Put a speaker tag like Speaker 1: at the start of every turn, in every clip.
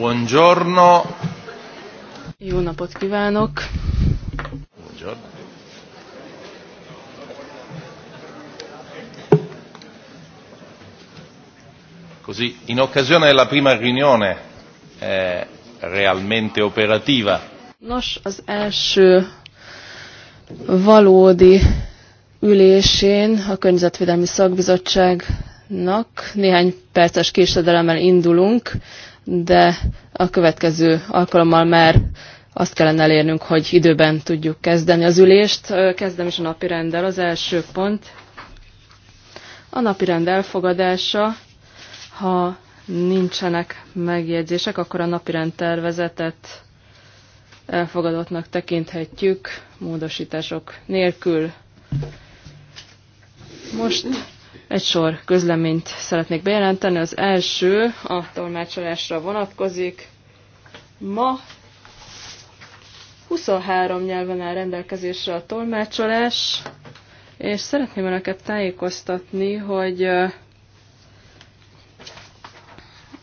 Speaker 1: Buongiorno.
Speaker 2: Jó napot kívánok.
Speaker 1: Buongiorno. Così, in occasione della prima riunione eh, realmente operativa.
Speaker 2: Nos, az első valódi ülésén a Környezetvédelmi Szakbizottságnak néhány perces késedelemmel indulunk, de a következő alkalommal már azt kellene elérnünk, hogy időben tudjuk kezdeni az ülést. Kezdem is a napi rendel. Az első pont a napi rend elfogadása. Ha nincsenek megjegyzések, akkor a napi rend tervezetet elfogadottnak tekinthetjük módosítások nélkül. Most egy sor közleményt szeretnék bejelenteni. Az első a tolmácsolásra vonatkozik. Ma 23 nyelven áll rendelkezésre a tolmácsolás, és szeretném önöket tájékoztatni, hogy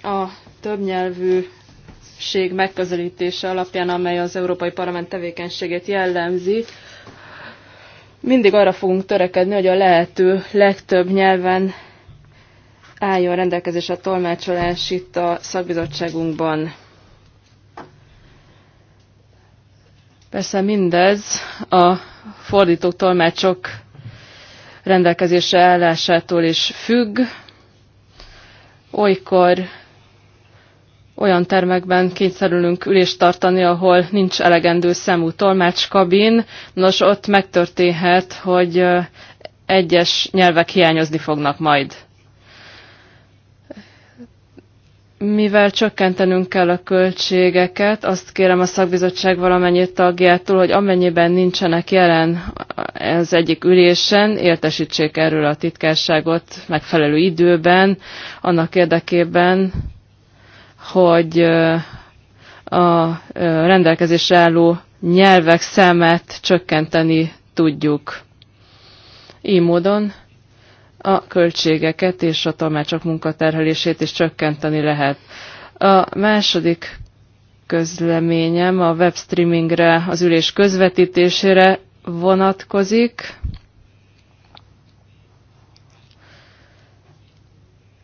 Speaker 2: a többnyelvűség megközelítése alapján, amely az Európai Parlament tevékenységét jellemzi, mindig arra fogunk törekedni, hogy a lehető legtöbb nyelven álljon rendelkezés a tolmácsolás itt a szakbizottságunkban. Persze mindez a fordítók, tolmácsok rendelkezése állásától is függ. Olykor olyan termekben kényszerülünk ülést tartani, ahol nincs elegendő szemú tolmácskabin. Nos, ott megtörténhet, hogy egyes nyelvek hiányozni fognak majd. Mivel csökkentenünk kell a költségeket, azt kérem a szakbizottság valamennyi tagjától, hogy amennyiben nincsenek jelen az egyik ülésen, értesítsék erről a titkárságot megfelelő időben, annak érdekében, hogy a rendelkezésre álló nyelvek számát csökkenteni tudjuk. Így módon a költségeket és a tanácsok munkaterhelését is csökkenteni lehet. A második közleményem a webstreamingre, az ülés közvetítésére vonatkozik.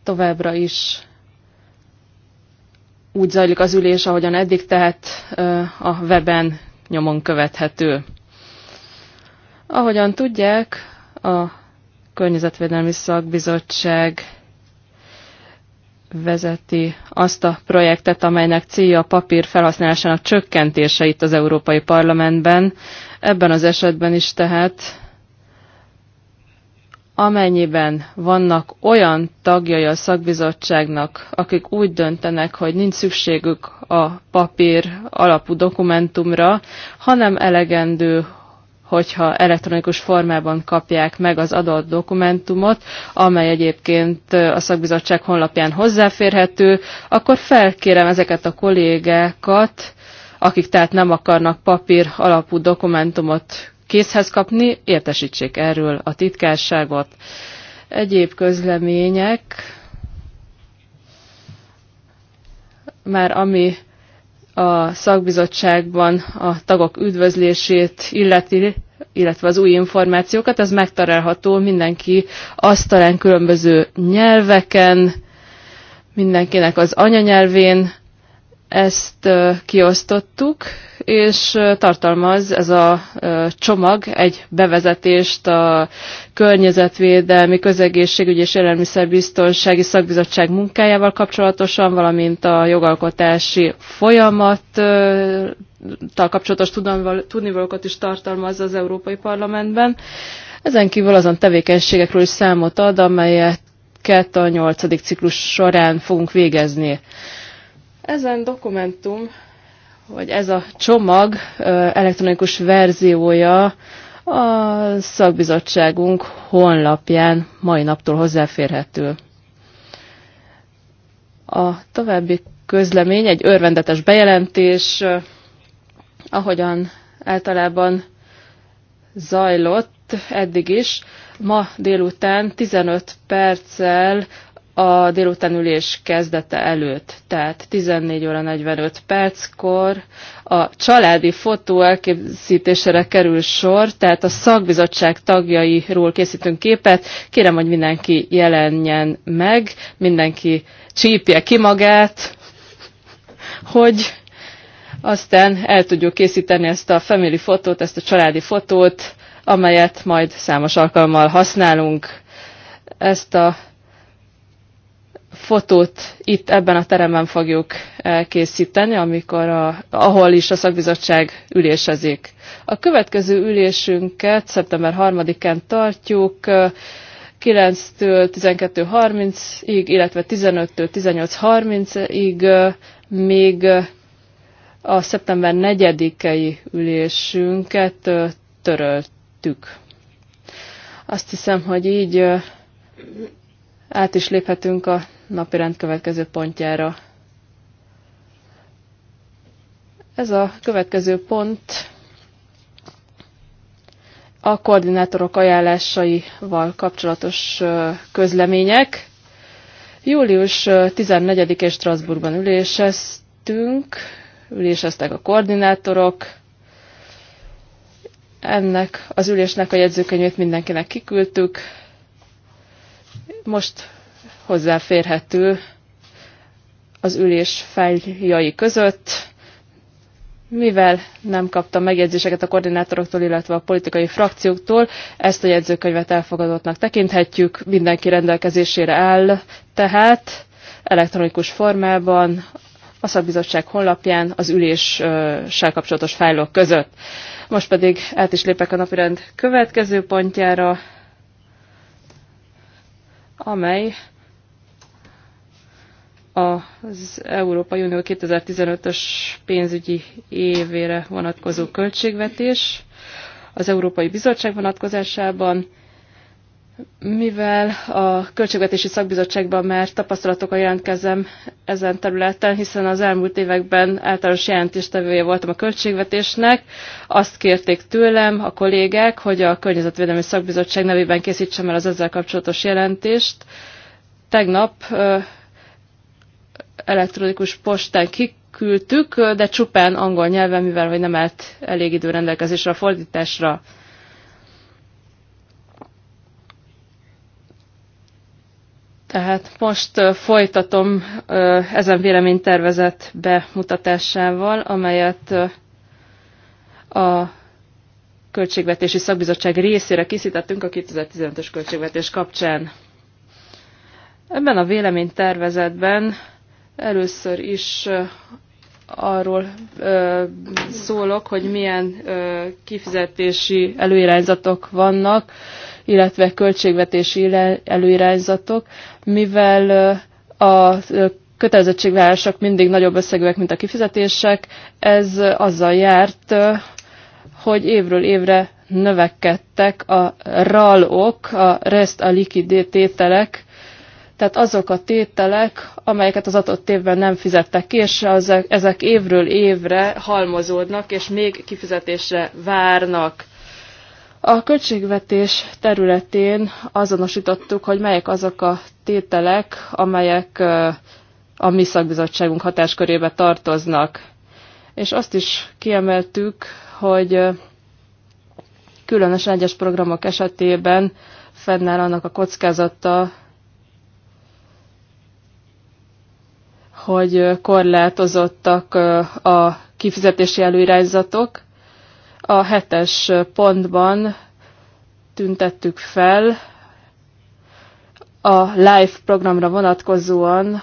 Speaker 2: Továbbra is úgy zajlik az ülés, ahogyan eddig, tehát a weben nyomon követhető. Ahogyan tudják, a Környezetvédelmi Szakbizottság vezeti azt a projektet, amelynek célja a papír felhasználásának csökkentése itt az Európai Parlamentben. Ebben az esetben is tehát amennyiben vannak olyan tagjai a szakbizottságnak, akik úgy döntenek, hogy nincs szükségük a papír alapú dokumentumra, hanem elegendő, hogyha elektronikus formában kapják meg az adott dokumentumot, amely egyébként a szakbizottság honlapján hozzáférhető, akkor felkérem ezeket a kollégákat, akik tehát nem akarnak papír alapú dokumentumot kézhez kapni, értesítsék erről a titkárságot. Egyéb közlemények, már ami a szakbizottságban a tagok üdvözlését illeti, illetve az új információkat, ez megtalálható mindenki asztalán különböző nyelveken, mindenkinek az anyanyelvén, ezt kiosztottuk, és tartalmaz ez a csomag egy bevezetést a környezetvédelmi, közegészségügyi és élelmiszerbiztonsági szakbizottság munkájával kapcsolatosan, valamint a jogalkotási folyamat tal kapcsolatos tudnivalókat is tartalmaz az Európai Parlamentben. Ezen kívül azon tevékenységekről is számot ad, amelyet a nyolcadik ciklus során fogunk végezni. Ezen dokumentum, vagy ez a csomag elektronikus verziója a szakbizottságunk honlapján mai naptól hozzáférhető. A további közlemény egy örvendetes bejelentés, ahogyan általában zajlott eddig is. Ma délután 15 perccel a délután ülés kezdete előtt, tehát 14 óra 45 perckor a családi fotó elkészítésére kerül sor, tehát a szakbizottság tagjairól készítünk képet. Kérem, hogy mindenki jelenjen meg, mindenki csípje ki magát, hogy aztán el tudjuk készíteni ezt a family fotót, ezt a családi fotót, amelyet majd számos alkalommal használunk. Ezt a fotót itt ebben a teremben fogjuk készíteni, amikor a, ahol is a szakbizottság ülésezik. A következő ülésünket szeptember 3-án tartjuk, 9-től 12.30-ig, illetve 15-től 18.30-ig, még a szeptember 4-i ülésünket töröltük. Azt hiszem, hogy így át is léphetünk a napirend következő pontjára. Ez a következő pont a koordinátorok ajánlásaival kapcsolatos közlemények. Július 14-én Strasbourgban üléseztünk, üléseztek a koordinátorok. Ennek az ülésnek a jegyzőkönyvét mindenkinek kiküldtük most hozzáférhető az ülés feljai között, mivel nem kaptam megjegyzéseket a koordinátoroktól, illetve a politikai frakcióktól, ezt a jegyzőkönyvet elfogadottnak tekinthetjük, mindenki rendelkezésére áll, tehát elektronikus formában a szakbizottság honlapján az üléssel kapcsolatos fájlok között. Most pedig át is lépek a napirend következő pontjára, amely az Európai Unió 2015-ös pénzügyi évére vonatkozó költségvetés az Európai Bizottság vonatkozásában mivel a Költségvetési Szakbizottságban már tapasztalatokkal jelentkezem ezen területen, hiszen az elmúlt években általános jelentéstevője voltam a költségvetésnek, azt kérték tőlem a kollégák, hogy a Környezetvédelmi Szakbizottság nevében készítsem el az ezzel kapcsolatos jelentést. Tegnap elektronikus postán kiküldtük, de csupán angol nyelven, mivel hogy nem állt elég idő rendelkezésre a fordításra. Tehát most folytatom ezen véleménytervezet bemutatásával, amelyet a Költségvetési Szakbizottság részére készítettünk a 2015-ös költségvetés kapcsán. Ebben a véleménytervezetben először is arról szólok, hogy milyen kifizetési előirányzatok vannak illetve költségvetési előirányzatok, mivel a kötelezettségvállalások mindig nagyobb összegűek, mint a kifizetések, ez azzal járt, hogy évről évre növekedtek a RAL-ok, -ok, a rest a liquidé tételek, tehát azok a tételek, amelyeket az adott évben nem fizettek ki, és ezek évről évre halmozódnak, és még kifizetésre várnak. A költségvetés területén azonosítottuk, hogy melyek azok a tételek, amelyek a mi szakbizottságunk hatáskörébe tartoznak. És azt is kiemeltük, hogy különös egyes programok esetében fennáll annak a kockázata, hogy korlátozottak a kifizetési előirányzatok, a hetes pontban tüntettük fel a live programra vonatkozóan,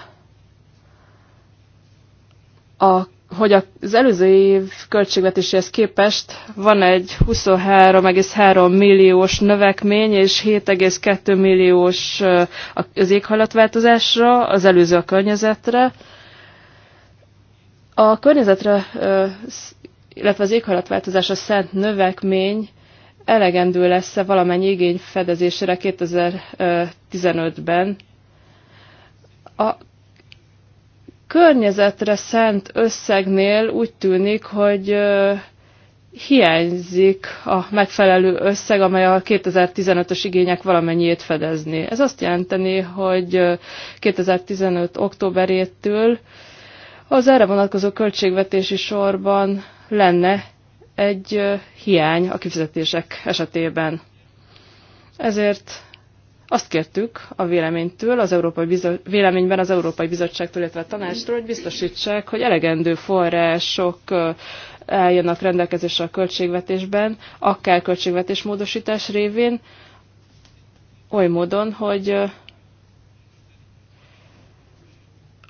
Speaker 2: a, hogy az előző év költségvetéséhez képest van egy 23,3 milliós növekmény, és 7,2 milliós az éghajlatváltozásra, az előző a környezetre. A környezetre illetve az éghajlatváltozás a szent növekmény elegendő lesz-e valamennyi igény fedezésére 2015-ben. A környezetre szent összegnél úgy tűnik, hogy hiányzik a megfelelő összeg, amely a 2015-ös igények valamennyiét fedezni. Ez azt jelenteni, hogy 2015. októberétől az erre vonatkozó költségvetési sorban lenne egy hiány a kifizetések esetében. Ezért azt kértük a véleménytől, az Európai véleményben az Európai Bizottságtól, illetve a tanácstól, hogy biztosítsák, hogy elegendő források álljanak rendelkezésre a költségvetésben, akár módosítás révén, oly módon, hogy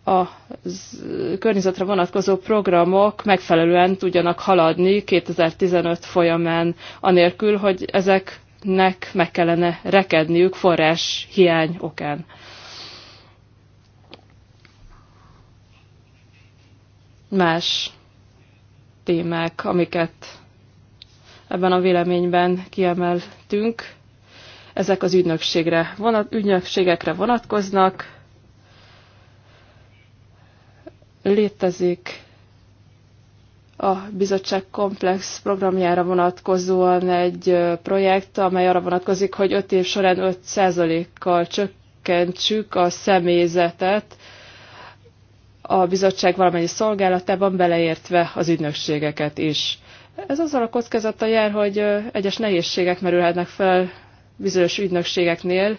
Speaker 2: a környezetre vonatkozó programok megfelelően tudjanak haladni 2015 folyamán, anélkül, hogy ezeknek meg kellene rekedniük forrás hiány okán. Más témák, amiket ebben a véleményben kiemeltünk, ezek az ügynökségre, vonat, ügynökségekre vonatkoznak, létezik a bizottság komplex programjára vonatkozóan egy projekt, amely arra vonatkozik, hogy 5 év során 5%-kal csökkentsük a személyzetet a bizottság valamennyi szolgálatában, beleértve az ügynökségeket is. Ez azzal a kockázattal jár, hogy egyes nehézségek merülhetnek fel bizonyos ügynökségeknél,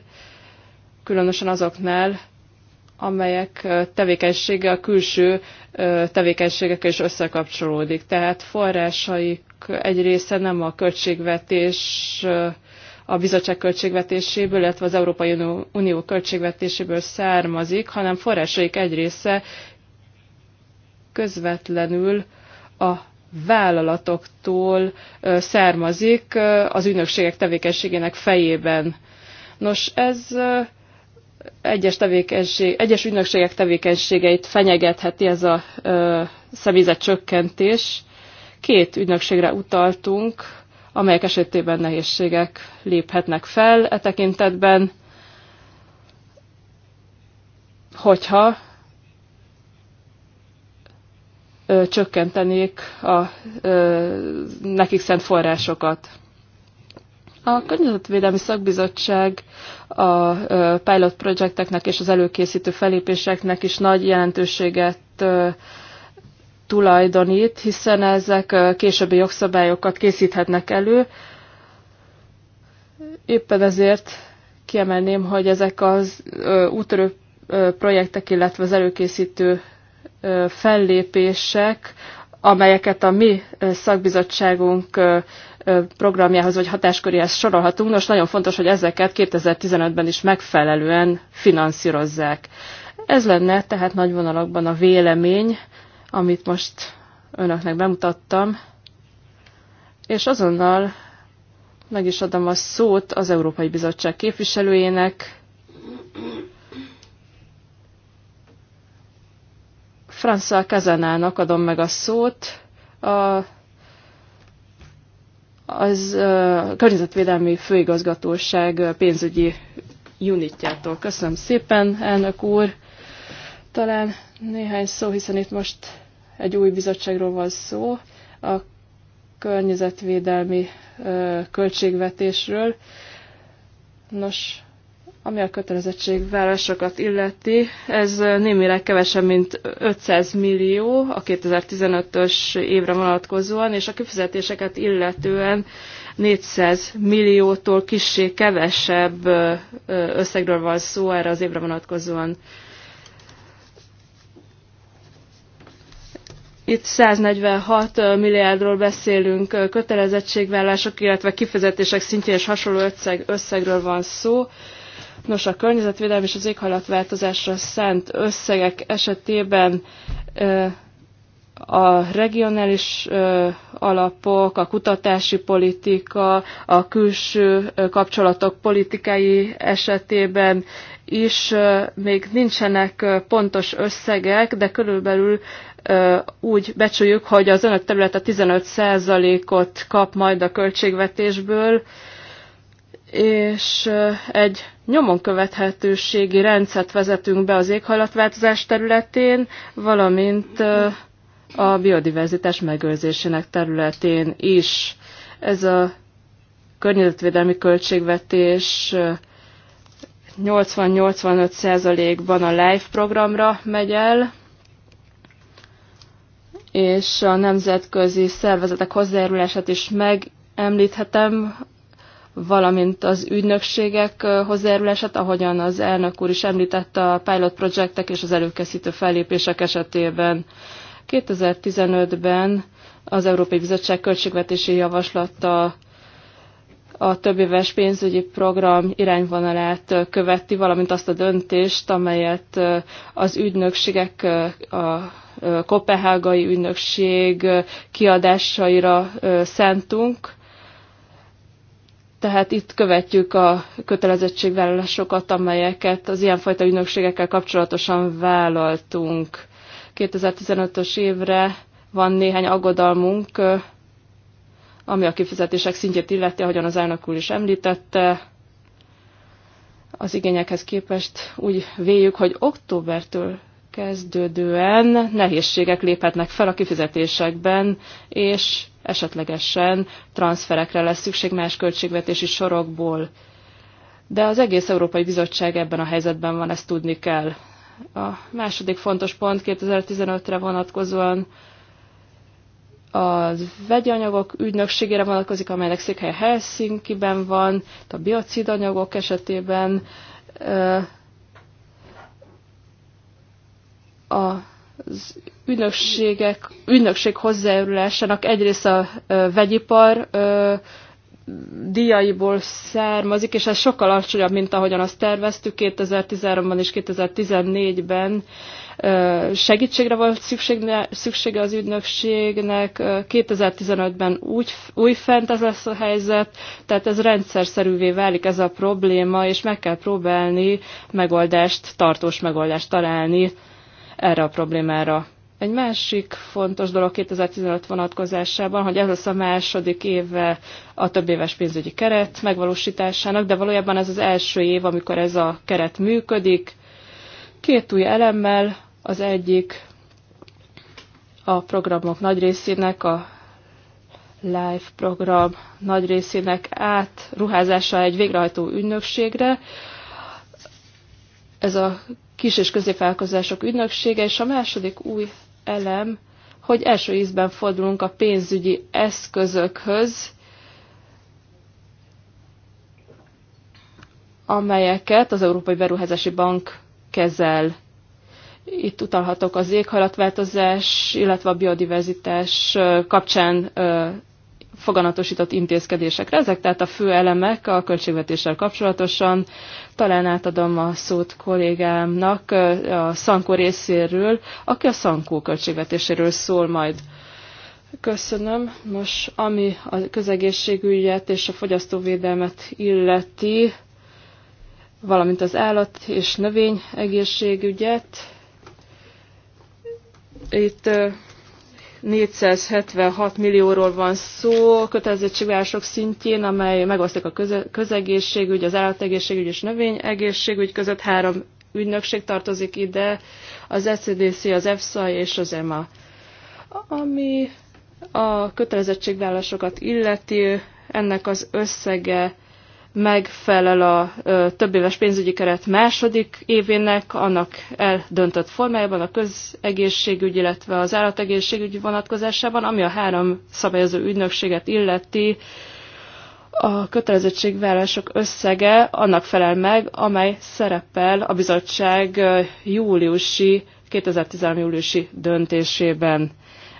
Speaker 2: különösen azoknál, amelyek tevékenysége a külső tevékenységekkel is összekapcsolódik. Tehát forrásaik egy része nem a költségvetés, a bizottság költségvetéséből, illetve az Európai Unió költségvetéséből származik, hanem forrásaik egy része közvetlenül a vállalatoktól származik az ügynökségek tevékenységének fejében. Nos, ez egyes, tevékenység, egyes ügynökségek tevékenységeit fenyegetheti ez a ö, személyzet csökkentés. Két ügynökségre utaltunk, amelyek esetében nehézségek léphetnek fel e tekintetben, hogyha ö, csökkentenék a ö, nekik szent forrásokat. A Környezetvédelmi Szakbizottság a pilot projekteknek és az előkészítő felépéseknek is nagy jelentőséget tulajdonít, hiszen ezek későbbi jogszabályokat készíthetnek elő. Éppen ezért kiemelném, hogy ezek az útörő projektek, illetve az előkészítő fellépések, amelyeket a mi szakbizottságunk programjához vagy hatásköréhez sorolhatunk. Nos, nagyon fontos, hogy ezeket 2015-ben is megfelelően finanszírozzák. Ez lenne tehát nagy vonalakban a vélemény, amit most önöknek bemutattam, és azonnal meg is adom a szót az Európai Bizottság képviselőjének, François Kazanának adom meg a szót, a az a Környezetvédelmi Főigazgatóság pénzügyi unitjától. Köszönöm szépen, elnök úr. Talán néhány szó, hiszen itt most egy új bizottságról van szó, a környezetvédelmi költségvetésről. Nos, ami a kötelezettségvárásokat illeti, ez némileg kevesebb, mint 500 millió a 2015-ös évre vonatkozóan, és a kifizetéseket illetően 400 milliótól kissé kevesebb összegről van szó erre az évre vonatkozóan. Itt 146 milliárdról beszélünk, kötelezettségvállások, illetve kifizetések szintjén és hasonló összeg, összegről van szó. Nos, a környezetvédelmi és az éghajlatváltozásra szánt összegek esetében a regionális alapok, a kutatási politika, a külső kapcsolatok politikai esetében is még nincsenek pontos összegek, de körülbelül úgy becsüljük, hogy az önök a 15%-ot kap majd a költségvetésből, és egy nyomon követhetőségi rendszert vezetünk be az éghajlatváltozás területén, valamint a biodiverzitás megőrzésének területén is. Ez a környezetvédelmi költségvetés 80-85%-ban a LIFE programra megy el, és a nemzetközi szervezetek hozzájárulását is megemlíthetem valamint az ügynökségek hozzájárulását, ahogyan az elnök úr is említette a pilot projektek és az előkészítő fellépések esetében. 2015-ben az Európai Bizottság költségvetési javaslata a éves pénzügyi program irányvonalát követi, valamint azt a döntést, amelyet az ügynökségek, a kopehágai ügynökség kiadásaira szentünk tehát itt követjük a kötelezettségvállalásokat, amelyeket az ilyenfajta ügynökségekkel kapcsolatosan vállaltunk. 2015-ös évre van néhány aggodalmunk, ami a kifizetések szintjét illeti, ahogyan az elnök úr is említette. Az igényekhez képest úgy véljük, hogy októbertől kezdődően nehézségek léphetnek fel a kifizetésekben, és esetlegesen transferekre lesz szükség más költségvetési sorokból. De az egész Európai Bizottság ebben a helyzetben van, ezt tudni kell. A második fontos pont 2015-re vonatkozóan a vegyanyagok ügynökségére vonatkozik, amelynek székhelye Helsinki-ben van, a biocidanyagok esetében a az ügynökségek, ügynökség hozzájárulásának egyrészt a vegyipar díjaiból származik, és ez sokkal alacsonyabb, mint ahogyan azt terveztük 2013-ban és 2014-ben. Segítségre volt szüksége, szüksége az ügynökségnek, 2015-ben úgy, új fent ez lesz a helyzet, tehát ez szerűvé válik ez a probléma, és meg kell próbálni megoldást, tartós megoldást találni erre a problémára. Egy másik fontos dolog 2015 vonatkozásában, hogy ez lesz a második éve a több éves pénzügyi keret megvalósításának, de valójában ez az első év, amikor ez a keret működik. Két új elemmel, az egyik a programok nagy részének, a live program nagy részének átruházása egy végrehajtó ügynökségre. Ez a kis- és középvállalkozások ügynöksége, és a második új elem, hogy első ízben fordulunk a pénzügyi eszközökhöz, amelyeket az Európai Beruházási Bank kezel. Itt utalhatok az éghajlatváltozás, illetve a biodiverzitás kapcsán foganatosított intézkedésekre. Ezek tehát a fő elemek a költségvetéssel kapcsolatosan. Talán átadom a szót kollégámnak a Szankó részéről, aki a Szankó költségvetéséről szól majd. Köszönöm. Most ami a közegészségügyet és a fogyasztóvédelmet illeti, valamint az állat és növény egészségügyet, itt 476 millióról van szó kötelezettségvárások szintjén, amely megoszlik a közegészségügy, az állategészségügy és növényegészségügy között. Három ügynökség tartozik ide, az ECDC, az EFSA és az EMA. Ami a kötelezettségvállásokat illeti, ennek az összege megfelel a több éves pénzügyi keret második évének, annak eldöntött formájában a közegészségügy, illetve az állategészségügy vonatkozásában, ami a három szabályozó ügynökséget illeti, a kötelezettségvállások összege annak felel meg, amely szerepel a bizottság júliusi, 2013. júliusi döntésében.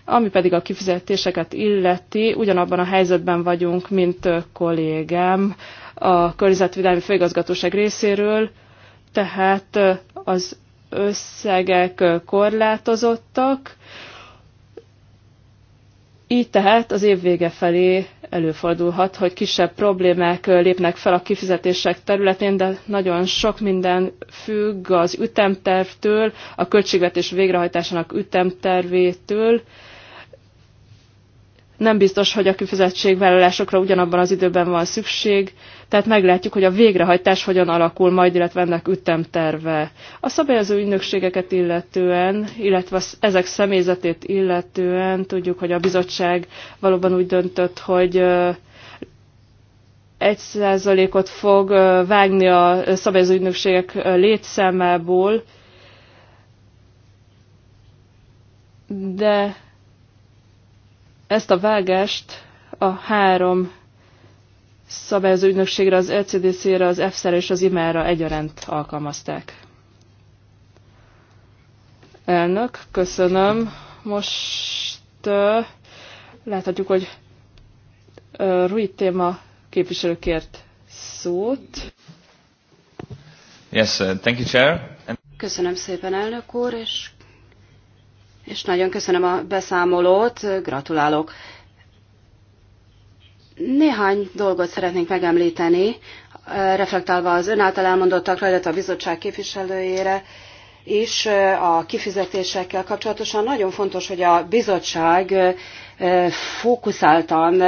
Speaker 2: Ami pedig a kifizetéseket illeti, ugyanabban a helyzetben vagyunk, mint kollégám, a Környezetvédelmi Főigazgatóság részéről, tehát az összegek korlátozottak, így tehát az év vége felé előfordulhat, hogy kisebb problémák lépnek fel a kifizetések területén, de nagyon sok minden függ az ütemtervtől, a költségvetés végrehajtásának ütemtervétől. Nem biztos, hogy a kifizetségvállalásokra ugyanabban az időben van szükség, tehát meglátjuk, hogy a végrehajtás hogyan alakul majd, illetve ennek ütemterve. A szabályozó ügynökségeket illetően, illetve ezek személyzetét illetően tudjuk, hogy a bizottság valóban úgy döntött, hogy egy százalékot fog vágni a szabályozó ügynökségek létszámából, de ezt a vágást a három szabályozó ügynökségre, az lcdc re az efsa és az IMER-ra egyaránt alkalmazták. Elnök, köszönöm. Most uh, láthatjuk, hogy uh, Rui téma képviselőkért szót.
Speaker 1: Yes, uh, thank you, Chair. And...
Speaker 3: Köszönöm szépen, elnök úr, és, és nagyon köszönöm a beszámolót, gratulálok. Néhány dolgot szeretnénk megemlíteni, eh, reflektálva az ön által elmondottakra, illetve a bizottság képviselőjére és eh, a kifizetésekkel kapcsolatosan. Nagyon fontos, hogy a bizottság eh, fókuszáltan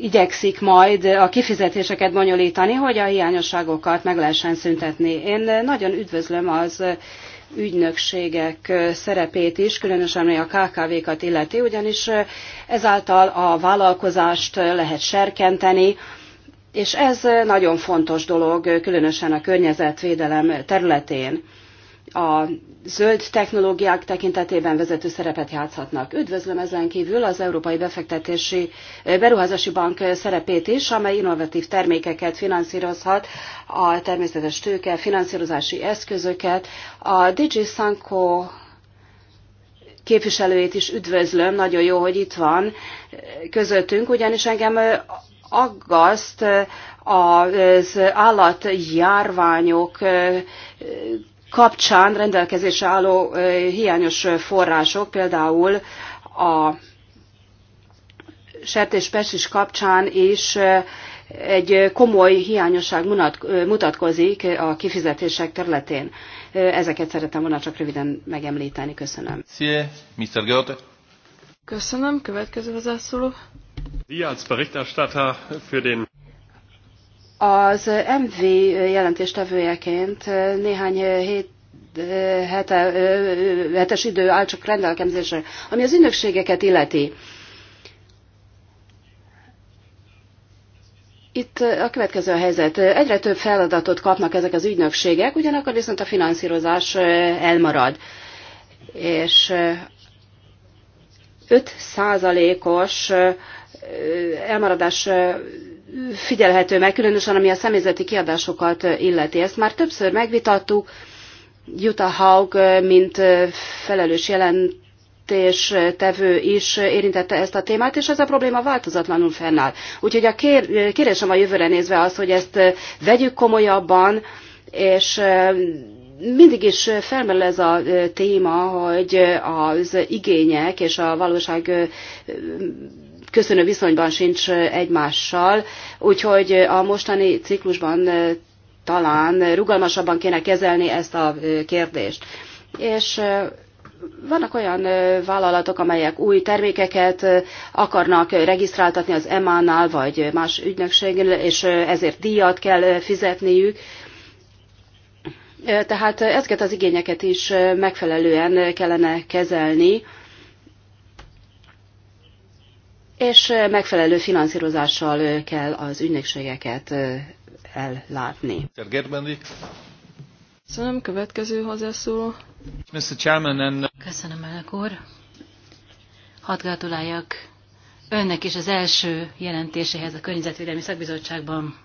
Speaker 3: igyekszik majd a kifizetéseket bonyolítani, hogy a hiányosságokat meg lehessen szüntetni. Én nagyon üdvözlöm az ügynökségek szerepét is, különösen ami a KKV-kat illeti, ugyanis ezáltal a vállalkozást lehet serkenteni, és ez nagyon fontos dolog, különösen a környezetvédelem területén a zöld technológiák tekintetében vezető szerepet játszhatnak. Üdvözlöm ezen kívül az Európai Befektetési eh, Beruházási Bank szerepét is, amely innovatív termékeket finanszírozhat, a természetes tőke, finanszírozási eszközöket. A DG Sanko képviselőjét is üdvözlöm, nagyon jó, hogy itt van eh, közöttünk, ugyanis engem eh, aggaszt az állatjárványok kapcsán rendelkezésre álló hiányos források, például a sertéspest is kapcsán is egy komoly hiányosság mutatkozik a kifizetések területén. Ezeket szeretem volna csak röviden megemlíteni. Köszönöm.
Speaker 1: Szia, Mr. Goethe.
Speaker 3: Köszönöm. Következő hozzászóló.
Speaker 1: Sie als Berichterstatter für den
Speaker 3: az MV jelentéstevőjeként néhány hét hete, hetes idő áll csak rendelkezésre, ami az ünnökségeket illeti. Itt a következő a helyzet. Egyre több feladatot kapnak ezek az ügynökségek, ugyanakkor viszont a finanszírozás elmarad. És 5 százalékos elmaradás figyelhető meg, különösen ami a személyzeti kiadásokat illeti. Ezt már többször megvitattuk, Jutta Haug, mint felelős tevő is érintette ezt a témát, és ez a probléma változatlanul fennáll. Úgyhogy a kér, kérésem a jövőre nézve az, hogy ezt vegyük komolyabban, és mindig is felmerül ez a téma, hogy az igények és a valóság köszönő viszonyban sincs egymással, úgyhogy a mostani ciklusban talán rugalmasabban kéne kezelni ezt a kérdést. És vannak olyan vállalatok, amelyek új termékeket akarnak regisztráltatni az EMA-nál, vagy más ügynökségnél, és ezért díjat kell fizetniük. Tehát ezeket az igényeket is megfelelően kellene kezelni és megfelelő finanszírozással kell az ügynökségeket
Speaker 1: ellátni.
Speaker 3: Köszönöm, következő hozzászóló.
Speaker 1: Mr. Chairman uh,
Speaker 4: Köszönöm, elnök úr. Hadd gratuláljak önnek is az első jelentéséhez a Környezetvédelmi Szakbizottságban.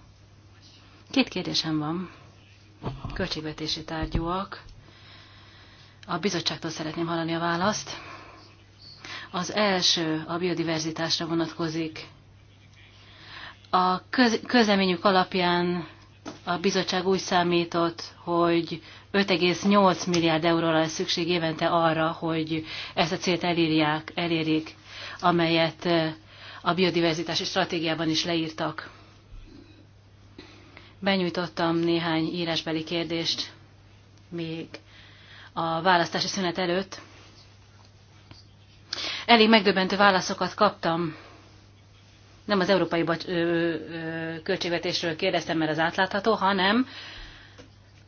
Speaker 4: Két kérdésem van. Költségvetési tárgyúak. A bizottságtól szeretném hallani a választ. Az első a biodiverzitásra vonatkozik. A köz, közleményük alapján a bizottság úgy számított, hogy 5,8 milliárd euróra lesz szükség évente arra, hogy ezt a célt elírják, elérik, amelyet eh, a biodiverzitási stratégiában is leírtak. Benyújtottam néhány írásbeli kérdést még a választási szünet előtt, Elég megdöbbentő válaszokat kaptam. Nem az európai ö, ö, költségvetésről kérdeztem, mert az átlátható, hanem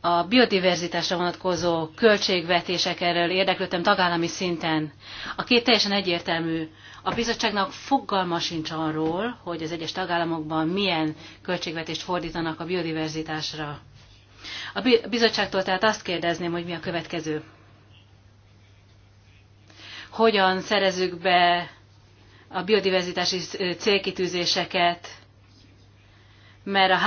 Speaker 4: a biodiverzitásra vonatkozó költségvetések erről érdeklődtem tagállami szinten. A két teljesen egyértelmű. A bizottságnak fogalma sincs arról, hogy az egyes tagállamokban milyen költségvetést fordítanak a biodiverzitásra. A bizottságtól tehát azt kérdezném, hogy mi a következő hogyan szerezzük be a biodiverzitási célkitűzéseket, mert a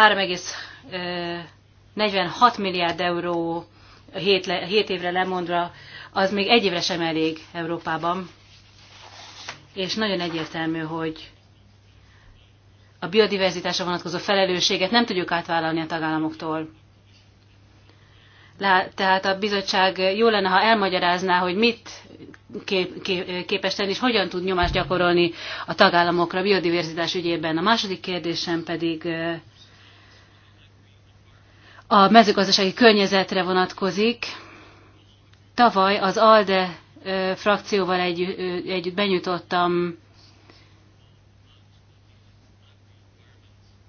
Speaker 4: 3,46 milliárd euró 7 évre lemondva, az még egy évre sem elég Európában. És nagyon egyértelmű, hogy a biodiverzitásra vonatkozó felelősséget nem tudjuk átvállalni a tagállamoktól. Tehát a bizottság jó lenne, ha elmagyarázná, hogy mit kép, kép, képes tenni, és hogyan tud nyomást gyakorolni a tagállamokra a biodiverzitás ügyében. A második kérdésem pedig a mezőgazdasági környezetre vonatkozik. Tavaly az ALDE frakcióval együtt, együtt benyújtottam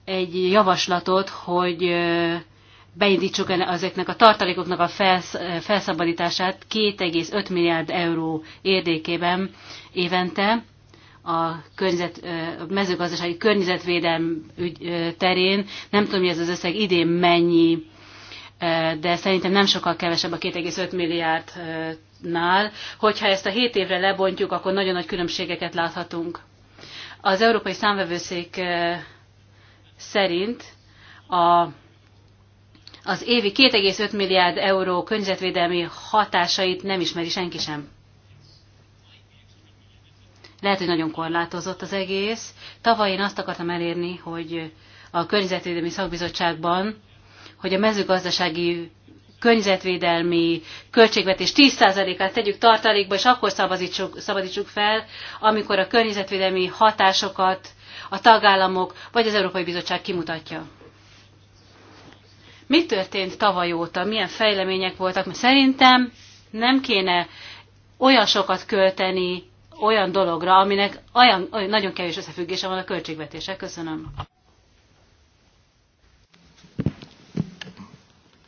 Speaker 4: egy javaslatot, hogy beindítsuk ezeknek a tartalékoknak a felsz, felszabadítását 2,5 milliárd euró érdékében évente a, környezet, a mezőgazdasági környezetvédelm ügy, terén. Nem tudom, hogy ez az összeg idén mennyi, de szerintem nem sokkal kevesebb a 2,5 milliárdnál. Hogyha ezt a 7 évre lebontjuk, akkor nagyon nagy különbségeket láthatunk. Az Európai Számvevőszék szerint a az évi 2,5 milliárd euró környezetvédelmi hatásait nem ismeri senki sem. Lehet, hogy nagyon korlátozott az egész. Tavaly én azt akartam elérni, hogy a Környezetvédelmi Szakbizottságban, hogy a mezőgazdasági környezetvédelmi költségvetés 10%-át tegyük tartalékba, és akkor szabadítsuk, szabadítsuk fel, amikor a környezetvédelmi hatásokat a tagállamok vagy az Európai Bizottság kimutatja. Mi történt tavaly óta? Milyen fejlemények voltak? Mert szerintem nem kéne olyan sokat költeni olyan dologra, aminek olyan, olyan nagyon kevés összefüggése van a költségvetése. Köszönöm.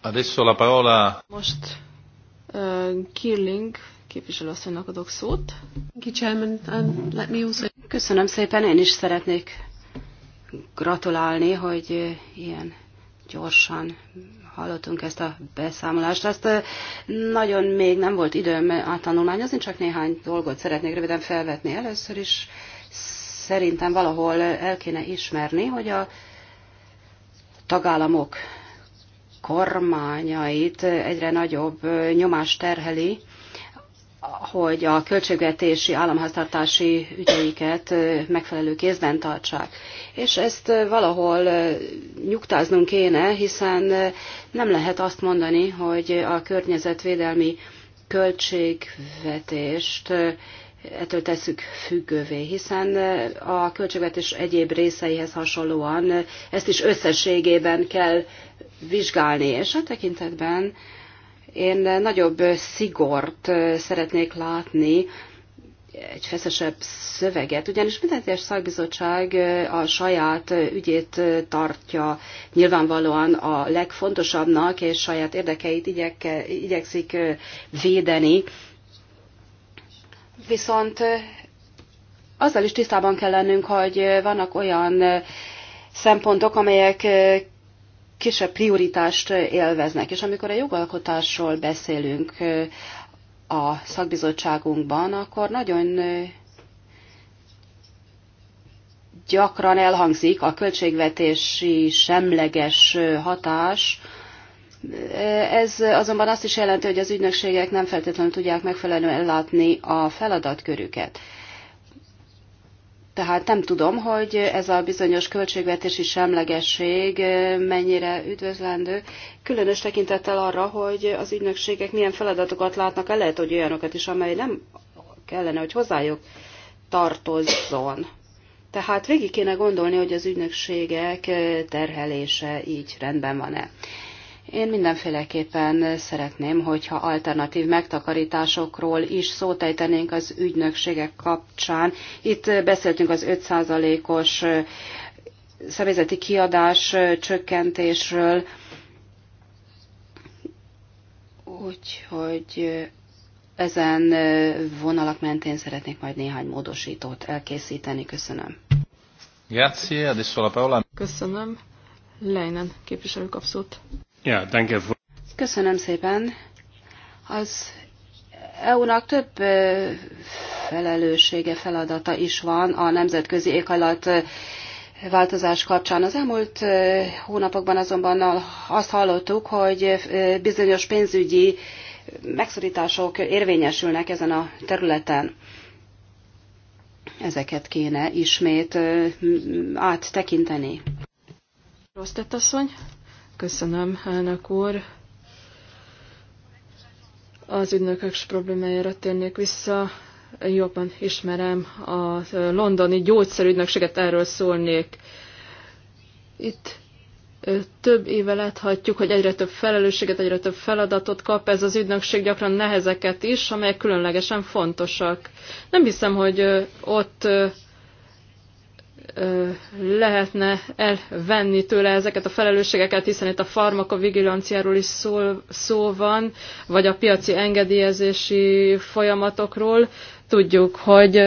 Speaker 1: Adesso la parola. Most
Speaker 4: uh, Kirling
Speaker 3: képviselőasszonynak adok szót. Um, Köszönöm szépen, én is szeretnék gratulálni, hogy ilyen gyorsan hallottunk ezt a beszámolást. Ezt nagyon még nem volt időm áttanulmányozni, csak néhány dolgot szeretnék röviden felvetni. Először is szerintem valahol el kéne ismerni, hogy a tagállamok kormányait egyre nagyobb nyomás terheli, hogy a költségvetési államháztartási ügyeiket megfelelő kézben tartsák. És ezt valahol nyugtáznunk kéne, hiszen nem lehet azt mondani, hogy a környezetvédelmi költségvetést ettől tesszük függővé, hiszen a költségvetés egyéb részeihez hasonlóan ezt is összességében kell vizsgálni, és a tekintetben én nagyobb szigort szeretnék látni, egy feszesebb szöveget, ugyanis minden egyes szakbizottság a saját ügyét tartja nyilvánvalóan a legfontosabbnak, és saját érdekeit igyek, igyekszik védeni. Viszont azzal is tisztában kell lennünk, hogy vannak olyan szempontok, amelyek kisebb prioritást élveznek. És amikor a jogalkotásról beszélünk a szakbizottságunkban, akkor nagyon gyakran elhangzik a költségvetési semleges hatás, ez azonban azt is jelenti, hogy az ügynökségek nem feltétlenül tudják megfelelően ellátni a feladatkörüket. Tehát nem tudom, hogy ez a bizonyos költségvetési semlegesség eh, mennyire üdvözlendő, különös tekintettel arra, hogy az ügynökségek milyen feladatokat látnak el, lehet, hogy olyanokat is, amely nem kellene, hogy hozzájuk tartozzon. Tehát végig kéne gondolni, hogy az ügynökségek eh, terhelése így rendben van-e. Én mindenféleképpen szeretném, hogyha alternatív megtakarításokról is szót ejtenénk az ügynökségek kapcsán. Itt beszéltünk az 5%-os személyzeti kiadás csökkentésről, úgyhogy ezen vonalak mentén szeretnék majd néhány módosítót elkészíteni. Köszönöm.
Speaker 1: Grazie, adesso la parola.
Speaker 3: Köszönöm. Leinen képviselő kapszót. Köszönöm szépen. Az EU-nak több felelőssége, feladata is van a nemzetközi éghajlat változás kapcsán. Az elmúlt hónapokban azonban azt hallottuk, hogy bizonyos pénzügyi megszorítások érvényesülnek ezen a területen. Ezeket kéne ismét áttekinteni.
Speaker 2: Rossz asszony? Köszönöm, elnök úr. Az ügynökök problémájára térnék vissza. Jobban ismerem a londoni gyógyszerügynökséget, erről szólnék. Itt több éve láthatjuk, hogy egyre több felelősséget, egyre több feladatot kap ez az ügynökség, gyakran nehezeket is, amelyek különlegesen fontosak. Nem hiszem, hogy ott lehetne elvenni tőle ezeket a felelősségeket, hiszen itt a farmakovigilanciáról is szó, szó van, vagy a piaci engedélyezési folyamatokról. Tudjuk, hogy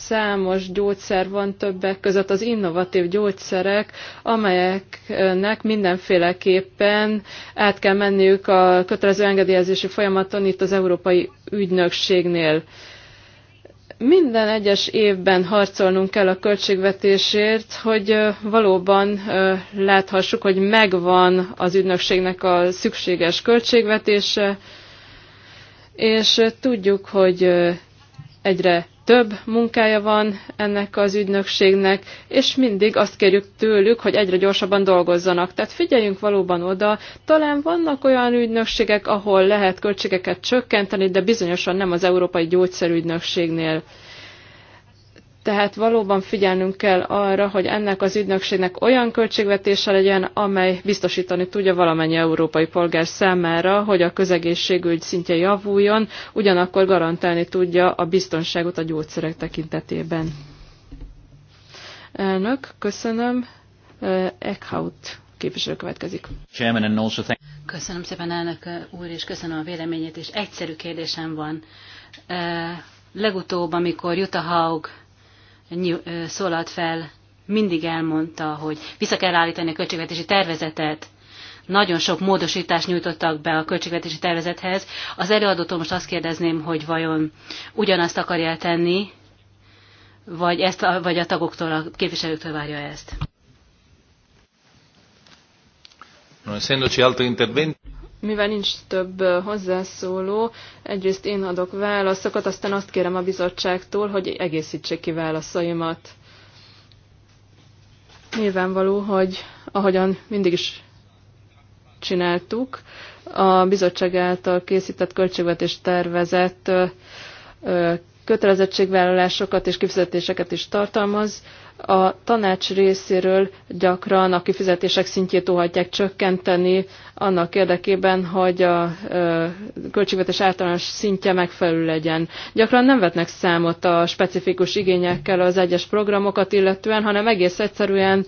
Speaker 2: számos gyógyszer van többek között az innovatív gyógyszerek, amelyeknek mindenféleképpen át kell menniük a kötelező engedélyezési folyamaton itt az Európai Ügynökségnél. Minden egyes évben harcolnunk kell a költségvetésért, hogy valóban láthassuk, hogy megvan az ügynökségnek a szükséges költségvetése, és tudjuk, hogy egyre több munkája van ennek az ügynökségnek, és mindig azt kérjük tőlük, hogy egyre gyorsabban dolgozzanak. Tehát figyeljünk valóban oda, talán vannak olyan ügynökségek, ahol lehet költségeket csökkenteni, de bizonyosan nem az Európai Gyógyszerügynökségnél. Tehát valóban figyelnünk kell arra, hogy ennek az ügynökségnek olyan költségvetése legyen, amely biztosítani tudja valamennyi európai polgár számára, hogy a közegészségügy szintje javuljon, ugyanakkor garantálni tudja a biztonságot a gyógyszerek tekintetében.
Speaker 4: Elnök, köszönöm. Eh, Eckhout képviselő következik. Köszönöm szépen elnök úr, és köszönöm a véleményét, és egyszerű kérdésem van. Eh, legutóbb, amikor Jutta Haug szólalt fel, mindig elmondta, hogy vissza kell állítani a költségvetési tervezetet. Nagyon sok módosítást nyújtottak be a költségvetési tervezethez. Az előadótól most azt kérdezném, hogy vajon ugyanazt akarja tenni, vagy, ezt, vagy a tagoktól, a képviselőktől várja ezt
Speaker 2: mivel nincs több hozzászóló, egyrészt én adok válaszokat, aztán azt kérem a bizottságtól, hogy egészítsék ki válaszaimat. Nyilvánvaló, hogy ahogyan mindig is csináltuk, a bizottság által készített költségvetés tervezett kötelezettségvállalásokat és kifizetéseket is tartalmaz, a tanács részéről gyakran a kifizetések szintjét óhatják csökkenteni annak érdekében, hogy a költségvetés általános szintje megfelelő legyen. Gyakran nem vetnek számot a specifikus igényekkel az egyes programokat illetően, hanem egész egyszerűen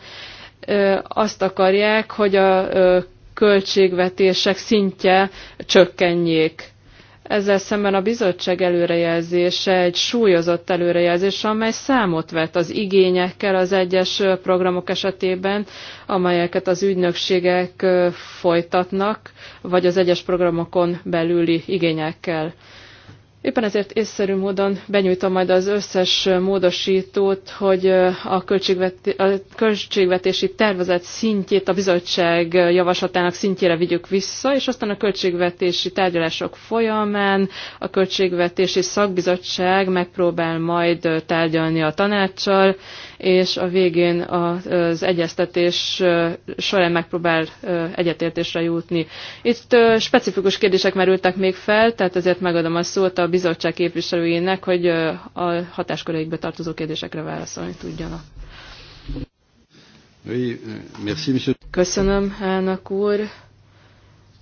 Speaker 2: azt akarják, hogy a költségvetések szintje csökkenjék. Ezzel szemben a bizottság előrejelzése egy súlyozott előrejelzés, amely számot vet az igényekkel az egyes programok esetében, amelyeket az ügynökségek folytatnak, vagy az egyes programokon belüli igényekkel. Éppen ezért észszerű módon benyújtom majd az összes módosítót, hogy a, költségveti, a költségvetési tervezet szintjét a bizottság javaslatának szintjére vigyük vissza, és aztán a költségvetési tárgyalások folyamán a költségvetési szakbizottság megpróbál majd tárgyalni a tanácssal, és a végén az egyeztetés során megpróbál egyetértésre jutni. Itt specifikus kérdések merültek még fel, tehát ezért megadom a szót a bizottság képviselőjének, hogy a hatásköréikbe tartozó kérdésekre válaszolni tudjanak. Köszönöm, elnök úr.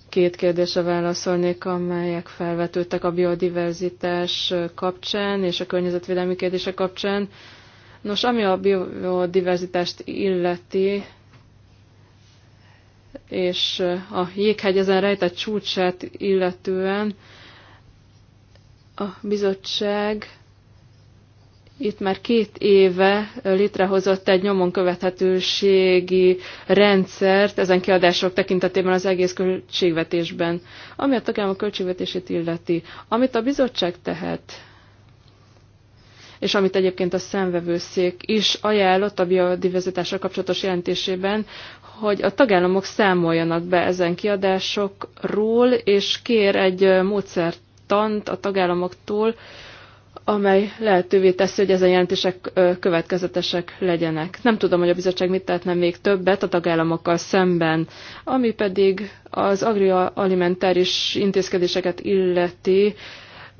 Speaker 2: Két kérdésre válaszolnék, amelyek felvetődtek a biodiverzitás kapcsán és a környezetvédelmi kérdések kapcsán. Nos, ami a biodiverzitást illeti, és a jéghegy ezen rejtett csúcsát illetően a bizottság itt már két éve létrehozott egy nyomon követhetőségi rendszert ezen kiadások tekintetében az egész költségvetésben, ami a tagállamok költségvetését illeti. Amit a bizottság tehet, és amit egyébként a szemvevőszék is ajánlott a biodiverzitással kapcsolatos jelentésében, hogy a tagállamok számoljanak be ezen kiadásokról, és kér egy módszertant a tagállamoktól, amely lehetővé teszi, hogy ezen jelentések következetesek legyenek. Nem tudom, hogy a bizottság mit tehetne még többet a tagállamokkal szemben, ami pedig az agrialimentáris intézkedéseket illeti,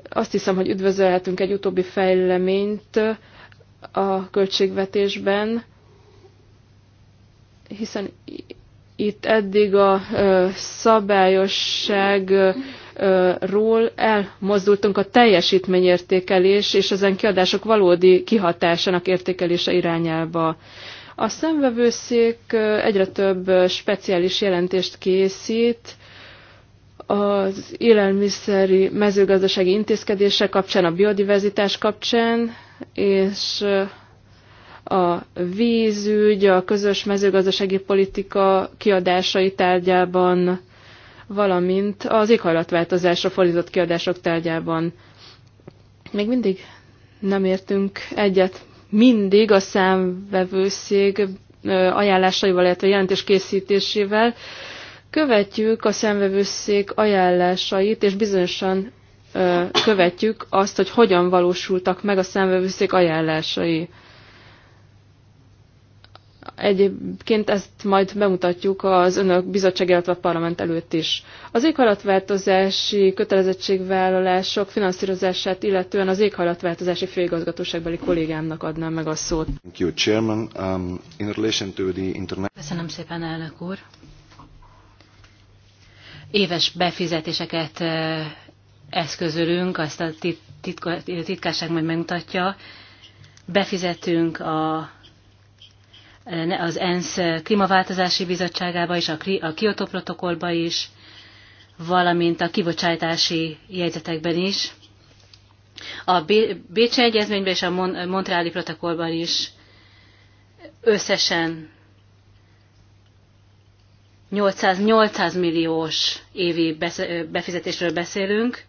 Speaker 2: azt hiszem, hogy üdvözölhetünk egy utóbbi fejleményt a költségvetésben, hiszen itt eddig a szabályosságról elmozdultunk a teljesítményértékelés és ezen kiadások valódi kihatásának értékelése irányába. A szemvevőszék egyre több speciális jelentést készít, az élelmiszeri mezőgazdasági intézkedések kapcsán, a biodiverzitás kapcsán, és a vízügy, a közös mezőgazdasági politika kiadásai tárgyában, valamint az éghajlatváltozásra fordított kiadások tárgyában. Még mindig nem értünk egyet. Mindig a számvevőszég ajánlásaival, illetve jelentés készítésével, Követjük a szemvevőszék ajánlásait, és bizonyosan ö, követjük azt, hogy hogyan valósultak meg a szemvevőszék ajánlásai. Egyébként ezt majd bemutatjuk az önök bizottság, illetve a parlament előtt is. Az éghajlatváltozási kötelezettségvállalások finanszírozását illetően az éghajlatváltozási főigazgatóságbeli kollégámnak adnám meg a szót.
Speaker 5: Um, Köszönöm
Speaker 4: szépen, elnök úr éves befizetéseket eszközölünk, azt a titkárság majd megmutatja. Befizetünk a, az ENSZ klímaváltozási bizottságába is, a Kyoto protokollba is, valamint a kibocsátási jegyzetekben is. A Bécsi Egyezményben és a Montreali protokollban is összesen 800-800 milliós évi befizetésről beszélünk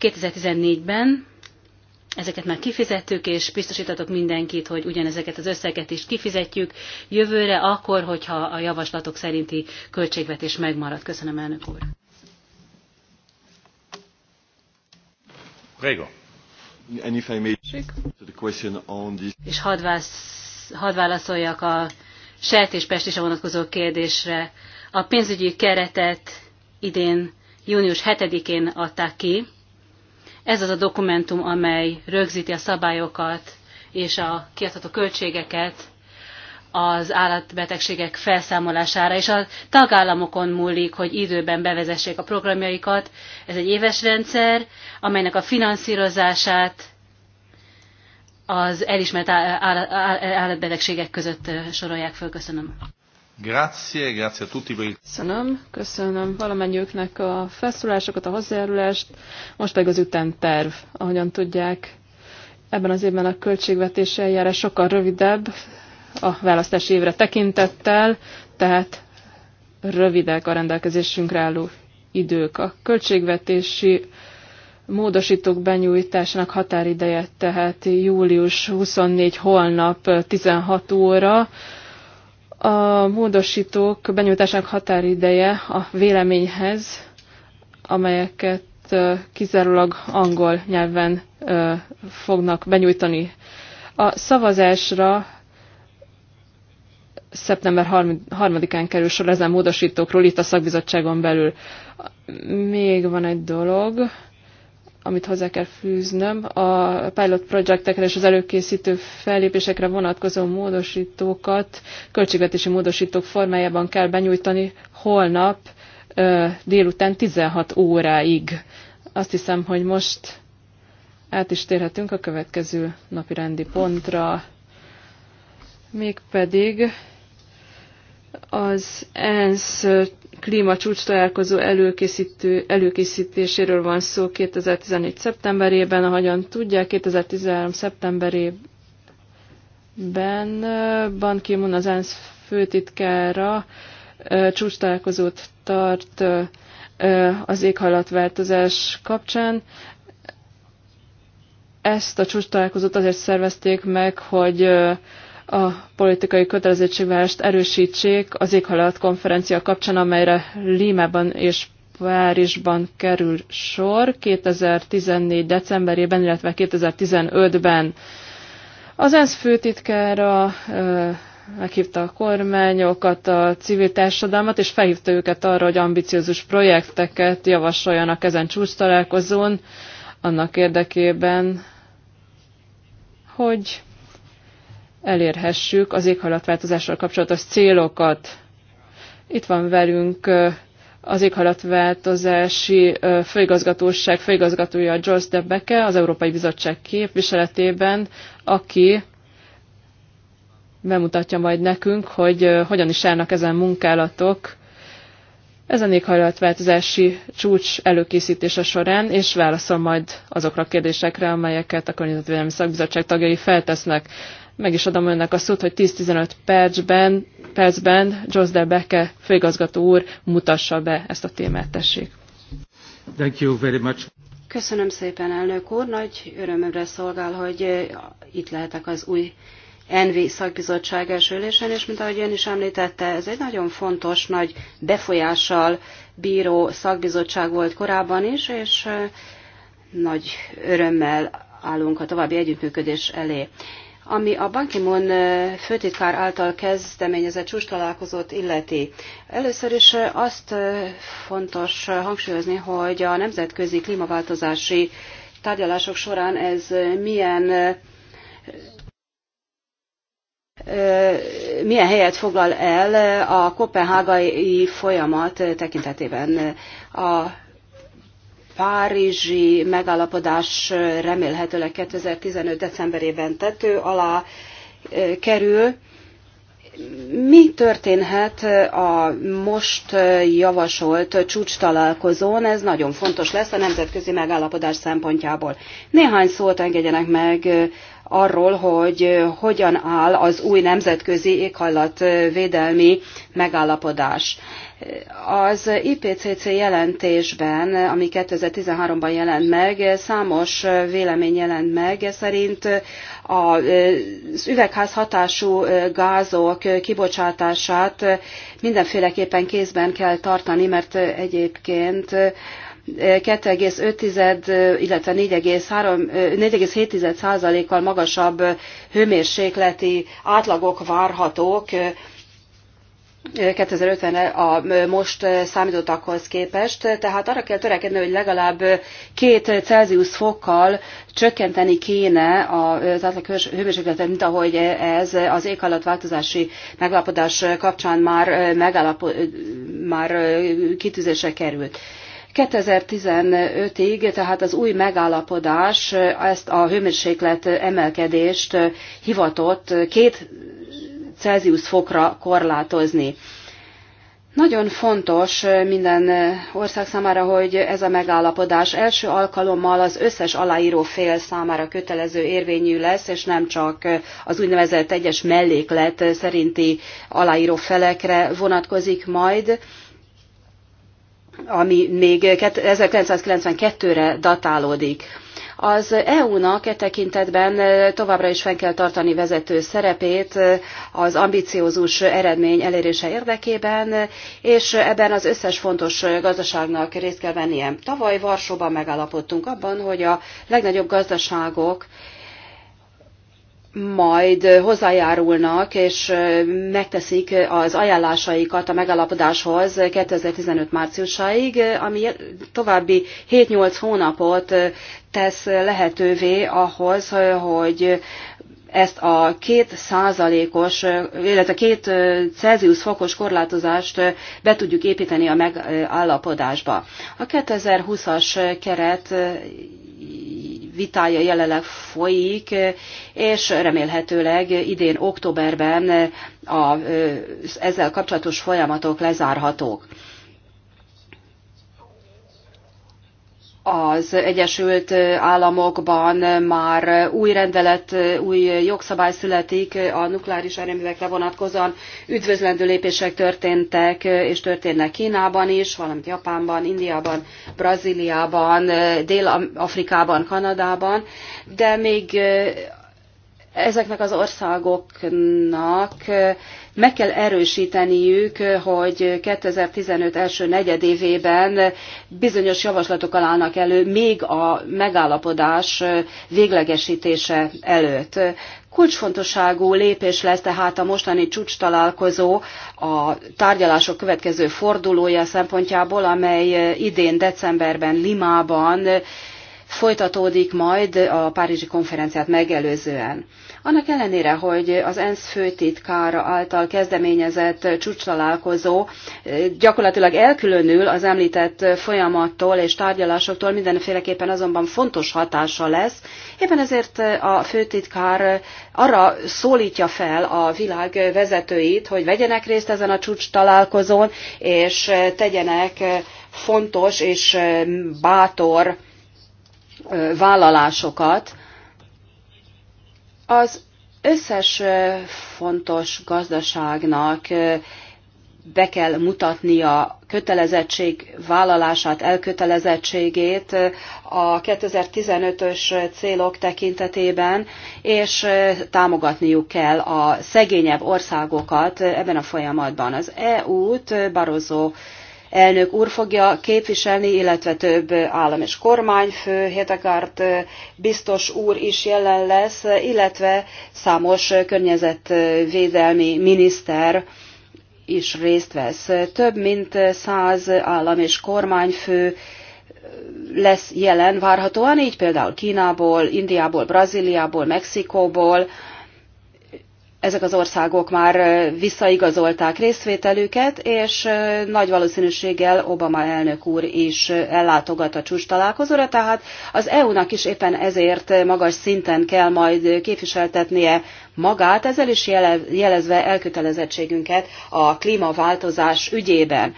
Speaker 4: 2014-ben. Ezeket már kifizettük, és biztosítatok mindenkit, hogy ugyanezeket az összeget is kifizetjük jövőre, akkor, hogyha a javaslatok szerinti költségvetés megmarad. Köszönöm, elnök úr.
Speaker 1: Rego. And if I És
Speaker 4: hadd válaszoljak a a vonatkozó kérdésre. A pénzügyi keretet idén június 7-én adták ki. Ez az a dokumentum, amely rögzíti a szabályokat és a kiadható költségeket az állatbetegségek felszámolására, és a tagállamokon múlik, hogy időben bevezessék a programjaikat. Ez egy éves rendszer, amelynek a finanszírozását az elismert állatbetegségek között sorolják föl. Köszönöm.
Speaker 1: Grazie, grazie a tutti
Speaker 4: Köszönöm,
Speaker 2: köszönöm valamennyiüknek a felszólásokat, a hozzájárulást, most pedig az terv, ahogyan tudják. Ebben az évben a költségvetés eljárás sokkal rövidebb a választási évre tekintettel, tehát rövidek a rendelkezésünkre álló idők. A költségvetési módosítók benyújtásának határideje tehát július 24 holnap 16 óra. A módosítók benyújtásának határideje a véleményhez, amelyeket kizárólag angol nyelven fognak benyújtani. A szavazásra szeptember 3-án kerül sor ezen módosítókról itt a szakbizottságon belül. Még van egy dolog, amit hozzá kell fűznöm, a pilot projektekre és az előkészítő fellépésekre vonatkozó módosítókat költségvetési módosítók formájában kell benyújtani holnap délután 16 óráig. Azt hiszem, hogy most át is térhetünk a következő napi rendi pontra, mégpedig az ENSZ klímacsúcs találkozó előkészítő, előkészítéséről van szó 2014. szeptemberében, ahogyan tudják, 2013. szeptemberében Ban Ki-moon az ENSZ főtitkára csúcs találkozót tart az éghajlatváltozás kapcsán. Ezt a csúcs találkozót azért szervezték meg, hogy a politikai kötelezettségvárást erősítsék az éghalat konferencia kapcsán, amelyre Límában és Párizsban kerül sor 2014. decemberében, illetve 2015-ben. Az ENSZ főtitkára meghívta a kormányokat, a civil társadalmat, és felhívta őket arra, hogy ambiciózus projekteket javasoljanak ezen csúcs találkozón, annak érdekében, hogy elérhessük az éghajlatváltozással kapcsolatos célokat. Itt van velünk az éghajlatváltozási főigazgatóság főigazgatója George Debeke az Európai Bizottság képviseletében, aki bemutatja majd nekünk, hogy hogyan is állnak ezen munkálatok ezen éghajlatváltozási csúcs előkészítése során, és válaszol majd azokra a kérdésekre, amelyeket a Környezetvédelmi Szakbizottság tagjai feltesznek. Meg is adom önnek a szót, hogy 10-15 percben, percben Joss de Becke főigazgató úr mutassa be ezt a témát, tessék.
Speaker 5: Thank you very much.
Speaker 3: Köszönöm szépen, elnök úr. Nagy örömömre szolgál, hogy itt lehetek az új ENVI szakbizottság első ülésen, és mint ahogy ön is említette, ez egy nagyon fontos, nagy befolyással bíró szakbizottság volt korábban is, és nagy örömmel állunk a további együttműködés elé. Ami a bankimon főtitkár által kezdeményezett csúcs találkozót illeti, először is azt fontos hangsúlyozni, hogy a nemzetközi klímaváltozási tárgyalások során ez milyen milyen helyet foglal el a kopenhágai folyamat tekintetében. A párizsi megállapodás remélhetőleg 2015. decemberében tető alá eh, kerül. Mi történhet a most eh, javasolt csúcs találkozón? Ez nagyon fontos lesz a nemzetközi megállapodás szempontjából. Néhány szót engedjenek meg eh, arról, hogy hogyan áll az új nemzetközi éghajlatvédelmi megállapodás. Az IPCC jelentésben, ami 2013-ban jelent meg, számos vélemény jelent meg, szerint az üvegházhatású gázok kibocsátását mindenféleképpen kézben kell tartani, mert egyébként 2,5, illetve 47 százalékkal magasabb hőmérsékleti átlagok várhatók 2050-re a most számítottakhoz képest, tehát arra kell törekedni, hogy legalább két Celsius fokkal csökkenteni kéne az átlag hőmérsékletet, mint ahogy ez az éghajlatváltozási megállapodás kapcsán már, megállapod, már kitűzésre került. 2015-ig, tehát az új megállapodás ezt a hőmérséklet emelkedést hivatott két Celsius fokra korlátozni. Nagyon fontos minden ország számára, hogy ez a megállapodás első alkalommal az összes aláíró fél számára kötelező érvényű lesz, és nem csak az úgynevezett egyes melléklet szerinti aláíró felekre vonatkozik majd ami még 1992-re datálódik. Az EU-nak e tekintetben továbbra is fenn kell tartani vezető szerepét az ambiciózus eredmény elérése érdekében, és ebben az összes fontos gazdaságnak részt kell vennie. Tavaly Varsóban megállapodtunk abban, hogy a legnagyobb gazdaságok majd hozzájárulnak és megteszik az ajánlásaikat a megalapodáshoz 2015 márciusáig, ami további 7-8 hónapot tesz lehetővé ahhoz, hogy ezt a két százalékos, illetve két Celsius fokos korlátozást be tudjuk építeni a megállapodásba. A 2020-as keret vitája jelenleg folyik, és remélhetőleg idén októberben az ezzel kapcsolatos folyamatok lezárhatók. az Egyesült Államokban már új rendelet, új jogszabály születik a nukleáris erőművekre vonatkozóan. Üdvözlendő lépések történtek és történnek Kínában is, valamint Japánban, Indiában, Brazíliában, Dél-Afrikában, Kanadában, de még ezeknek az országoknak meg kell erősteniük hogy 2015 első negyedévében bizonyos javaslatok állnak elő, még a megállapodás véglegesítése előtt. Kulcsfontosságú lépés lesz tehát a mostani csúcstalálkozó a tárgyalások következő fordulója szempontjából, amely idén decemberben Limában folytatódik majd a Párizsi konferenciát megelőzően. Annak ellenére, hogy az ENSZ főtitkára által kezdeményezett csúcstalálkozó eh, gyakorlatilag elkülönül az említett folyamattól és tárgyalásoktól, mindenféleképpen azonban fontos hatása lesz. Éppen ezért eh, a főtitkár eh, arra szólítja fel a világ vezetőit, hogy vegyenek részt ezen a csúcs találkozón, és tegyenek fontos és bátor vállalásokat, az összes fontos gazdaságnak be kell mutatnia kötelezettség vállalását, elkötelezettségét a 2015-ös célok tekintetében, és támogatniuk kell a szegényebb országokat ebben a folyamatban. Az EU-t Barozó elnök úr fogja képviselni, illetve több állam és kormányfő, Hetegárt biztos úr is jelen lesz, illetve számos környezetvédelmi miniszter is részt vesz. Több mint száz állam és kormányfő lesz jelen várhatóan, így például Kínából, Indiából, Brazíliából, Mexikóból, ezek az országok már visszaigazolták részvételüket, és nagy valószínűséggel Obama elnök úr is ellátogat a csúcs találkozóra, tehát az EU-nak is éppen ezért magas szinten kell majd képviseltetnie magát, ezzel is jelezve elkötelezettségünket a klímaváltozás ügyében.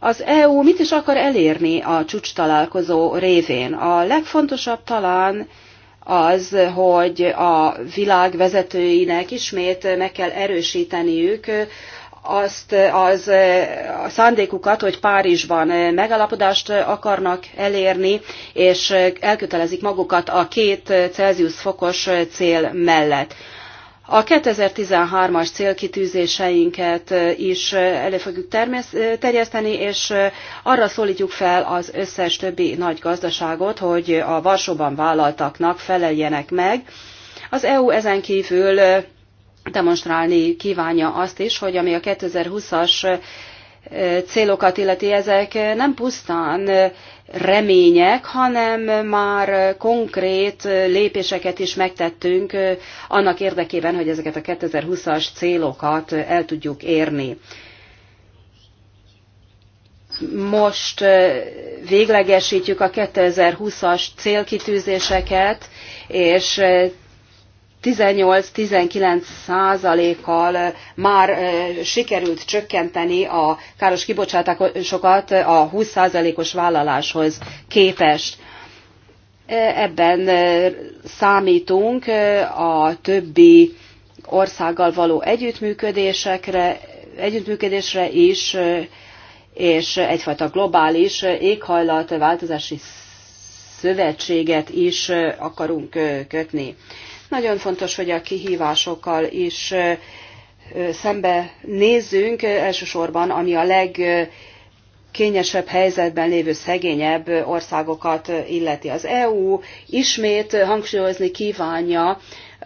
Speaker 3: Az EU mit is akar elérni a csúcs találkozó révén? A legfontosabb talán az, hogy a világ vezetőinek ismét meg kell erősíteniük azt az a szándékukat, hogy Párizsban megalapodást akarnak elérni, és elkötelezik magukat a két Celsius fokos cél mellett. A 2013-as célkitűzéseinket is elő fogjuk terjeszteni, és arra szólítjuk fel az összes többi nagy gazdaságot, hogy a Varsóban vállaltaknak feleljenek meg. Az EU ezen kívül demonstrálni kívánja azt is, hogy ami a 2020-as célokat illeti, ezek nem pusztán remények, hanem már konkrét lépéseket is megtettünk annak érdekében, hogy ezeket a 2020-as célokat el tudjuk érni. Most véglegesítjük a 2020-as célkitűzéseket, és 18-19 százalékkal már sikerült csökkenteni a káros kibocsátásokat a 20 százalékos vállaláshoz képest. Ebben számítunk a többi országgal való együttműködésekre, együttműködésre is, és egyfajta globális éghajlatváltozási szövetséget is akarunk kötni. Nagyon fontos, hogy a kihívásokkal is szembe nézzünk, elsősorban ami a legkényesebb helyzetben lévő szegényebb országokat illeti. Az EU ismét hangsúlyozni kívánja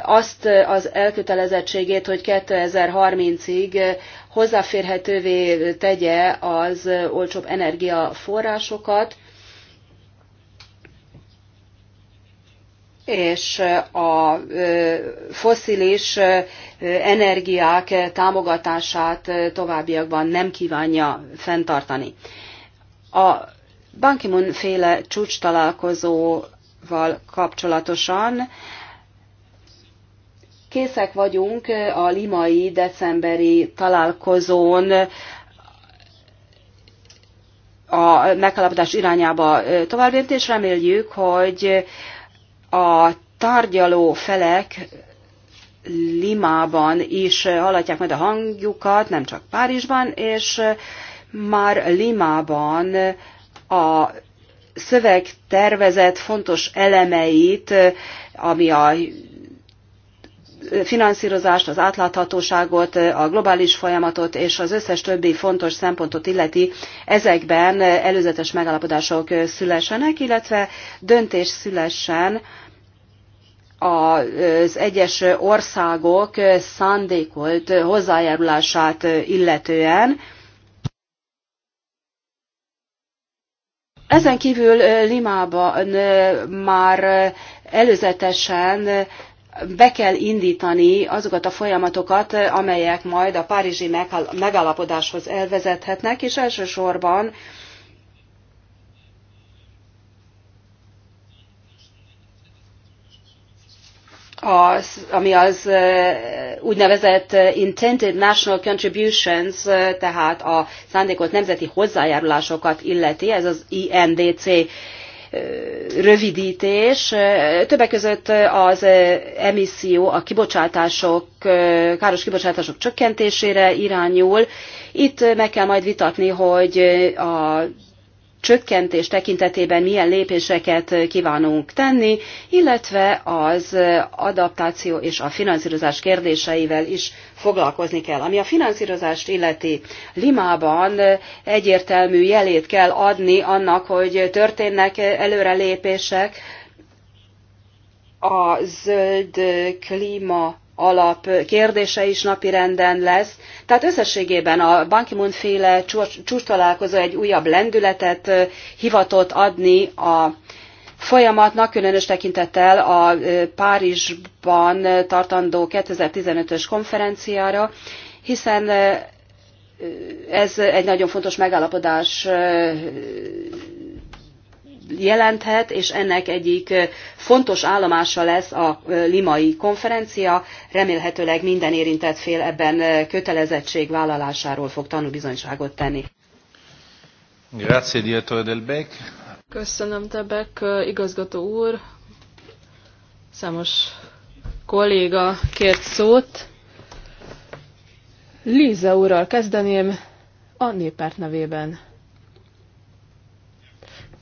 Speaker 3: azt az elkötelezettségét, hogy 2030-ig hozzáférhetővé tegye az olcsóbb energiaforrásokat, és a foszilis energiák támogatását továbbiakban nem kívánja fenntartani. A Ban Ki-moon féle csúcs találkozóval kapcsolatosan készek vagyunk a limai decemberi találkozón a megállapodás irányába tovább és reméljük, hogy a tárgyaló felek Limában is hallatják majd a hangjukat, nem csak Párizsban, és már Limában a szövegtervezet fontos elemeit, ami a finanszírozást, az átláthatóságot, a globális folyamatot és az összes többi fontos szempontot illeti, ezekben előzetes megállapodások szülessenek, illetve döntés szülessen az egyes országok szándékolt hozzájárulását illetően. Ezen kívül Limában már előzetesen be kell indítani azokat a folyamatokat, amelyek majd a párizsi megállapodáshoz elvezethetnek, és elsősorban az, ami az úgynevezett intended national contributions, tehát a szándékolt nemzeti hozzájárulásokat illeti, ez az INDC rövidítés. Többek között az emisszió a kibocsátások, káros kibocsátások csökkentésére irányul. Itt meg kell majd vitatni, hogy a csökkentés tekintetében milyen lépéseket kívánunk tenni, illetve az adaptáció és a finanszírozás kérdéseivel is foglalkozni kell. Ami a finanszírozást illeti, Limában egyértelmű jelét kell adni annak, hogy történnek előrelépések a zöld klíma alap kérdése is napirenden lesz. Tehát összességében a Ban Ki-moon féle csúcstalálkozó egy újabb lendületet hivatott adni a folyamatnak, különös tekintettel a Párizsban tartandó 2015-ös konferenciára, hiszen ez egy nagyon fontos megállapodás jelenthet, és ennek egyik fontos állomása lesz a limai konferencia. Remélhetőleg minden érintett fél ebben kötelezettség vállalásáról fog tanúbizonyságot tenni.
Speaker 1: Grazie, Dietro Delbec.
Speaker 2: Köszönöm, Tebek, igazgató úr. Számos kolléga kért szót. Líza úrral kezdeném a néppárt nevében.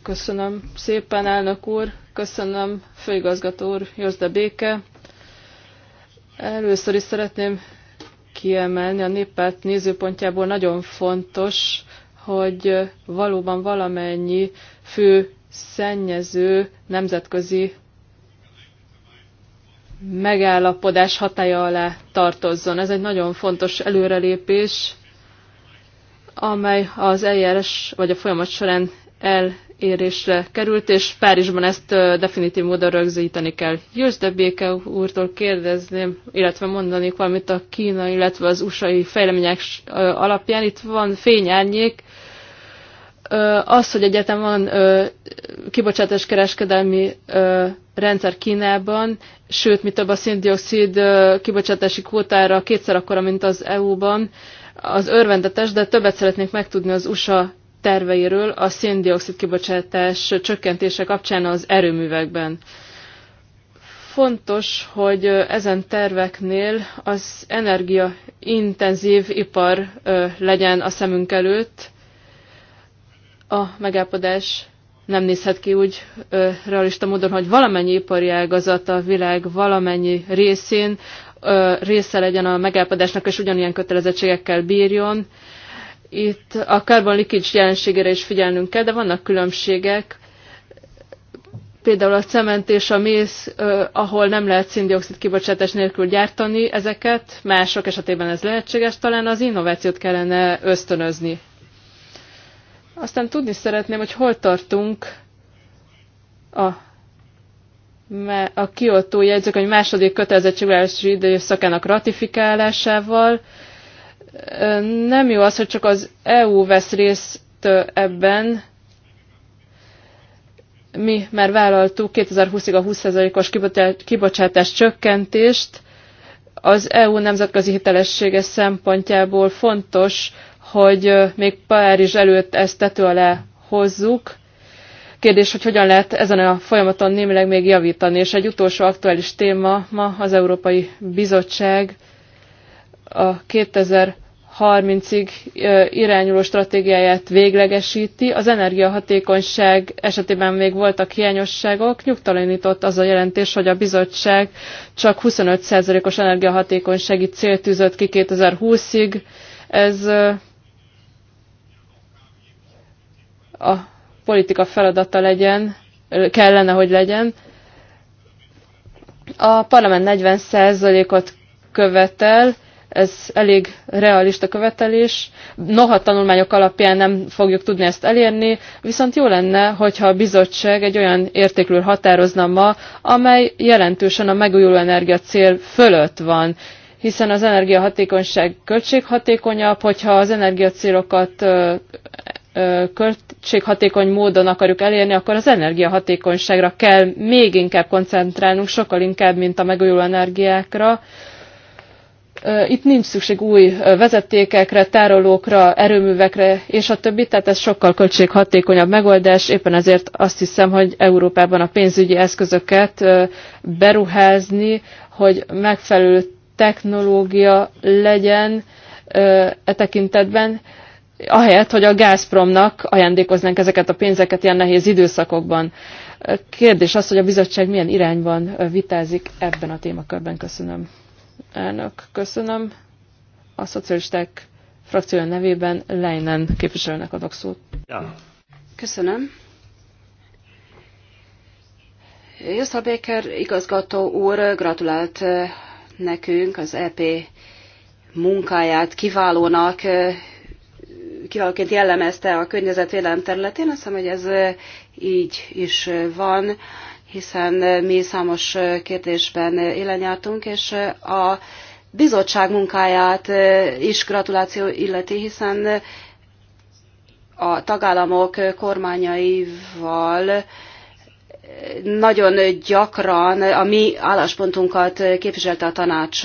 Speaker 2: Köszönöm szépen, elnök úr, köszönöm főigazgató úr, Józsde Béke. Először is szeretném kiemelni, a néppárt nézőpontjából nagyon fontos, hogy valóban valamennyi fő szennyező nemzetközi megállapodás hatája alá tartozzon. Ez egy nagyon fontos előrelépés, amely az eljárás vagy a folyamat során el érésre került, és Párizsban ezt definitív módon rögzíteni kell. Jössz de Béke úrtól kérdezném, illetve mondanék valamit a Kína, illetve az usa fejlemények alapján. Itt van fényárnyék, az, hogy egyetem van kibocsátás kereskedelmi rendszer Kínában, sőt, mi több a széndiokszid kibocsátási kvótára kétszer akkora, mint az EU-ban, az örvendetes, de többet szeretnék megtudni az USA terveiről a széndiokszid kibocsátás csökkentése kapcsán az erőművekben. Fontos, hogy ezen terveknél az energiaintenzív ipar legyen a szemünk előtt. A megállapodás nem nézhet ki úgy realista módon, hogy valamennyi ipari ágazat a világ valamennyi részén része legyen a megállapodásnak, és ugyanilyen kötelezettségekkel bírjon. Itt a carbon leakage jelenségére is figyelnünk kell, de vannak különbségek. Például a cement és a méz, ahol nem lehet szindioxid kibocsátás nélkül gyártani ezeket, mások esetében ez lehetséges, talán az innovációt kellene ösztönözni. Aztán tudni szeretném, hogy hol tartunk a a jegyzők, hogy második kötelezettségvállalási időszakának ratifikálásával, nem jó az, hogy csak az EU vesz részt ebben. Mi már vállaltuk 2020-ig a 20%-os kibocsátás csökkentést. Az EU nemzetközi hitelessége szempontjából fontos, hogy még Párizs előtt ezt tető alá hozzuk. Kérdés, hogy hogyan lehet ezen a folyamaton némileg még javítani. És egy utolsó aktuális téma ma az Európai Bizottság a 2000 30-ig irányuló stratégiáját véglegesíti. Az energiahatékonyság esetében még voltak hiányosságok. Nyugtalanított az a jelentés, hogy a bizottság csak 25%-os energiahatékonysági célt tűzött ki 2020-ig. Ez a politika feladata legyen, kellene, hogy legyen. A parlament 40%-ot követel, ez elég realista követelés. Noha tanulmányok alapján nem fogjuk tudni ezt elérni, viszont jó lenne, hogyha a bizottság egy olyan értékről határozna ma, amely jelentősen a megújuló energia cél fölött van hiszen az energiahatékonyság költséghatékonyabb, hogyha az energiacélokat költséghatékony módon akarjuk elérni, akkor az energiahatékonyságra kell még inkább koncentrálnunk, sokkal inkább, mint a megújuló energiákra itt nincs szükség új vezetékekre, tárolókra, erőművekre és a többi, tehát ez sokkal költséghatékonyabb megoldás, éppen ezért azt hiszem, hogy Európában a pénzügyi eszközöket beruházni, hogy megfelelő technológia legyen e tekintetben, ahelyett, hogy a Gazpromnak ajándékoznánk ezeket a pénzeket ilyen nehéz időszakokban. Kérdés az, hogy a bizottság milyen irányban vitázik ebben a témakörben. Köszönöm. Elnök, köszönöm. A szocialisták frakció nevében Leinen képviselőnek adok szót.
Speaker 5: Ja.
Speaker 3: Köszönöm. Jussza Béker igazgató úr gratulált eh, nekünk az EP munkáját kiválónak, eh, kiválóként jellemezte a környezetvédelem területén. Azt hiszem, hogy ez eh, így is van hiszen eh, mi számos eh, kérdésben eh, élen jártunk, és a bizottság munkáját is gratuláció illeti, hiszen a tagállamok kormányaival nagyon gyakran a mi álláspontunkat képviselte a tanács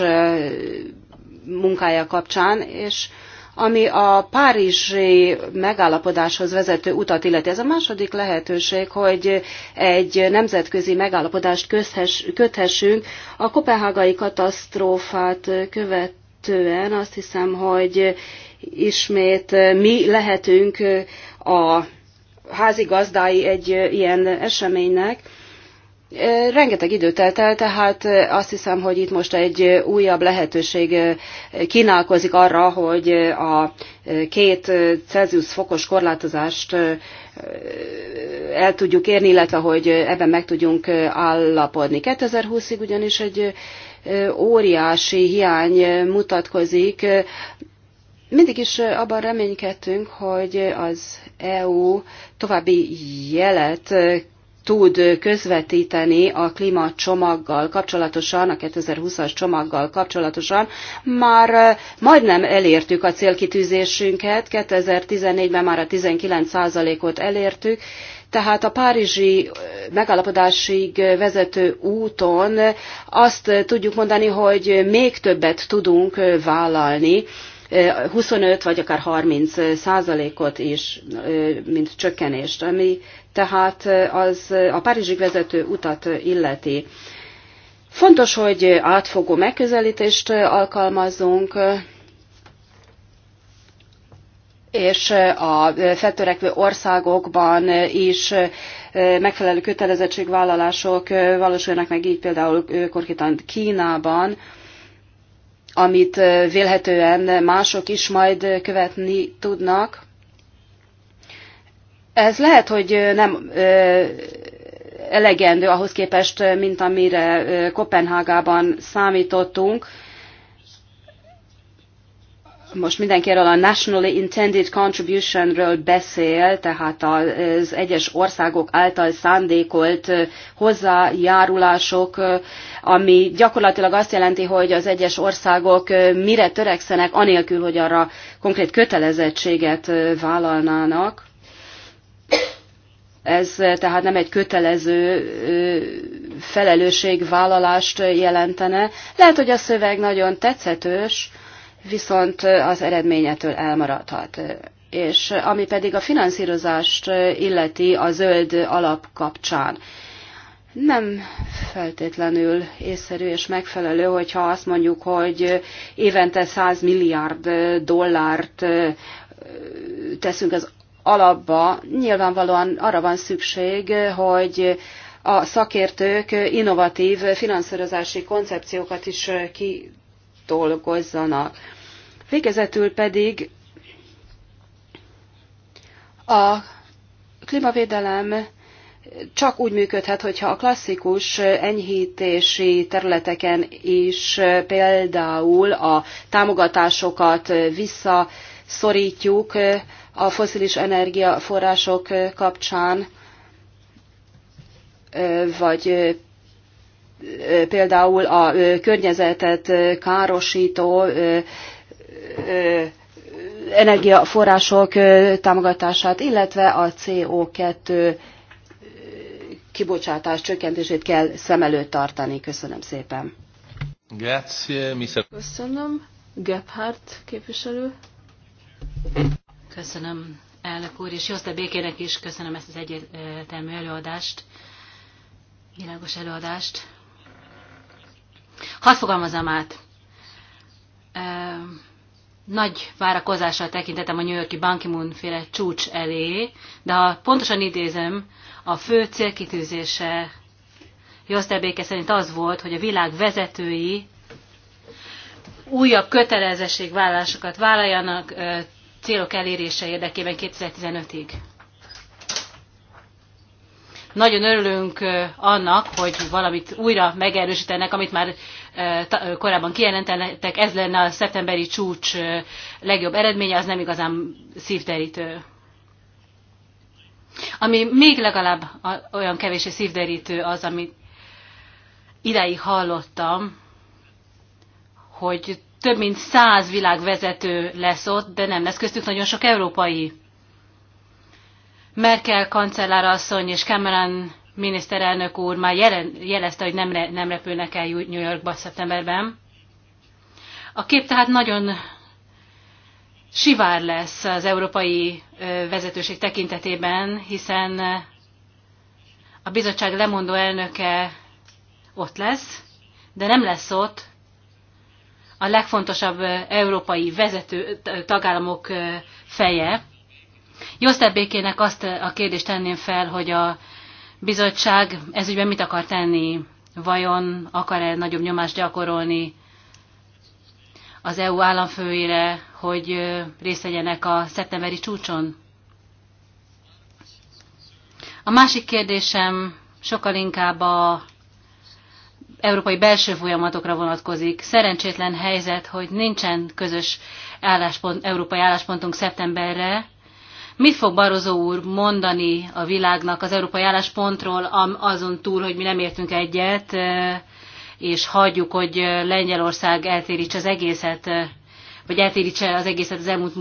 Speaker 3: munkája kapcsán, és ami a párizsi megállapodáshoz vezető utat illeti. Ez a második lehetőség, hogy egy nemzetközi megállapodást köthessünk. A kopenhágai katasztrófát követően azt hiszem, hogy ismét mi lehetünk a házigazdái egy ilyen eseménynek, Rengeteg idő telt el, tehát azt hiszem, hogy itt most egy újabb lehetőség kínálkozik arra, hogy a két Celsius fokos korlátozást el tudjuk érni, illetve hogy ebben meg tudjunk állapodni. 2020-ig ugyanis egy óriási hiány mutatkozik. Mindig is abban reménykedtünk, hogy az EU további jelet tud közvetíteni a klímacsomaggal kapcsolatosan, a 2020-as csomaggal kapcsolatosan. Már eh, majdnem elértük a célkitűzésünket, 2014-ben már a 19%-ot elértük, tehát a párizsi eh, megállapodásig vezető úton azt tudjuk mondani, hogy még többet tudunk eh, vállalni, 25 vagy akár 30 százalékot is, mint csökkenést, ami tehát az a Párizsig vezető utat illeti. Fontos, hogy átfogó megközelítést alkalmazzunk, és a feltörekvő országokban is megfelelő kötelezettségvállalások valósulnak meg így például korkitán Kínában, amit vélhetően mások is majd követni tudnak. Ez lehet, hogy nem elegendő ahhoz képest, mint amire Kopenhágában számítottunk. Most mindenki erről a Nationally Intended Contributionről beszél, tehát az egyes országok által szándékolt hozzájárulások, ami gyakorlatilag azt jelenti, hogy az egyes országok mire törekszenek, anélkül, hogy arra konkrét kötelezettséget vállalnának. Ez eh, tehát nem egy kötelező felelősségvállalást jelentene. Lehet, hogy a szöveg nagyon tetszetős, viszont eh, az eredményetől elmaradhat. És eh, ami pedig a finanszírozást illeti a zöld alap kapcsán. Nem feltétlenül észszerű és megfelelő, hogyha azt mondjuk, hogy évente 100 milliárd dollárt teszünk az alapba. Nyilvánvalóan arra van szükség, hogy a szakértők innovatív finanszírozási koncepciókat is kidolgozzanak. Végezetül pedig a klímavédelem csak úgy működhet, hogyha a klasszikus enyhítési területeken is például a támogatásokat visszaszorítjuk, a foszilis energiaforrások kapcsán, vagy például a környezetet károsító energiaforrások támogatását, illetve a CO2 kibocsátás csökkentését kell szem előtt tartani. Köszönöm szépen.
Speaker 1: Grazie, Köszönöm.
Speaker 3: Gebhardt
Speaker 4: képviselő. Köszönöm, elnök úr, és Joszta Békének is köszönöm ezt az egyértelmű előadást, világos előadást. Hadd fogalmazom át. Nagy várakozással tekintetem a New Yorki Ban féle csúcs elé, de ha pontosan idézem, a fő célkitűzése Joszter Béke szerint az volt, hogy a világ vezetői újabb kötelezettségvállásokat vállaljanak célok elérése érdekében 2015-ig. Nagyon örülünk annak, hogy valamit újra megerősítenek, amit már korábban kijelentettek. Ez lenne a szeptemberi csúcs legjobb eredménye, az nem igazán szívderítő. Ami még legalább olyan kevés szívderítő az, amit idáig hallottam, hogy több mint száz világvezető lesz ott, de nem lesz köztük nagyon sok európai. Merkel kancellárasszony és Cameron miniszterelnök úr már jelezte, hogy nem, re, nem repülnek el New Yorkba szeptemberben. A kép tehát nagyon sivár lesz az európai vezetőség tekintetében, hiszen a bizottság lemondó elnöke ott lesz, de nem lesz ott a legfontosabb európai vezető tagállamok feje. József Békének azt a kérdést tenném fel, hogy a bizottság ezügyben mit akar tenni? Vajon akar-e nagyobb nyomást gyakorolni az EU államfőire, hogy részt vegyenek a szeptemberi csúcson? A másik kérdésem sokkal inkább a európai belső folyamatokra vonatkozik. Szerencsétlen helyzet, hogy nincsen közös álláspont, európai álláspontunk szeptemberre. Mit fog Barozó úr mondani a világnak az európai álláspontról, azon túl, hogy mi nem értünk egyet, és hagyjuk, hogy Lengyelország eltérítse az egészet, vagy eltérítse az egészet az elmúlt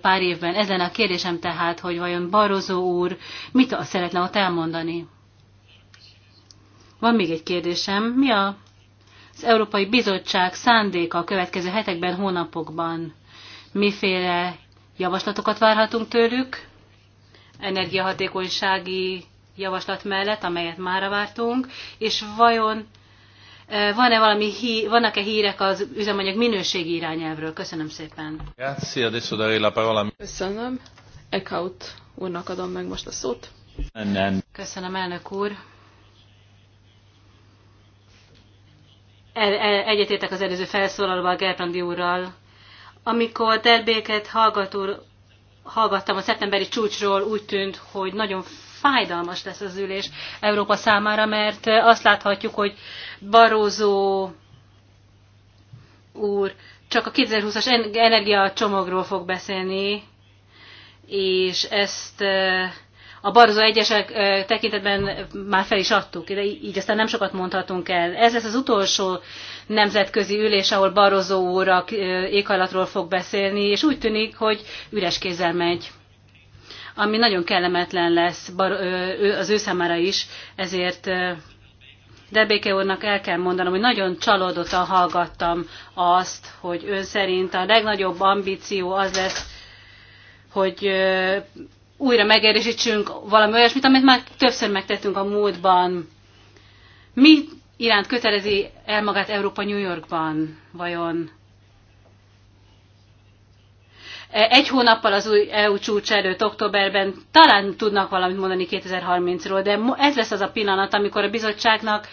Speaker 4: pár évben. Ez lenne a kérdésem tehát, hogy vajon Barozó úr mit szeretne ott elmondani? Van még egy kérdésem. Mi a, az Európai Bizottság szándéka a következő hetekben, hónapokban? Miféle javaslatokat várhatunk tőlük? Energiahatékonysági javaslat mellett, amelyet már vártunk, és vajon e, van-e valami hí, vannak-e hírek az üzemanyag minőségi irányelvről? Köszönöm szépen.
Speaker 1: adesso la parola.
Speaker 4: Köszönöm. Eckhout úrnak adom meg most a szót. Köszönöm, elnök úr. egyetértek az előző felszólalóval, Gerbrandi úrral. Amikor Derbéket hallgató, hallgattam a szeptemberi csúcsról, úgy tűnt, hogy nagyon fájdalmas lesz az ülés Európa számára, mert azt láthatjuk, hogy Barózó úr csak a 2020-as energiacsomagról fog beszélni, és ezt a barzó egyesek tekintetben már fel is adtuk, de így aztán nem sokat mondhatunk el. Ez lesz az utolsó nemzetközi ülés, ahol Barozó úr a éghajlatról fog beszélni, és úgy tűnik, hogy üres kézzel megy ami nagyon kellemetlen lesz az ő számára is, ezért Debéke úrnak el kell mondanom, hogy nagyon csalódottan hallgattam azt, hogy ön szerint a legnagyobb ambíció az lesz, hogy újra megerősítsünk valami olyasmit, amit már többször megtettünk a múltban. Mi iránt kötelezi el magát Európa New Yorkban, vajon? E, egy hónappal az új EU csúcs előtt, októberben talán tudnak valamit mondani 2030-ról, de ez lesz az a pillanat, amikor a bizottságnak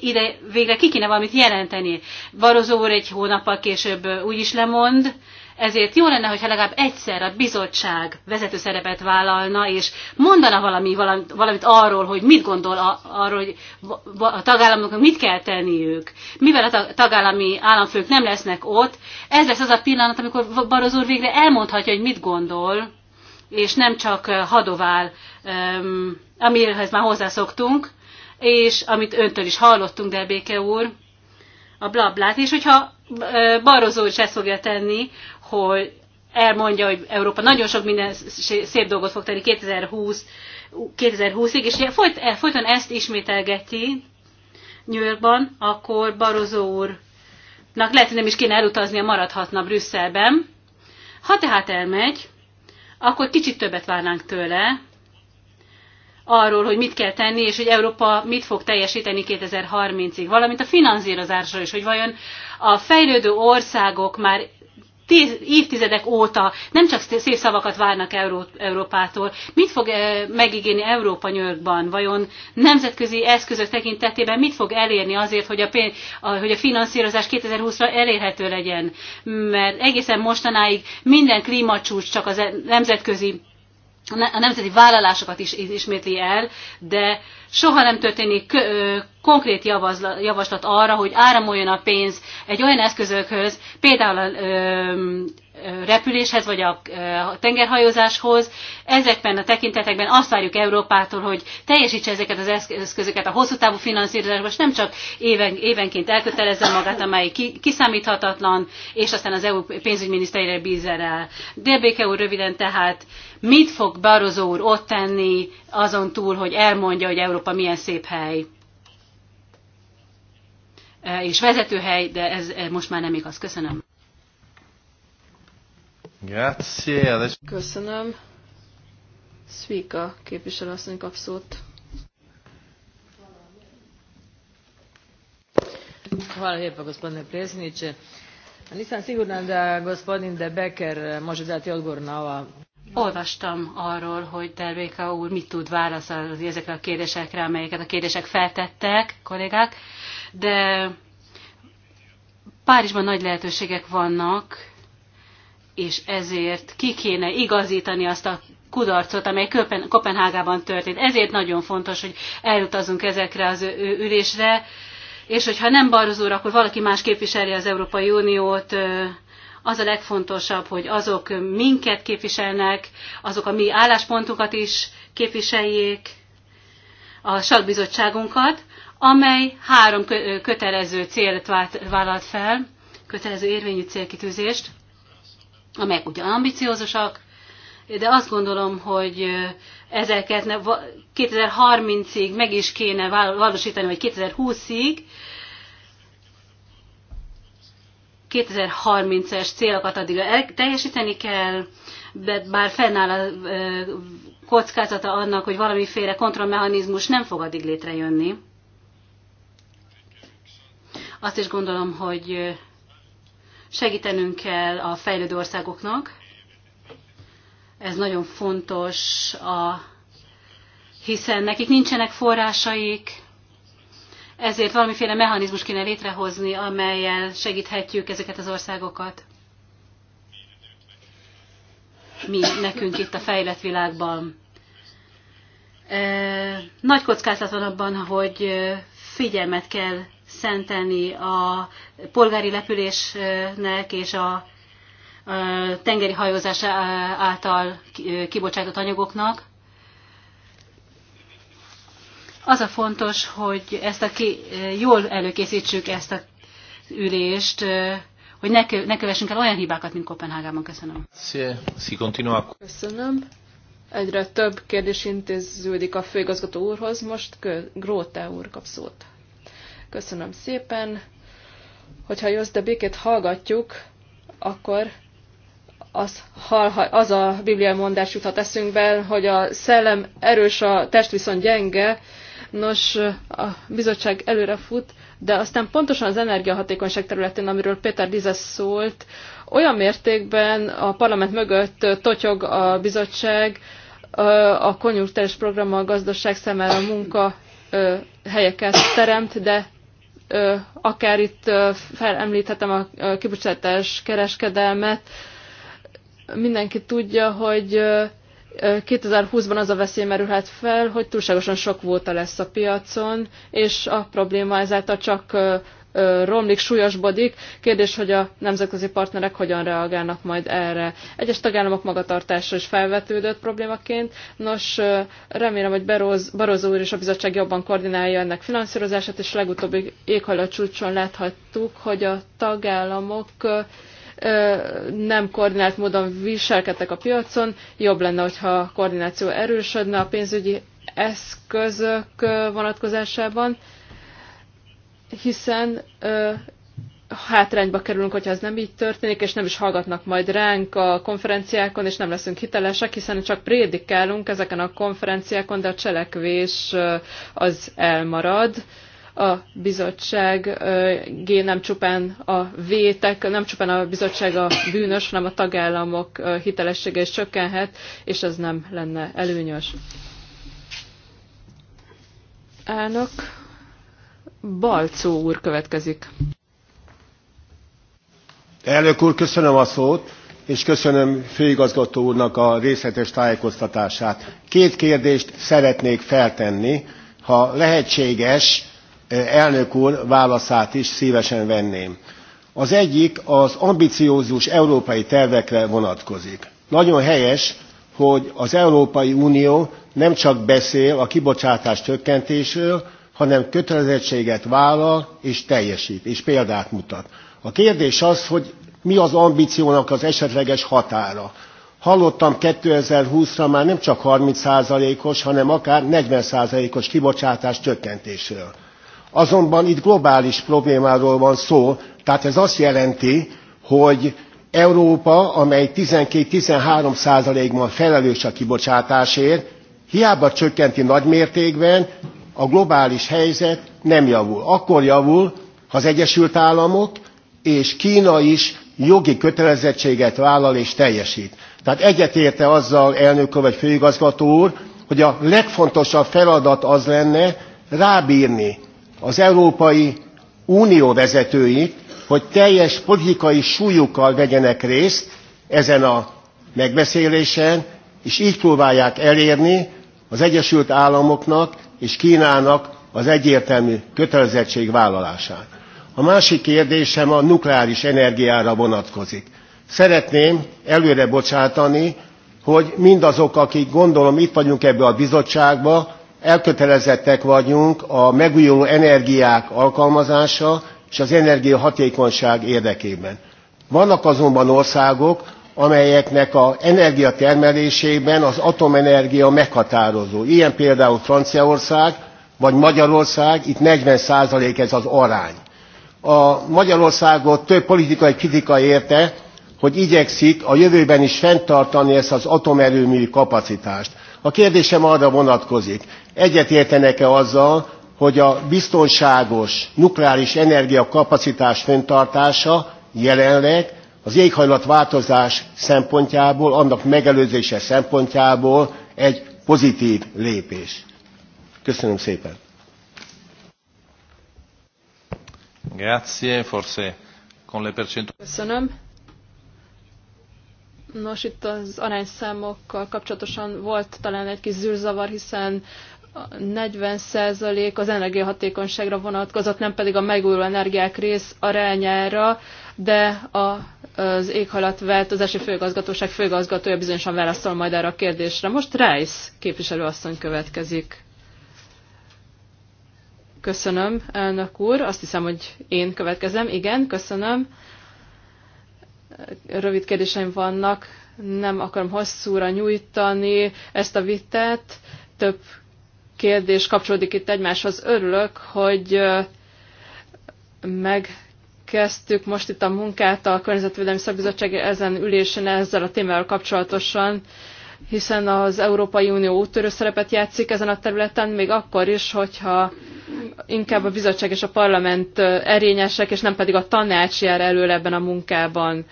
Speaker 4: ide végre ki kéne valamit jelenteni. Barozó úr egy hónappal később úgy is lemond, ezért jó lenne, hogyha legalább egyszer a bizottság vezető szerepet vállalna, és mondana valami, valamit, valamit arról, hogy mit gondol a, arról, hogy a tagállamoknak mit kell tenniük. Mivel a tagállami államfők nem lesznek ott, ez lesz az a pillanat, amikor Barozó végre elmondhatja, hogy mit gondol, és nem csak hadovál, amihez már hozzászoktunk, és amit öntől is hallottunk, Béke úr, a blablát, és hogyha Barozó is ezt fogja tenni, hogy elmondja, hogy Európa nagyon sok minden szép dolgot fog tenni 2020, 2020-ig, és folyt, eh, folyton ezt ismételgeti New Yorkban, akkor Barozó úrnak lehet, hogy nem is kéne elutaznia, maradhatna Brüsszelben. Ha tehát elmegy, akkor kicsit többet várnánk tőle, arról, hogy mit kell tenni, és hogy Európa mit fog teljesíteni 2030-ig, valamint a finanszírozásról is, hogy vajon a fejlődő országok már tíz, évtizedek óta nem csak szép szavakat várnak Euró, Európától. Mit fog e, megígérni Európa New Vajon nemzetközi eszközök tekintetében mit fog elérni azért, hogy a, pén, a, hogy a finanszírozás 2020-ra elérhető legyen? Mert egészen mostanáig minden klímacsúcs csak az e-, nemzetközi a nemzeti vállalásokat is ismétli el, de soha nem történik konkrét javaslat arra, hogy áramoljon a pénz egy olyan eszközökhöz, például a repüléshez vagy a tengerhajózáshoz. Ezekben a tekintetekben azt várjuk Európától, hogy teljesítse ezeket az eszközöket a hosszú távú finanszírozásban, és nem csak éven, évenként elkötelezze magát, amely kiszámíthatatlan, és aztán az EU pénzügyminiszterére bízza rá. Délbéke úr röviden tehát mit fog Barozó úr ott tenni azon túl, hogy elmondja, hogy Európa Európa milyen szép hely, e, és vezető hely, de ez e, most már nem igaz. Köszönöm. Köszönöm. Svika képviselőasszony kap szót. Hvala lijepo gospodine predsjedniče. Nisam sigurna da gospodin De Becker može dati odgovor na ova Olvastam arról, hogy Derbéka úr mit tud válaszolni ezekre a kérdésekre, amelyeket a kérdések feltettek, kollégák, de Párizsban nagy lehetőségek vannak, és ezért ki kéne igazítani azt a kudarcot, amely Köpen- Kopenhágában történt. Ezért nagyon fontos, hogy elutazunk ezekre az ülésre, és hogyha nem Barzúr, akkor valaki más képviseli az Európai Uniót, az a legfontosabb, hogy azok minket képviselnek, azok a mi álláspontunkat is képviseljék, a sakbizottságunkat, amely három kötelező célt vállalt fel, kötelező érvényű célkitűzést, amelyek ugyan ambiciózusak, de azt gondolom, hogy ezeket 2030-ig meg is kéne valósítani, vagy 2020-ig, 2030-es célokat addig teljesíteni kell, de bár fennáll a kockázata annak, hogy valamiféle kontrollmechanizmus nem fog addig létrejönni. Azt is gondolom, hogy segítenünk kell a fejlődő országoknak. Ez nagyon fontos, a, hiszen nekik nincsenek forrásaik, ezért valamiféle mechanizmus kéne létrehozni, amelyel segíthetjük ezeket az országokat. Mi nekünk itt a fejlett világban. Nagy kockázat van abban, hogy figyelmet kell szentelni a polgári lepülésnek és a tengeri hajózás által kibocsátott anyagoknak. Az a fontos, hogy ezt a ki, jól előkészítsük ezt a ülést, hogy ne, kö, ne kövessünk el olyan hibákat, mint Kopenhágában. Köszönöm. Köszönöm. Egyre több kérdés intéződik
Speaker 2: a főigazgató úrhoz. Most Gróte úr kap szót. Köszönöm szépen. Hogyha Józs de Békét hallgatjuk, akkor az, az a bibliai mondás juthat eszünkbe, hogy a szellem erős, a test viszont gyenge, Nos, a bizottság előre fut, de aztán pontosan az energiahatékonyság területén, amiről Péter Dizes szólt, olyan mértékben a parlament mögött totyog a bizottság, a konjunktúrás programmal a gazdaság a munka helyeket teremt, de akár itt felemlíthetem a kibocsátás kereskedelmet, mindenki tudja, hogy 2020-ban az a veszély merülhet fel, hogy túlságosan sok vóta lesz a piacon, és a probléma ezáltal csak romlik, súlyosbodik. Kérdés, hogy a nemzetközi partnerek hogyan reagálnak majd erre. Egyes tagállamok magatartása is felvetődött problémaként. Nos, remélem, hogy Baroz, Barozó úr és a bizottság jobban koordinálja ennek finanszírozását, és legutóbbi éghajlat csúcson láthattuk, hogy a tagállamok nem koordinált módon viselkedtek a piacon. Jobb lenne, hogyha a koordináció erősödne a pénzügyi eszközök vonatkozásában, hiszen hátrányba kerülünk, hogyha ez nem így történik, és nem is hallgatnak majd ránk a konferenciákon, és nem leszünk hitelesek, hiszen csak prédikálunk ezeken a konferenciákon, de a cselekvés az elmarad a bizottság nem csupán a vétek, nem csupán a bizottság a bűnös, hanem a tagállamok hitelessége is csökkenhet, és ez nem lenne előnyös. Elnök Balcó úr következik.
Speaker 5: Elnök úr, köszönöm a szót, és köszönöm főigazgató úrnak a részletes tájékoztatását. Két kérdést szeretnék feltenni, ha lehetséges, elnök úr válaszát is szívesen venném. Az egyik az ambiciózus európai tervekre vonatkozik. Nagyon helyes, hogy az Európai Unió nem csak beszél a kibocsátás csökkentésről, hanem kötelezettséget vállal és teljesít, és példát mutat. A kérdés az, hogy mi az ambíciónak az esetleges határa. Hallottam 2020-ra már nem csak 30%-os, hanem akár 40%-os kibocsátás csökkentésről azonban itt globális problémáról van szó tehát ez azt jelenti hogy európa amely twelve thirteen százalékban felelős a kibocsátásért hiába csökkenti nagymértékben a globális helyzet nem javul. akkor javul ha az egyesült államok és kna is jogi kötelezettséget vállal és teljest. tehát egyetérte azzal elnök úr vagy főigazgató úr hogy a legfontosabb feladat az lenne rábrni az Európai Unió vezetői, hogy teljes politikai súlyukkal vegyenek részt ezen a megbeszélésen, és így próbálják elérni az Egyesült Államoknak és Kínának az egyértelmű kötelezettségvállalását. A másik kérdésem a nukleáris energiára vonatkozik. Szeretném előre bocsátani, hogy mindazok, akik gondolom itt vagyunk ebbe a bizottságba, elkötelezettek vagyunk a megújuló energiák alkalmazása és az energiahatékonyság érdekében. Vannak azonban országok, amelyeknek az energiatermelésében az atomenergia meghatározó. Ilyen például Franciaország vagy Magyarország, itt 40% ez az arány. A Magyarországot több politikai kritika érte, hogy igyekszik a jövőben is fenntartani ezt az atomerőmű kapacitást. A kérdésem arra vonatkozik, egyetértenek-e azzal, hogy a biztonságos nukleáris energiakapacitás fenntartása jelenleg az éghajlatváltozás szempontjából, annak megelőzése szempontjából egy pozitív lépés. Köszönöm szépen.
Speaker 1: Grazie, forse con le
Speaker 2: Köszönöm. Nos, itt az arányszámokkal kapcsolatosan volt talán egy kis zűrzavar, hiszen 40% az energiahatékonyságra vonatkozott, nem pedig a megújuló energiák rész arányára, de a, az első főgazgatóság főgazgatója bizonyosan válaszol majd erre a kérdésre. Most Rice képviselőasszony következik. Köszönöm, elnök úr. Azt hiszem, hogy én következem. Igen, köszönöm. Rövid kérdéseim vannak. Nem akarom hosszúra nyújtani ezt a vitát. Több kérdés kapcsolódik itt egymáshoz. Örülök, hogy megkezdtük most itt a munkát a Környezetvédelmi Szakbizottság ezen ülésen ezzel a témával kapcsolatosan, hiszen az Európai Unió úttörő szerepet játszik ezen a területen, még akkor is, hogyha inkább a bizottság és a parlament erényesek, és nem pedig a tanács jár elől ebben a munkában.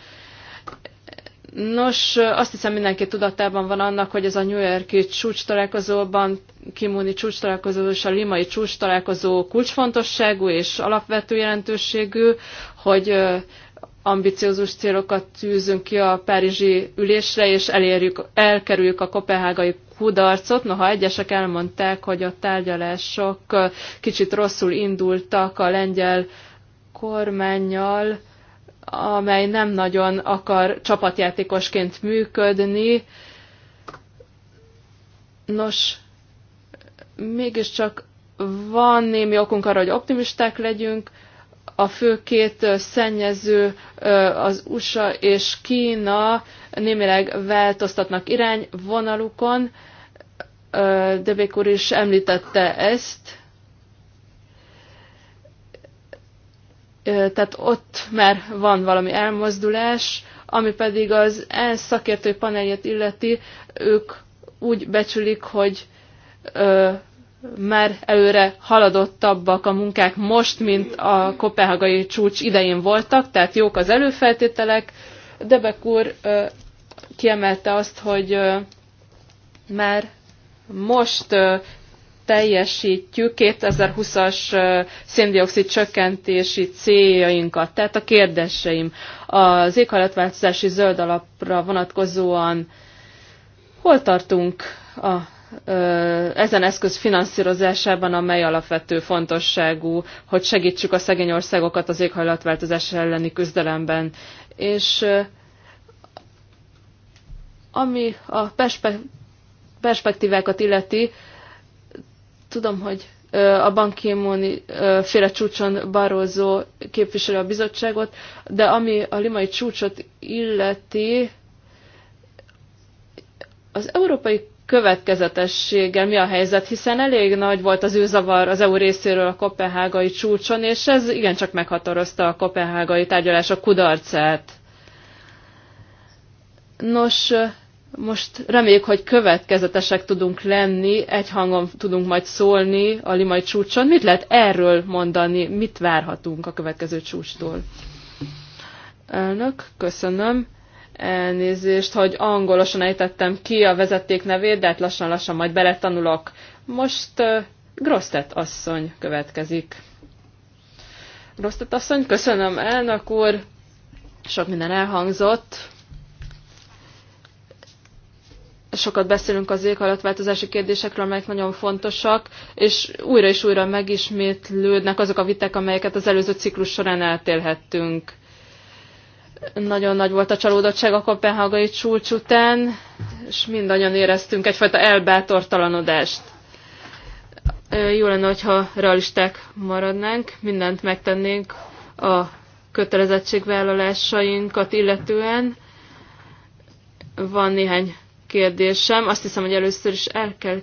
Speaker 2: Nos, azt hiszem mindenki tudatában van annak, hogy ez a New york csúcs találkozóban, Kimuni csúcs találkozó és a Limai csúcs találkozó kulcsfontosságú és alapvető jelentőségű, hogy ambiciózus célokat tűzünk ki a párizsi ülésre, és elérjük, elkerüljük a kopenhágai kudarcot. Noha egyesek elmondták, hogy a tárgyalások kicsit rosszul indultak a lengyel kormányjal, amely nem nagyon akar csapatjátékosként működni. Nos, mégiscsak van némi okunk arra, hogy optimisták legyünk. A fő két szennyező az USA és Kína némileg változtatnak irányvonalukon. Debék úr is említette ezt tehát ott már van valami elmozdulás, ami pedig az ENSZ szakértői paneljét illeti, ők úgy becsülik, hogy ö, már előre haladottabbak a munkák most, mint a kopenhagai csúcs idején voltak, tehát jók az előfeltételek. Debek úr ö, kiemelte azt, hogy ö, már most ö, teljesítjük 2020-as széndiokszid csökkentési céljainkat. Tehát a kérdéseim az éghajlatváltozási zöld alapra vonatkozóan hol tartunk a ezen eszköz finanszírozásában, amely alapvető fontosságú, hogy segítsük a szegény országokat az éghajlatváltozás elleni küzdelemben. És ami a perspektívákat illeti, Tudom, hogy a bankémoni féle csúcson barózó képviselő a bizottságot, de ami a limai csúcsot illeti, az európai következetességgel mi a helyzet, hiszen elég nagy volt az űrzavar az EU részéről a kopenhágai csúcson, és ez igencsak meghatározta a kopenhágai tárgyalások kudarcát. Nos, most reméljük, hogy következetesek tudunk lenni, egy hangon tudunk majd szólni a limai csúcson. Mit lehet erről mondani, mit várhatunk a következő csúcstól? Elnök, köszönöm. Elnézést, hogy angolosan ejtettem ki a vezeték nevét, de hát lassan-lassan majd beletanulok. Most uh, Grosztet asszony következik. Grosztet asszony, köszönöm elnök úr. Sok minden elhangzott sokat beszélünk az éghajlatváltozási kérdésekről, amelyek nagyon fontosak, és újra és újra megismétlődnek azok a viták, amelyeket az előző ciklus során eltélhettünk. Nagyon nagy volt a csalódottság a kopenhágai csúcs után, és mindannyian éreztünk egyfajta elbátortalanodást. Jó lenne, hogyha realisták maradnánk, mindent megtennénk a kötelezettségvállalásainkat illetően. Van néhány kérdésem. Azt hiszem, hogy először is el kell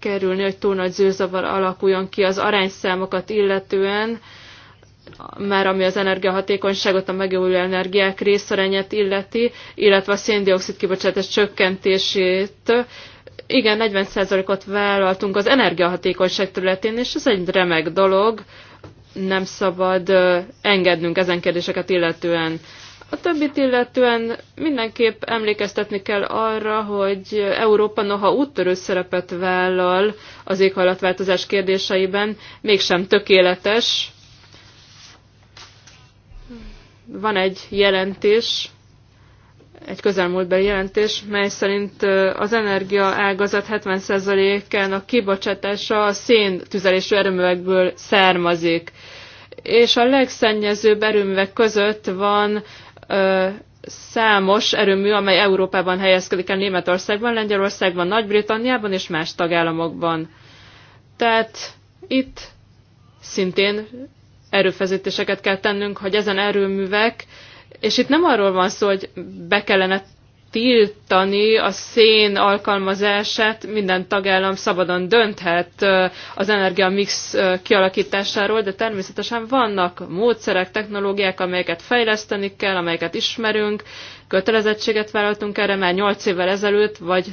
Speaker 2: kerülni, hogy túl nagy zűrzavar alakuljon ki az arányszámokat illetően, már ami az energiahatékonyságot, a megújuló energiák részarányát illeti, illetve a széndiokszid kibocsátás csökkentését. Igen, 40%-ot vállaltunk az energiahatékonyság területén, és ez egy remek dolog, nem szabad engednünk ezen kérdéseket illetően. A többit illetően mindenképp emlékeztetni kell arra, hogy Európa noha úttörő szerepet vállal az éghajlatváltozás kérdéseiben, mégsem tökéletes. Van egy jelentés, egy közelmúltbeli jelentés, mely szerint az energia ágazat 70%-án a kibocsátása a szén tüzelésű erőművekből származik és a legszennyezőbb erőművek között van számos erőmű, amely Európában helyezkedik el Németországban, Lengyelországban, Nagy-Britanniában és más tagállamokban. Tehát itt szintén erőfeszítéseket kell tennünk, hogy ezen erőművek, és itt nem arról van szó, hogy be kellene tiltani a szén alkalmazását, minden tagállam szabadon dönthet az energiamix kialakításáról, de természetesen vannak módszerek, technológiák, amelyeket fejleszteni kell, amelyeket ismerünk, kötelezettséget vállaltunk erre már 8 évvel ezelőtt, vagy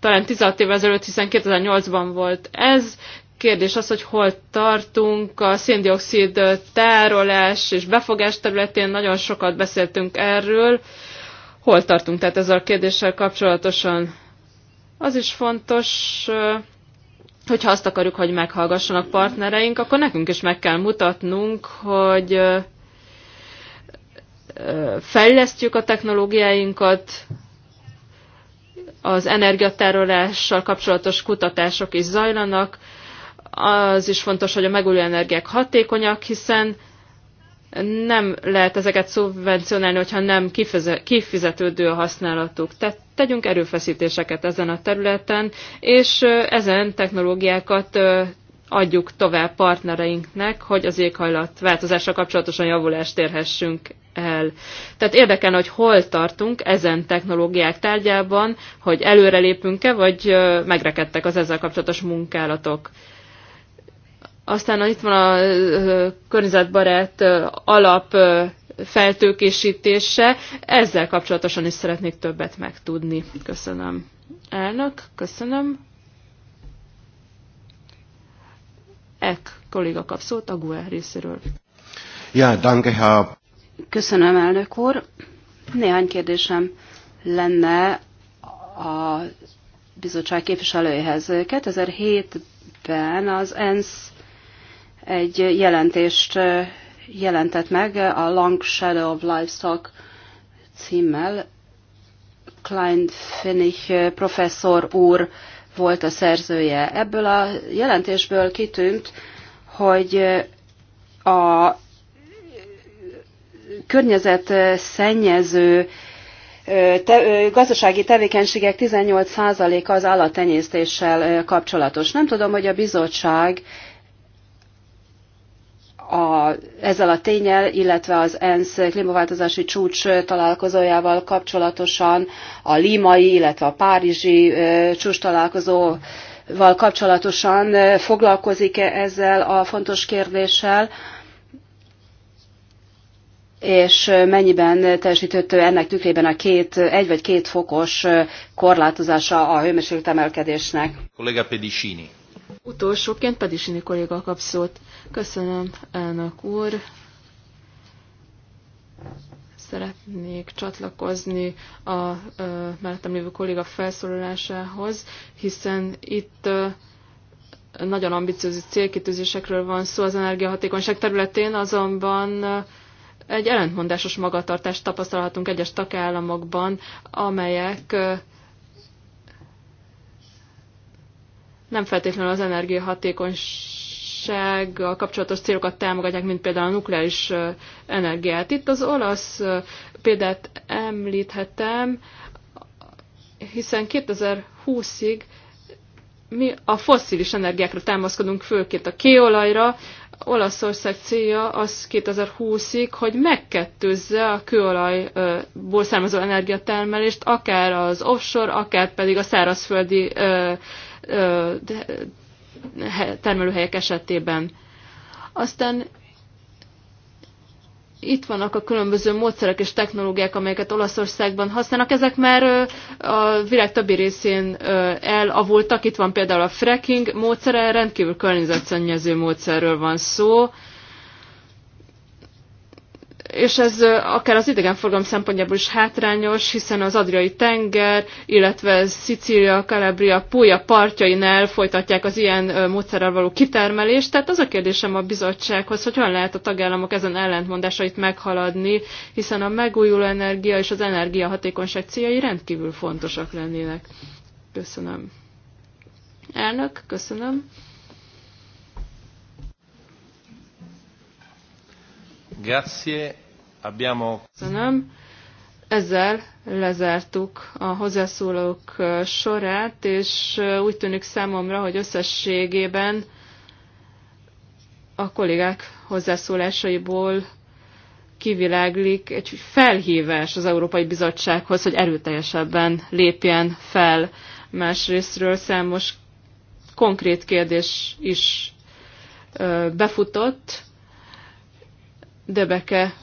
Speaker 2: talán 16 évvel ezelőtt, hiszen 2008-ban volt ez, Kérdés az, hogy hol tartunk a széndiokszid tárolás és befogás területén, nagyon sokat beszéltünk erről. Hol tartunk tehát ezzel a kérdéssel kapcsolatosan? Az is fontos, hogyha azt akarjuk, hogy meghallgassanak partnereink, akkor nekünk is meg kell mutatnunk, hogy fejlesztjük a technológiáinkat, az energiatárolással kapcsolatos kutatások is zajlanak, az is fontos, hogy a megújuló energiák hatékonyak, hiszen nem lehet ezeket szubvencionálni, hogyha nem kifizetődő a használatuk. Tehát tegyünk erőfeszítéseket ezen a területen, és ezen technológiákat adjuk tovább partnereinknek, hogy az éghajlat változásra kapcsolatosan javulást érhessünk el. Tehát érdekel, hogy hol tartunk ezen technológiák tárgyában, hogy előrelépünk-e, vagy megrekedtek az ezzel kapcsolatos munkálatok. Aztán itt van a környezetbarát alap feltőkésítése. Ezzel kapcsolatosan is szeretnék többet megtudni. Köszönöm. Elnök, köszönöm.
Speaker 3: Ek kolléga kap szót a GUE részéről.
Speaker 5: Ja, danke, ha...
Speaker 3: Köszönöm, elnök úr. Néhány kérdésem lenne a bizottság képviselőjéhez. 2007-ben az ENSZ egy jelentést jelentett meg a Long Shadow of Livestock címmel. Klein Finich professzor úr volt a szerzője. Ebből a jelentésből kitűnt, hogy a környezet szennyező te, gazdasági tevékenységek 18%-a az állattenyésztéssel kapcsolatos. Nem tudom, hogy a bizottság a, ezzel a tényel, illetve az ENSZ klímaváltozási csúcs találkozójával kapcsolatosan, a límai, illetve a párizsi csúcs találkozóval kapcsolatosan foglalkozik-e ezzel a fontos kérdéssel, és mennyiben teljesíthető ennek tükrében a két, egy vagy két fokos korlátozása a hőmérséklet emelkedésnek.
Speaker 1: Kollega Pedicini.
Speaker 2: Utolsóként Pedisini kolléga kap szót. Köszönöm, elnök úr. Szeretnék csatlakozni a ö, mellettem lévő kolléga felszólalásához, hiszen itt ö, nagyon ambiciózus célkitűzésekről van szó az energiahatékonyság területén, azonban egy ellentmondásos magatartást tapasztalhatunk egyes tagállamokban, amelyek nem feltétlenül az energiahatékonysággal kapcsolatos célokat támogatják, mint például a nukleáris energiát. Itt az olasz példát említhetem, hiszen 2020-ig mi a fosszilis energiákra támaszkodunk, főként a kéolajra. Olaszország célja az 2020-ig, hogy megkettőzze a kőolajból származó energiatermelést, akár az offshore, akár pedig a szárazföldi termelőhelyek esetében. Aztán itt vannak a különböző módszerek és technológiák, amelyeket Olaszországban használnak. Ezek már a világ többi részén elavultak. Itt van például a fracking módszere, rendkívül környezetszennyező módszerről van szó és ez akár az idegenforgalom szempontjából is hátrányos, hiszen az Adriai tenger, illetve Szicília, Kalabria, Puglia partjainál folytatják az ilyen módszerrel való kitermelést. Tehát az a kérdésem a bizottsághoz, hogy hogyan lehet a tagállamok ezen ellentmondásait meghaladni, hiszen a megújuló energia és az energiahatékonyság céljai rendkívül fontosak lennének. Köszönöm. Elnök, köszönöm.
Speaker 1: Grazie. Abbiamo... Köszönöm.
Speaker 2: Ezzel lezártuk a hozzászólók sorát, és úgy tűnik számomra, hogy összességében a kollégák hozzászólásaiból kiviláglik egy felhívás az Európai Bizottsághoz, hogy erőteljesebben lépjen fel. Másrésztről számos konkrét kérdés is befutott, Debeke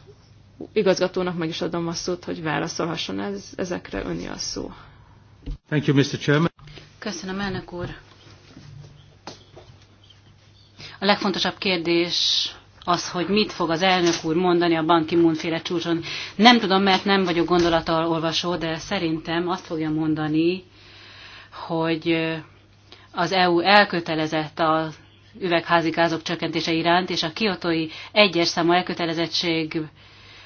Speaker 2: igazgatónak meg is adom a szót, hogy válaszolhasson
Speaker 4: ez, ezekre önni a szó.
Speaker 1: Thank you, Mr. Chairman.
Speaker 4: Köszönöm, elnök úr. A legfontosabb kérdés az, hogy mit fog az elnök úr mondani a banki munféle csúcson. Nem tudom, mert nem vagyok gondolattal olvasó, de szerintem azt fogja mondani, hogy az EU elkötelezett az üvegházigázok csökkentése iránt, és a kiotói egyes számú elkötelezettség,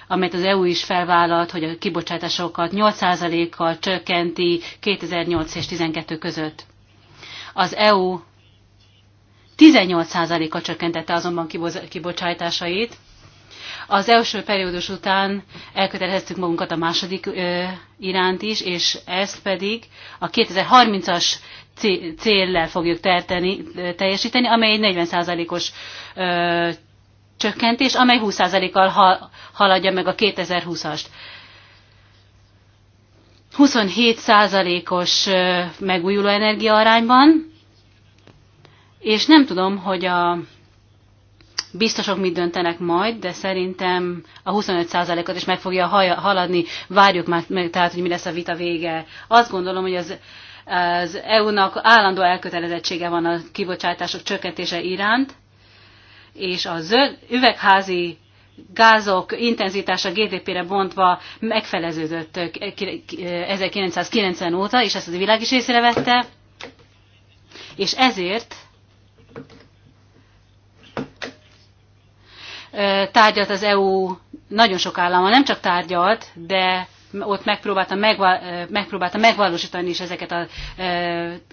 Speaker 4: amelyet az EU is felvállalt, hogy a kibocsátásokat 8%-kal csökkenti 2008 és 12 között. Az EU 18%-kal csökkentette azonban kibocsátásait, az első periódus után elköteleztük magunkat a második ö, iránt is, és ezt pedig a 2030-as céllel fogjuk terteni, teljesíteni, amely egy 40%-os csökkentés, amely 20%-kal ha, haladja meg a 2020-ast. 27%-os megújuló energiaarányban, és nem tudom, hogy a biztosok mit döntenek majd, de szerintem a 25%-ot is meg fogja haladni, várjuk már meg, tehát, hogy mi lesz a vita vége. Azt gondolom, hogy az, az EU-nak állandó elkötelezettsége van a kibocsátások csökkentése iránt, és a zöld üvegházi gázok intenzitása GDP-re bontva megfeleződött 1990 óta, és ezt a világ is észrevette, és ezért tárgyalt az EU nagyon sok állama, nem csak tárgyalt, de ott megpróbálta, megva, megpróbálta megvalósítani is ezeket a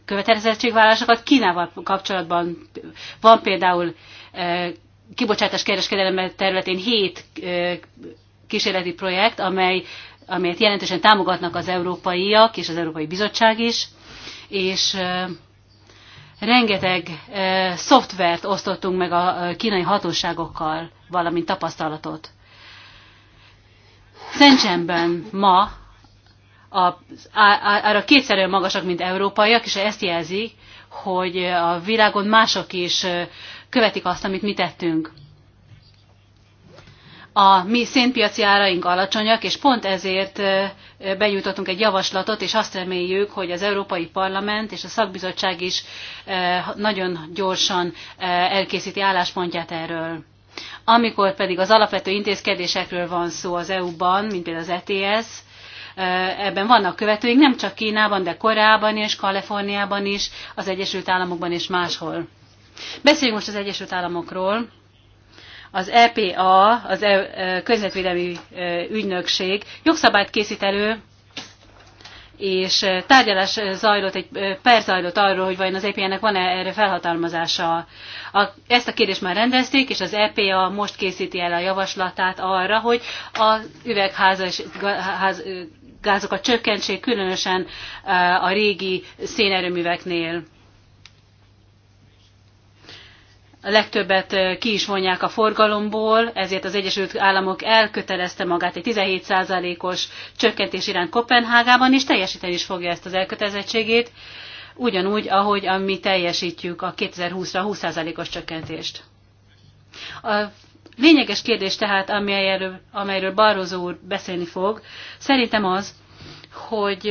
Speaker 4: követelezettségvállásokat. Kínával kapcsolatban van például kibocsátás kereskedelem területén hét kísérleti projekt, amely, amelyet jelentősen támogatnak az európaiak és az Európai Bizottság is, és rengeteg szoftvert osztottunk meg a kínai hatóságokkal valamint tapasztalatot. Szentsemben ma a arra kétszer olyan magasak, mint európaiak, és ezt jelzi, hogy a világon mások is követik azt, amit mi tettünk. A mi szénpiaci áraink alacsonyak, és pont ezért benyújtottunk egy javaslatot, és azt reméljük, hogy az Európai Parlament és a szakbizottság is nagyon gyorsan elkészíti álláspontját erről. Amikor pedig az alapvető intézkedésekről van szó az EU-ban, mint például az ETS, ebben vannak követőink, nem csak Kínában, de Koreában és Kaliforniában is, az Egyesült Államokban és máshol. Beszéljünk most az Egyesült Államokról. Az EPA, az e Közvetvédelmi Ügynökség jogszabályt készít elő és tárgyalás zajlott, egy per zajlott arról, hogy vajon az EPA-nek van-e erre felhatalmazása. A, ezt a kérdést már rendezték, és az EPA e most készíti el a javaslatát arra, hogy a üvegházas ház, gázokat csökkentsék, különösen a régi szénerőműveknél. a legtöbbet ki is vonják a forgalomból, ezért az Egyesült Államok elkötelezte magát egy 17%-os csökkentés iránt Kopenhágában, és teljesíteni is fogja ezt az elkötelezettségét, ugyanúgy, ahogy mi teljesítjük a 2020-ra 20%-os csökkentést. A lényeges kérdés tehát, amelyről, amelyről Barroso úr beszélni fog, szerintem az, hogy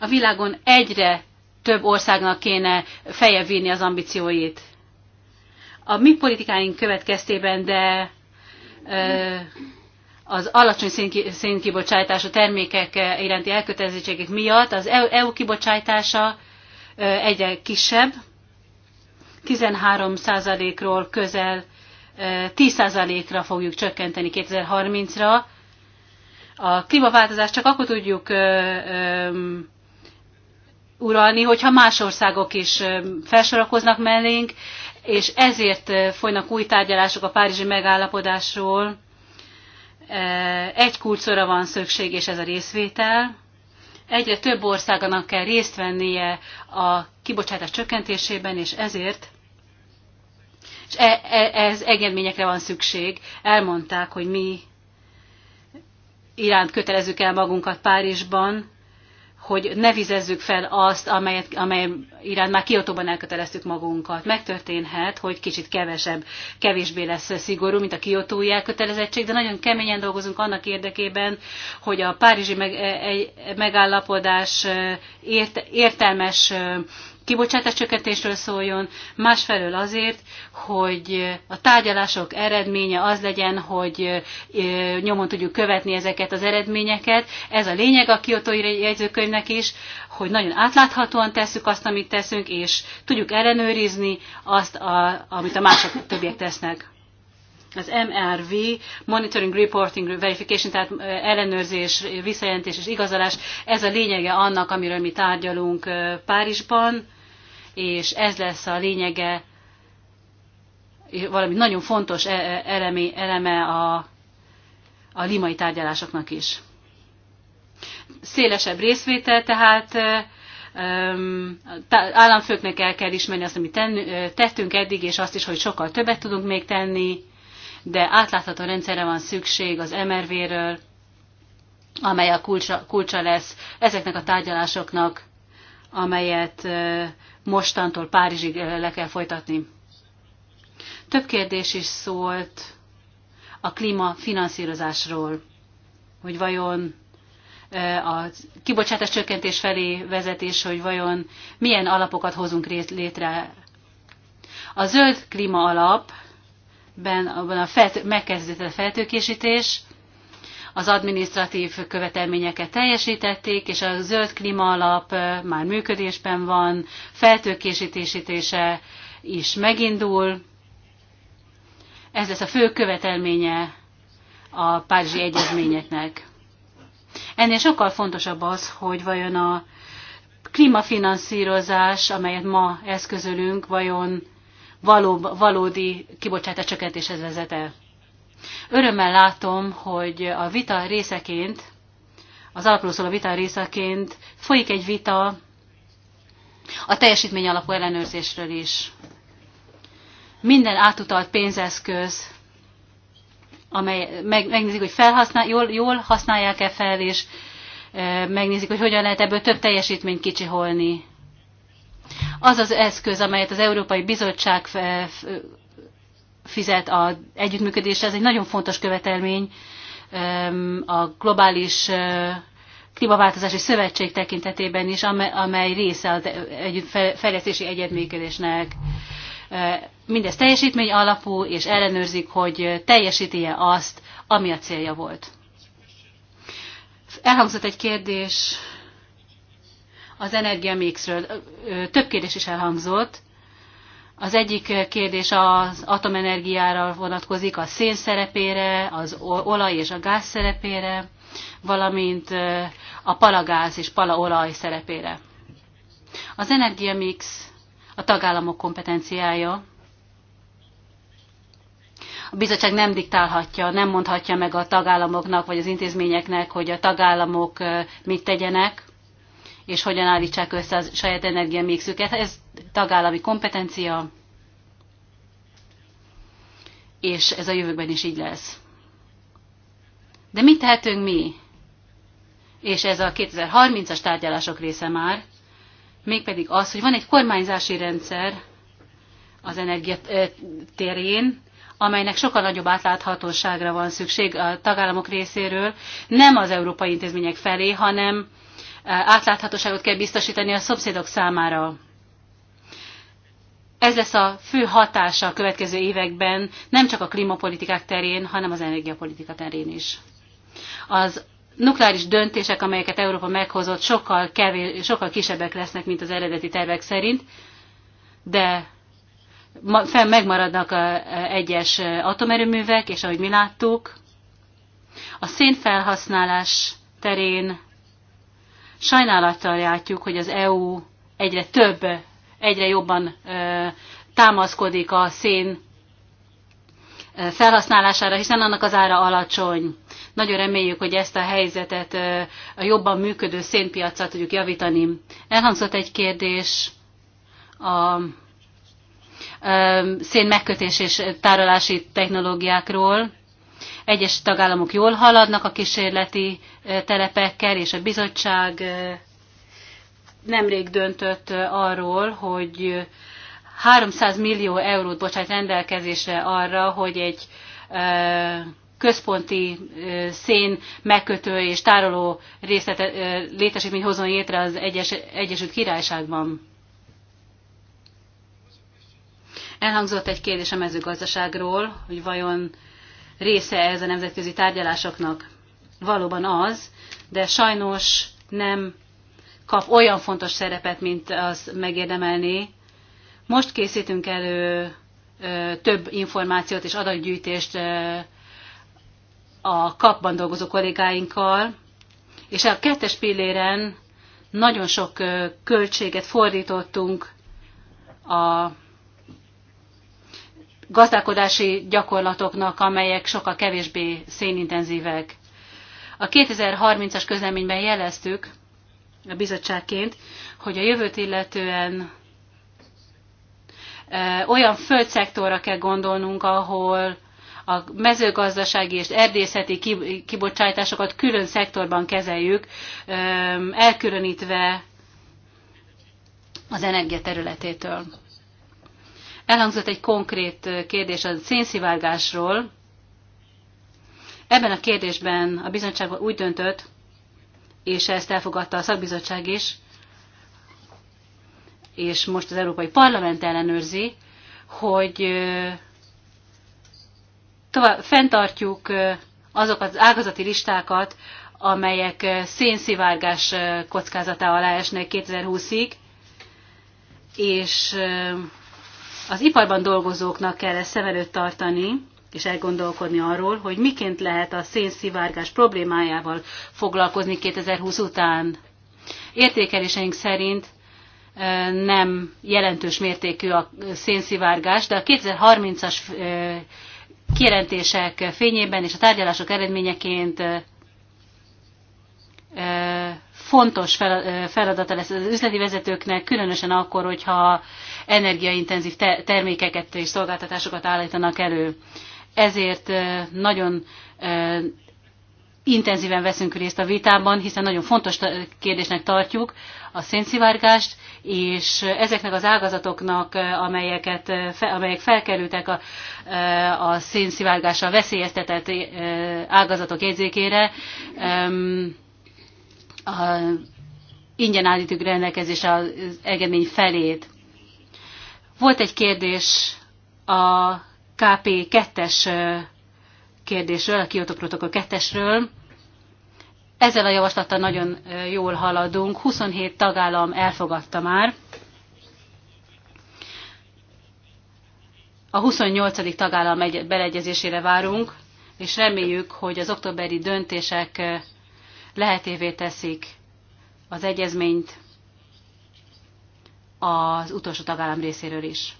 Speaker 4: a világon egyre több országnak kéne feljebb vinni az ambícióit. A mi politikáink következtében, de az alacsony a termékek iránti elkötelezettségek miatt az EU e kibocsátása egyre kisebb, 13%-ról közel 10%-ra fogjuk csökkenteni 2030-ra. A klímaváltozást csak akkor tudjuk uralni, hogyha más országok is felsorakoznak mellénk, és ezért folynak új tárgyalások a Párizsi megállapodásról. Egy kulcsora van szükség, és ez a részvétel. Egyre több országanak kell részt vennie a kibocsátás csökkentésében, és ezért és e, e, ez egyedményekre van szükség. Elmondták, hogy mi iránt kötelezzük el magunkat Párizsban, hogy ne vizezzük fel azt, amelyet, amely iránt már Kiotóban elköteleztük magunkat. Megtörténhet, hogy kicsit kevesebb, kevésbé lesz szigorú, mint a kiotói elkötelezettség, de nagyon keményen dolgozunk annak érdekében, hogy a párizsi meg, e, egy, megállapodás e, ért, értelmes e, kibocsátáscsökkentésről szóljon, másfelől azért, hogy a tárgyalások eredménye az legyen, hogy nyomon tudjuk követni ezeket az eredményeket. Ez a lényeg a kiotói jegyzőkönyvnek is, hogy nagyon átláthatóan tesszük azt, amit teszünk, és tudjuk ellenőrizni azt, a, amit a mások a többiek tesznek az MRV, Monitoring, Reporting, Verification, tehát ellenőrzés, visszajelentés és igazolás, ez a lényege annak, amiről mi tárgyalunk Párizsban és ez lesz a lényege, valami nagyon fontos e- e- eleme, eleme a, a limai tárgyalásoknak is. Szélesebb részvétel, tehát államfőknek el kell ismerni azt, amit tettünk eddig, és azt is, hogy sokkal többet tudunk még tenni, de átlátható rendszerre van szükség az MRV-ről, amely a kulcsa, kulcsa lesz ezeknek a tárgyalásoknak, amelyet mostantól Párizsig le kell folytatni. Több kérdés is szólt a klímafinanszírozásról, hogy vajon a kibocsátás csökkentés felé vezetés, hogy vajon milyen alapokat hozunk létre. A zöld klíma alapben abban a felt, megkezdődött a feltőkésítés az adminisztratív követelményeket teljesítették, és a zöld klímaalap már működésben van, feltőkésítésítése is megindul. Ez lesz a fő követelménye a Párizsi Egyezményeknek. Ennél sokkal fontosabb az, hogy vajon a klímafinanszírozás, amelyet ma eszközölünk, vajon való, valódi kibocsátás csökkentéshez vezet-e. Örömmel látom, hogy a vita részeként, az alapról szóló vita részeként folyik egy vita a teljesítmény alapú ellenőrzésről is. Minden átutalt pénzeszköz, amely meg, megnézik, hogy felhasznál, jól, jól használják-e fel, és e, megnézik, hogy hogyan lehet ebből több teljesítményt kicsiholni. Az az eszköz, amelyet az Európai Bizottság fizet az együttműködésre, ez egy nagyon fontos követelmény a globális klímaváltozási szövetség tekintetében is, amely része az fejlesztési egyetműködésnek. Mindez teljesítmény alapú, és ellenőrzik, hogy teljesíti-e azt, ami a célja volt. Elhangzott egy kérdés az energiamixről. Több kérdés is elhangzott. Az egyik kérdés az atomenergiára vonatkozik, a szén szerepére, az olaj és a gáz szerepére, valamint a palagáz és palaolaj szerepére. Az energiamix a tagállamok kompetenciája. A bizottság nem diktálhatja, nem mondhatja meg a tagállamoknak vagy az intézményeknek, hogy a tagállamok mit tegyenek és hogyan állítsák össze a saját energiamixüket. Ez tagállami kompetencia, és ez a jövőben is így lesz. De mit tehetünk mi? És ez a 2030-as tárgyalások része már, mégpedig az, hogy van egy kormányzási rendszer az energia terén, amelynek sokkal nagyobb átláthatóságra van szükség a tagállamok részéről, nem az európai intézmények felé, hanem átláthatóságot kell biztosítani a szomszédok számára. Ez lesz a fő hatása a következő években, nem csak a klímapolitikák terén, hanem az energiapolitika terén is. Az nukleáris döntések, amelyeket Európa meghozott, sokkal, kevés, sokkal kisebbek lesznek, mint az eredeti tervek szerint, de fenn megmaradnak a egyes atomerőművek, és ahogy mi láttuk, a szénfelhasználás terén Sajnálattal látjuk, hogy az EU egyre több, egyre jobban támaszkodik a szén felhasználására, hiszen annak az ára alacsony. Nagyon reméljük, hogy ezt a helyzetet, a jobban működő szénpiacsal tudjuk javítani. Elhangzott egy kérdés a szén megkötés és tárolási technológiákról. Egyes tagállamok jól haladnak a kísérleti telepekkel, és a bizottság nemrég döntött arról, hogy 300 millió eurót bocsát rendelkezésre arra, hogy egy központi szén megkötő és tároló részlet, létesítmény hozon létre az Egyes, Egyesült Királyságban. Elhangzott egy kérdés a mezőgazdaságról, hogy vajon része ez a nemzetközi tárgyalásoknak. Valóban az, de sajnos nem kap olyan fontos szerepet, mint az megérdemelné. Most készítünk elő több információt és adatgyűjtést a kapban dolgozó kollégáinkkal, és a kettes pilléren nagyon sok költséget fordítottunk a gazdálkodási gyakorlatoknak, amelyek sokkal kevésbé szénintenzívek. A 2030-as közleményben jeleztük a bizottságként, hogy a jövőt illetően e, olyan földszektorra kell gondolnunk, ahol a mezőgazdasági és erdészeti kibocsátásokat külön szektorban kezeljük, e, elkülönítve az energia területétől. Elhangzott egy konkrét kérdés a szénszivárgásról. Ebben a kérdésben a bizottság úgy döntött, és ezt elfogadta a szakbizottság is, és most az Európai Parlament ellenőrzi, hogy tovább, fenntartjuk azokat az ágazati listákat, amelyek szénszivárgás kockázata alá esnek 2020-ig, és az iparban dolgozóknak kell ezt szem előtt tartani, és elgondolkodni arról, hogy miként lehet a szénszivárgás problémájával foglalkozni 2020 után. Értékeléseink szerint nem jelentős mértékű a szénszivárgás, de a 2030-as kijelentések fényében és a tárgyalások eredményeként fontos feladata lesz az üzleti vezetőknek, különösen akkor, hogyha energiaintenzív termékeket és szolgáltatásokat állítanak elő. Ezért nagyon intenzíven veszünk részt a vitában, hiszen nagyon fontos kérdésnek tartjuk a szénszivárgást, és ezeknek az ágazatoknak, amelyeket, amelyek felkerültek a, a szénszivárgással veszélyeztetett ágazatok jegyzékére, a, ingyen állítjuk rendelkezés az egemény felét. Volt egy kérdés a KP2-es kérdésről, a Kyoto Protokoll 2-esről. Ezzel a javaslattal nagyon jól haladunk. 27 tagállam elfogadta már. A 28. tagállam beleegyezésére várunk, és reméljük, hogy az októberi döntések Lehetévé teszik az egyezményt az utolsó tagállam részéről is.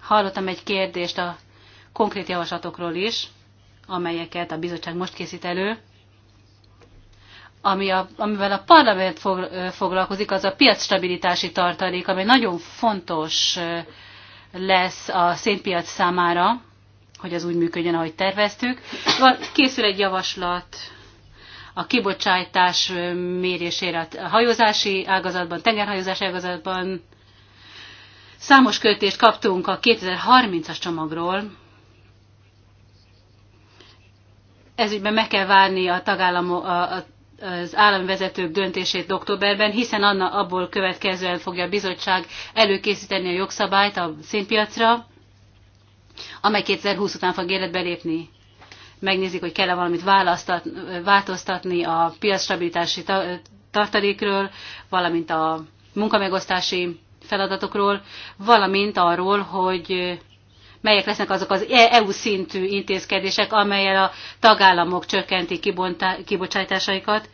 Speaker 4: Hallottam egy kérdést a konkrét javaslatokról is, amelyeket a bizottság most készít elő. Ami a, amivel a parlament foglalkozik, az a piacstabilitási tartalék, amely nagyon fontos lesz a szénpiac számára, hogy az úgy működjön, ahogy terveztük. Készül egy javaslat a kibocsátás mérésére a hajózási ágazatban, tengerhajózási ágazatban. Számos költést kaptunk a 2030-as csomagról. Ezügyben meg kell várni a tagállamo, a, a az államvezetők döntését októberben, hiszen anna abból következően fogja a bizottság előkészíteni a jogszabályt a szénpiacra, amely 2020 után fog életbe lépni megnézik, hogy kell-e valamit változtatni a piacstabilitási tartalékről, valamint a munkamegosztási feladatokról, valamint arról, hogy melyek lesznek azok az e-, EU szintű intézkedések, amelyel a tagállamok csökkentik kibocsátásaikat.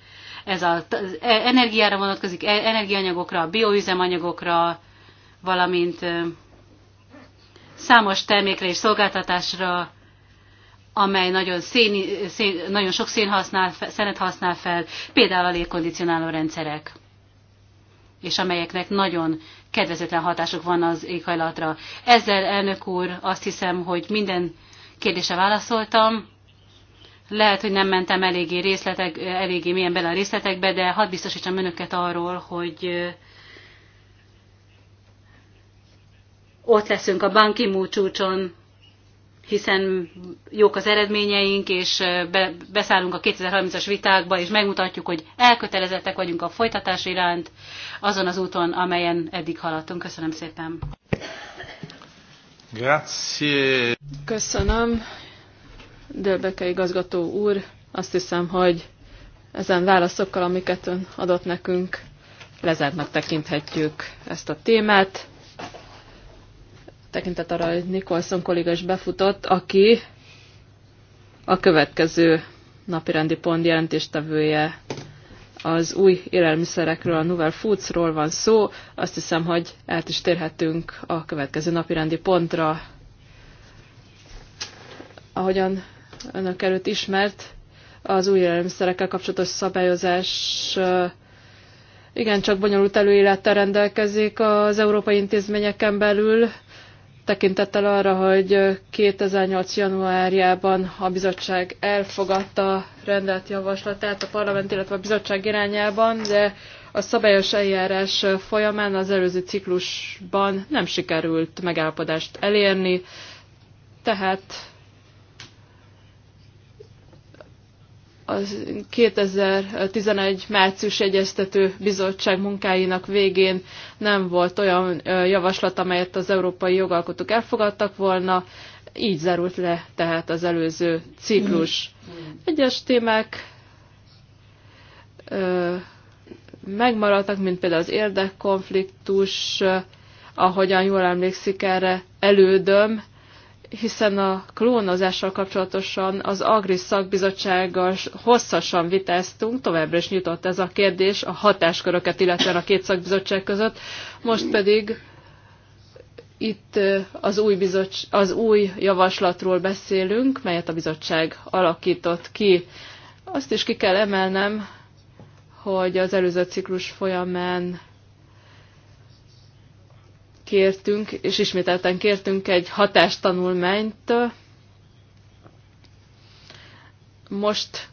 Speaker 4: Ez az e-, energiára vonatkozik, e-, energiaanyagokra, bioüzemanyagokra, valamint számos termékre és szolgáltatásra, amely nagyon, szén, szén, nagyon sok szén használ, szenet használ fel, például a légkondicionáló rendszerek, és amelyeknek nagyon kedvezőtlen hatások van az éghajlatra. Ezzel, elnök úr, azt hiszem, hogy minden kérdése válaszoltam. Lehet, hogy nem mentem eléggé, részletek, eléggé mélyen bele a részletekbe, de hadd biztosítsam önöket arról, hogy ott leszünk a banki Mú csúcson hiszen jók az eredményeink, és beszállunk a 2030-as vitákba, és megmutatjuk, hogy elkötelezettek vagyunk a folytatás iránt azon az úton, amelyen eddig haladtunk. Köszönöm szépen!
Speaker 1: Grazie.
Speaker 4: Köszönöm, Dörbeke igazgató úr. Azt hiszem, hogy
Speaker 2: ezen válaszokkal, amiket ön adott nekünk, lezártnak tekinthetjük ezt a témát tekintet arra, hogy Nikolson kolléga is befutott, aki a következő napirendi pont jelentéstevője az új élelmiszerekről, a Novel Foodsról van szó. Azt hiszem, hogy át is térhetünk a következő napirendi pontra. Ahogyan önök előtt ismert, az új élelmiszerekkel kapcsolatos szabályozás igen, csak bonyolult előélettel rendelkezik az európai intézményeken belül, tekintettel arra, hogy 2008. januárjában a bizottság elfogadta rendelt javaslatát a parlament, illetve a bizottság irányában, de a szabályos eljárás folyamán az előző ciklusban nem sikerült megállapodást elérni, tehát a 2011 március egyeztető bizottság munkáinak végén nem volt olyan javaslat, amelyet az európai jogalkotók elfogadtak volna, így zárult le tehát az előző ciklus. Egyes témák megmaradtak, mint például az érdekkonfliktus, ahogyan jól emlékszik erre elődöm, hiszen a klónozással kapcsolatosan az Agri szakbizottsággal hosszasan vitáztunk, továbbra is nyitott ez a kérdés a hatásköröket, illetve a két szakbizottság között. Most pedig itt az új, az új javaslatról beszélünk, melyet a bizottság alakított ki. Azt is ki kell emelnem, hogy az előző ciklus folyamán kértünk, és ismételten kértünk egy hatástanulmányt. Most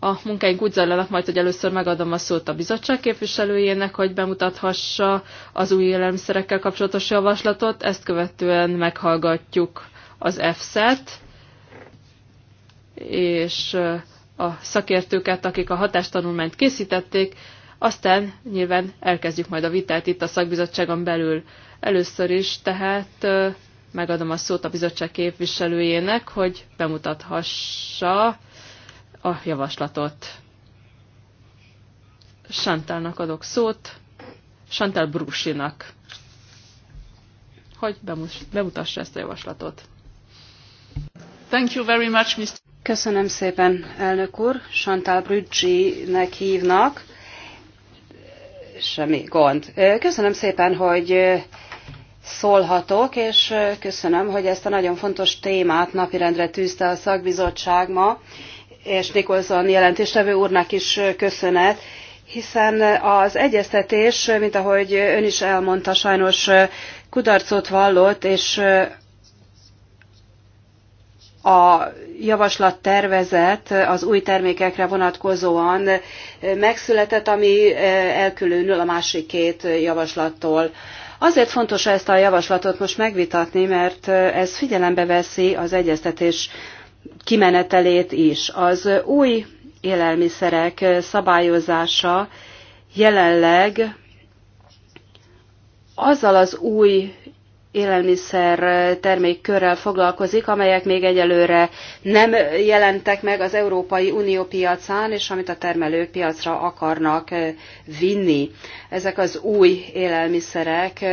Speaker 2: a munkáink úgy zajlanak majd, hogy először megadom a szót a bizottság képviselőjének, hogy bemutathassa az új élelmiszerekkel kapcsolatos javaslatot, ezt követően meghallgatjuk az EFSZ-et, és a szakértőket, akik a hatástanulmányt készítették, aztán nyilván elkezdjük majd a vitát itt a szakbizottságon belül. Először is tehát megadom a szót a bizottság képviselőjének, hogy bemutathassa a javaslatot. Santálnak adok szót, Santál Brusinak, hogy bemutassa ezt a javaslatot.
Speaker 3: Thank you very much, Mr. Köszönöm szépen, elnök úr. Chantal Brügyi-nek hívnak. Semmi gond. Köszönöm szépen, hogy szólhatok, és köszönöm, hogy ezt a nagyon fontos témát napirendre tűzte a szakbizottság ma, és Nikolson jelentéstevő úrnak is köszönet, hiszen az egyeztetés, mint ahogy ön is elmondta, sajnos kudarcot vallott, és a javaslat tervezet az új termékekre vonatkozóan megszületett, ami elkülönül a másik két javaslattól. Azért fontos ezt a javaslatot most megvitatni, mert ez figyelembe veszi az egyeztetés kimenetelét is. Az új élelmiszerek szabályozása jelenleg azzal az új élelmiszer termékkörrel foglalkozik, amelyek még egyelőre nem jelentek meg az Európai Unió piacán, és amit a termelők piacra akarnak vinni. Ezek az új élelmiszerek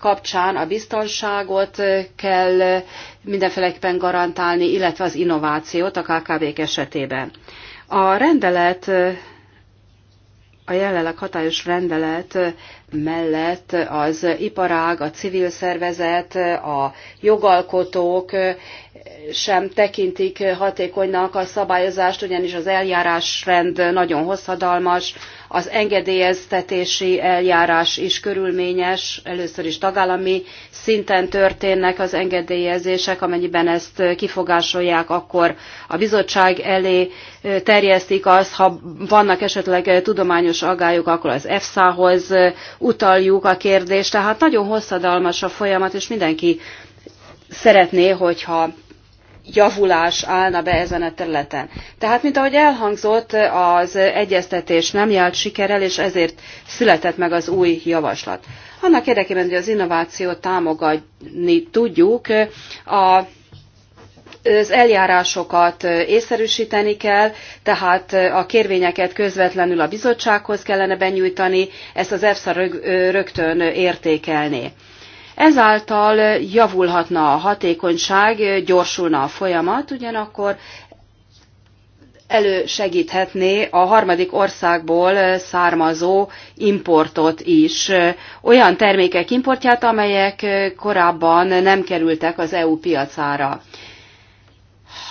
Speaker 3: kapcsán a biztonságot kell mindenféleképpen garantálni, illetve az innovációt a KKV-k esetében. A rendelet a jelenleg hatályos rendelet mellett az iparág, a civil szervezet, a jogalkotók sem tekintik hatékonynak a szabályozást, ugyanis az eljárásrend nagyon hosszadalmas, az engedélyeztetési eljárás is körülményes, először is tagállami szinten történnek az engedélyezések, amennyiben ezt kifogásolják, akkor a bizottság elé terjesztik azt, ha vannak esetleg tudományos aggályok, akkor az EFSA-hoz utaljuk a kérdést, tehát nagyon hosszadalmas a folyamat, és mindenki szeretné, hogyha javulás állna be ezen a területen. Tehát, mint ahogy elhangzott, az egyeztetés nem járt sikerrel, és ezért született meg az új javaslat. Annak érdekében, hogy az innovációt támogatni tudjuk, a az eljárásokat észszerűsíteni kell, tehát a kérvényeket közvetlenül a bizottsághoz kellene benyújtani, ezt az EFSA rögtön értékelné. Ezáltal javulhatna a hatékonyság, gyorsulna a folyamat, ugyanakkor elősegíthetné a harmadik országból származó importot is, olyan termékek importját, amelyek korábban nem kerültek az EU piacára.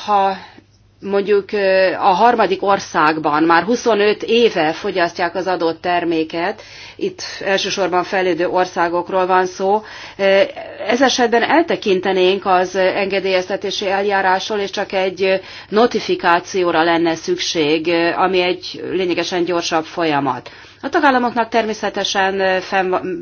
Speaker 3: Ha mondjuk a harmadik országban már 25 éve fogyasztják az adott terméket, itt elsősorban fejlődő országokról van szó, ez esetben eltekintenénk az engedélyeztetési eljárásról, és csak egy notifikációra lenne szükség, ami egy lényegesen gyorsabb folyamat. A tagállamoknak természetesen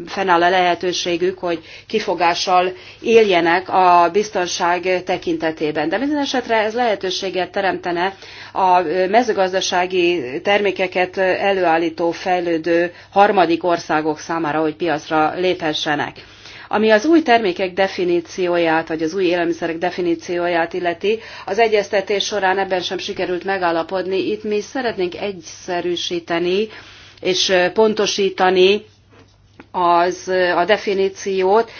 Speaker 3: fennáll a lehetőségük, hogy kifogással éljenek a biztonság tekintetében. De minden esetre ez lehetőséget teremtene a mezőgazdasági termékeket előállító, fejlődő harmadik országok számára, hogy piacra léphessenek. Ami az új termékek definícióját, vagy az új élelmiszerek definícióját illeti, az egyeztetés során ebben sem sikerült megállapodni. Itt mi szeretnénk egyszerűsíteni és pontosítani az, a definíciót.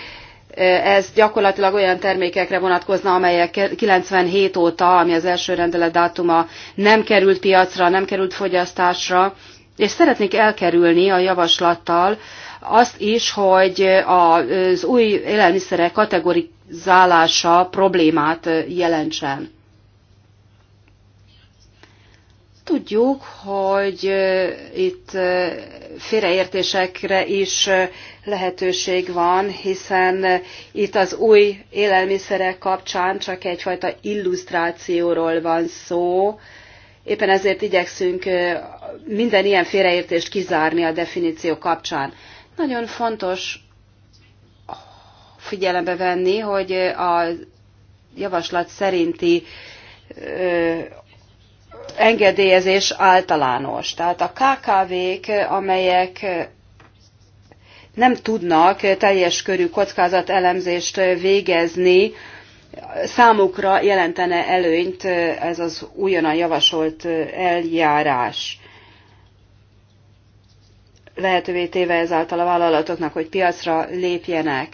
Speaker 3: Ez gyakorlatilag olyan termékekre vonatkozna, amelyek 97 óta, ami az első rendelet dátuma, nem került piacra, nem került fogyasztásra, és szeretnék elkerülni a javaslattal azt is, hogy az új élelmiszerek kategorizálása problémát jelentsen. Tudjuk, hogy itt félreértésekre is lehetőség van, hiszen itt az új élelmiszerek kapcsán csak egyfajta illusztrációról van szó. Éppen ezért igyekszünk minden ilyen félreértést kizárni a definíció kapcsán. Nagyon fontos figyelembe venni, hogy a javaslat szerinti engedélyezés általános. Tehát a KKV-k, amelyek nem tudnak teljes körű kockázatelemzést végezni, számukra jelentene előnyt ez az újonnan javasolt eljárás. Lehetővé téve ezáltal a vállalatoknak, hogy piacra lépjenek.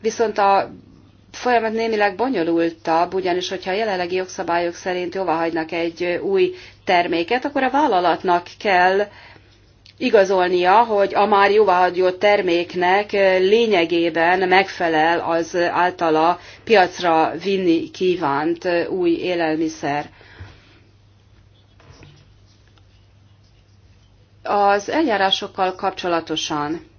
Speaker 3: Viszont a folyamat némileg bonyolultabb, ugyanis hogyha a jelenlegi jogszabályok szerint hagynak egy új terméket, akkor a vállalatnak kell igazolnia, hogy a már jóváhagyott terméknek lényegében megfelel az általa piacra vinni kívánt új élelmiszer. Az eljárásokkal kapcsolatosan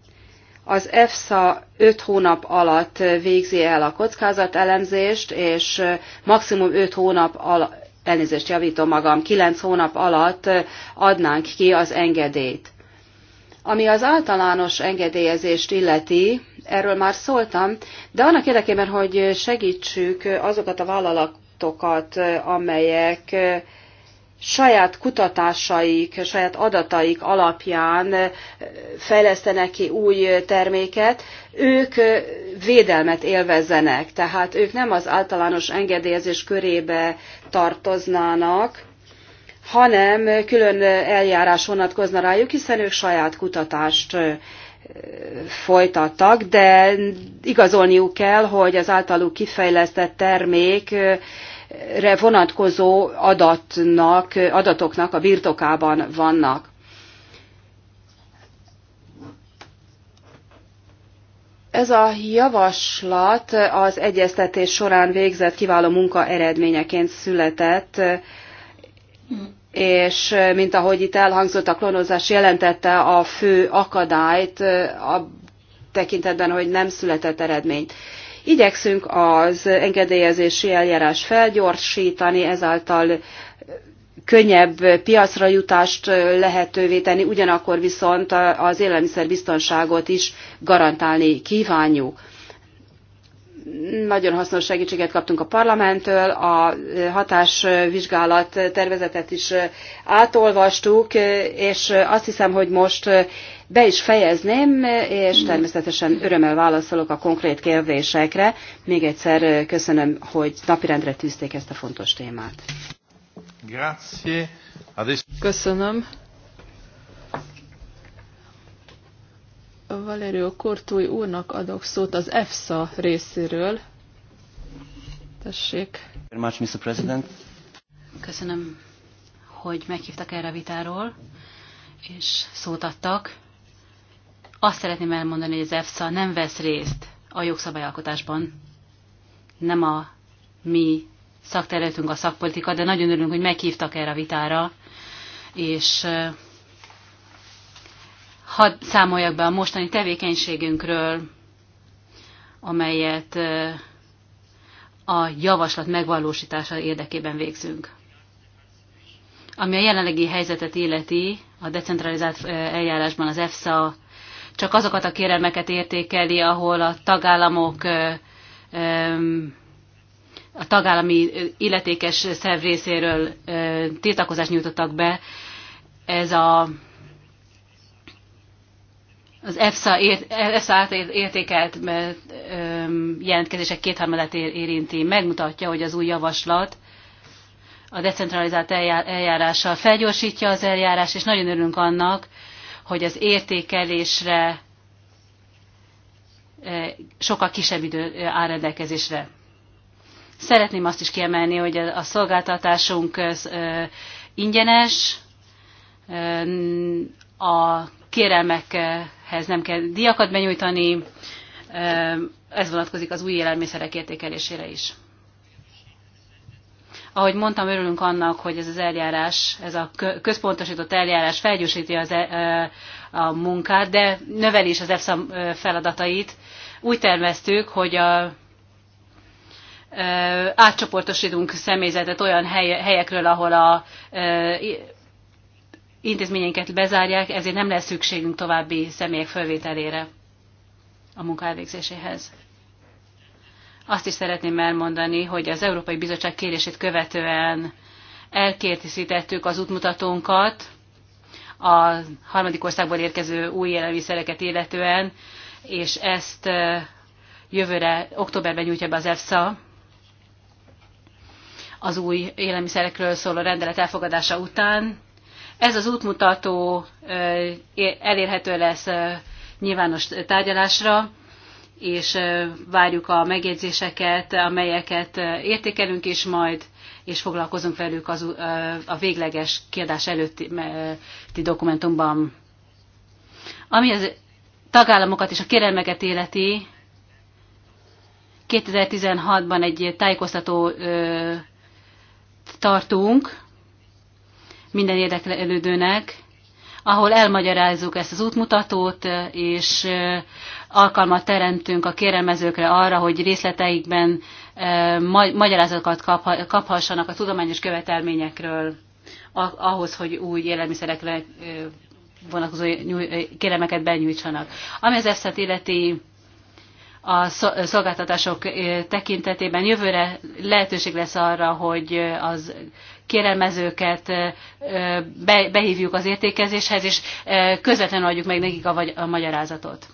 Speaker 3: az EFSA 5 hónap alatt végzi el a kockázatelemzést, és maximum 5 hónap alatt, elnézést javítom magam, 9 hónap alatt adnánk ki az engedélyt. Ami az általános engedélyezést illeti, erről már szóltam, de annak érdekében, hogy segítsük azokat a vállalatokat, amelyek saját kutatásaik, saját adataik alapján eh, fejlesztenek ki új eh, terméket, ők eh, védelmet élvezzenek, tehát ők nem az általános engedélyezés körébe tartoznának, hanem külön eljárás vonatkozna rájuk, hiszen ők saját kutatást folytattak, de igazolniuk kell, hogy az általuk kifejlesztett termék re vonatkozó adatnak, adatoknak a birtokában vannak. Ez a javaslat az egyeztetés során végzett kiváló munka eredményeként született, és mint ahogy itt elhangzott, a klonozás jelentette a fő akadályt a tekintetben, hogy nem született eredményt. Igyekszünk az engedélyezési eljárás felgyorsítani, ezáltal könnyebb piacra jutást lehetővé tenni, ugyanakkor viszont az élelmiszerbiztonságot is garantálni kívánjuk. Nagyon hasznos segítséget kaptunk a parlamenttől, a hatásvizsgálat tervezetet is átolvastuk, és azt hiszem, hogy most be is fejezném, és természetesen örömmel válaszolok a konkrét kérdésekre. Még egyszer köszönöm, hogy napirendre tűzték ezt a fontos témát.
Speaker 1: Grazie. Köszönöm.
Speaker 2: Valerio Kortúj úrnak adok szót az EFSA részéről. Tessék.
Speaker 5: Much, Mr. President.
Speaker 4: Köszönöm, hogy meghívtak erre a vitáról, és szót adtak. Azt szeretném elmondani, hogy az EFSA nem vesz részt a jogszabályalkotásban. Nem a mi szakterületünk a szakpolitika, de nagyon örülünk, hogy meghívtak erre a vitára, és Hadd számoljak be a mostani tevékenységünkről, amelyet a javaslat megvalósítása érdekében végzünk. Ami a jelenlegi helyzetet illeti, a decentralizált eljárásban az EFSA csak azokat a kérelmeket értékeli, ahol a tagállamok a tagállami illetékes szerv részéről tiltakozást nyújtottak be. Ez a az EFSA, ért, EFSA által értékelt jelentkezések kétharmadát érinti, megmutatja, hogy az új javaslat a decentralizált eljárással felgyorsítja az eljárás, és nagyon örülünk annak, hogy az értékelésre sokkal kisebb idő áll rendelkezésre. Szeretném azt is kiemelni, hogy a szolgáltatásunk ingyenes, a kérelmekhez nem kell diakat benyújtani, ez vonatkozik az új élelmiszerek értékelésére is. Ahogy mondtam, örülünk annak, hogy ez az eljárás, ez a központosított eljárás felgyorsíti az e, a munkát, de növeli is az EFSA feladatait. Úgy terveztük, hogy a átcsoportosítunk személyzetet olyan hely, helyekről, ahol a intézményeinket bezárják, ezért nem lesz szükségünk további személyek fölvételére a munka elvégzéséhez. Azt is szeretném elmondani, hogy az Európai Bizottság kérését követően elkészítettük az útmutatónkat a harmadik országból érkező új élelmiszereket illetően, és ezt jövőre, októberben nyújtja be az EFSA az új élelmiszerekről szóló rendelet elfogadása után ez az útmutató elérhető lesz nyilvános tárgyalásra, és várjuk a megjegyzéseket, amelyeket értékelünk is majd, és foglalkozunk velük az, a végleges kiadás előtti dokumentumban. Ami az tagállamokat és a kérelmeket életi, 2016-ban egy tájékoztató ö, tartunk, minden érdeklődőnek, ahol elmagyarázzuk ezt az útmutatót, és alkalmat teremtünk a kérelmezőkre arra, hogy részleteikben magyarázatokat kaphassanak a tudományos követelményekről, ahhoz, hogy új élelmiszerekre vonatkozó kéremeket benyújtsanak. Ami az eszet illeti a szolgáltatások tekintetében jövőre lehetőség lesz arra, hogy az kérelmezőket behívjuk az értékezéshez, és közvetlenül adjuk meg nekik a, magyarázatot.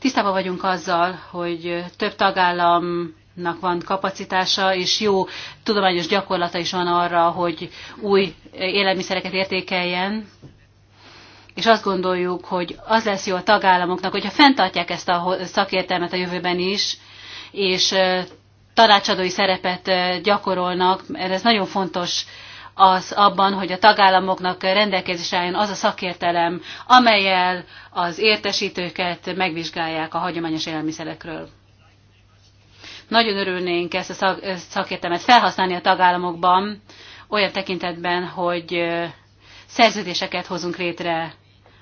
Speaker 4: Tisztában vagyunk azzal, hogy több tagállam van kapacitása, és jó tudományos gyakorlata is van arra, hogy új élelmiszereket értékeljen. És azt gondoljuk, hogy az lesz jó a tagállamoknak, hogyha fenntartják ezt a szakértelmet a jövőben is, és tanácsadói szerepet gyakorolnak, ez nagyon fontos az abban, hogy a tagállamoknak rendelkezésre álljon az a szakértelem, amelyel az értesítőket megvizsgálják a hagyományos élelmiszerekről. Nagyon örülnénk ezt a szakértelmet felhasználni a tagállamokban, olyan tekintetben, hogy szerződéseket hozunk létre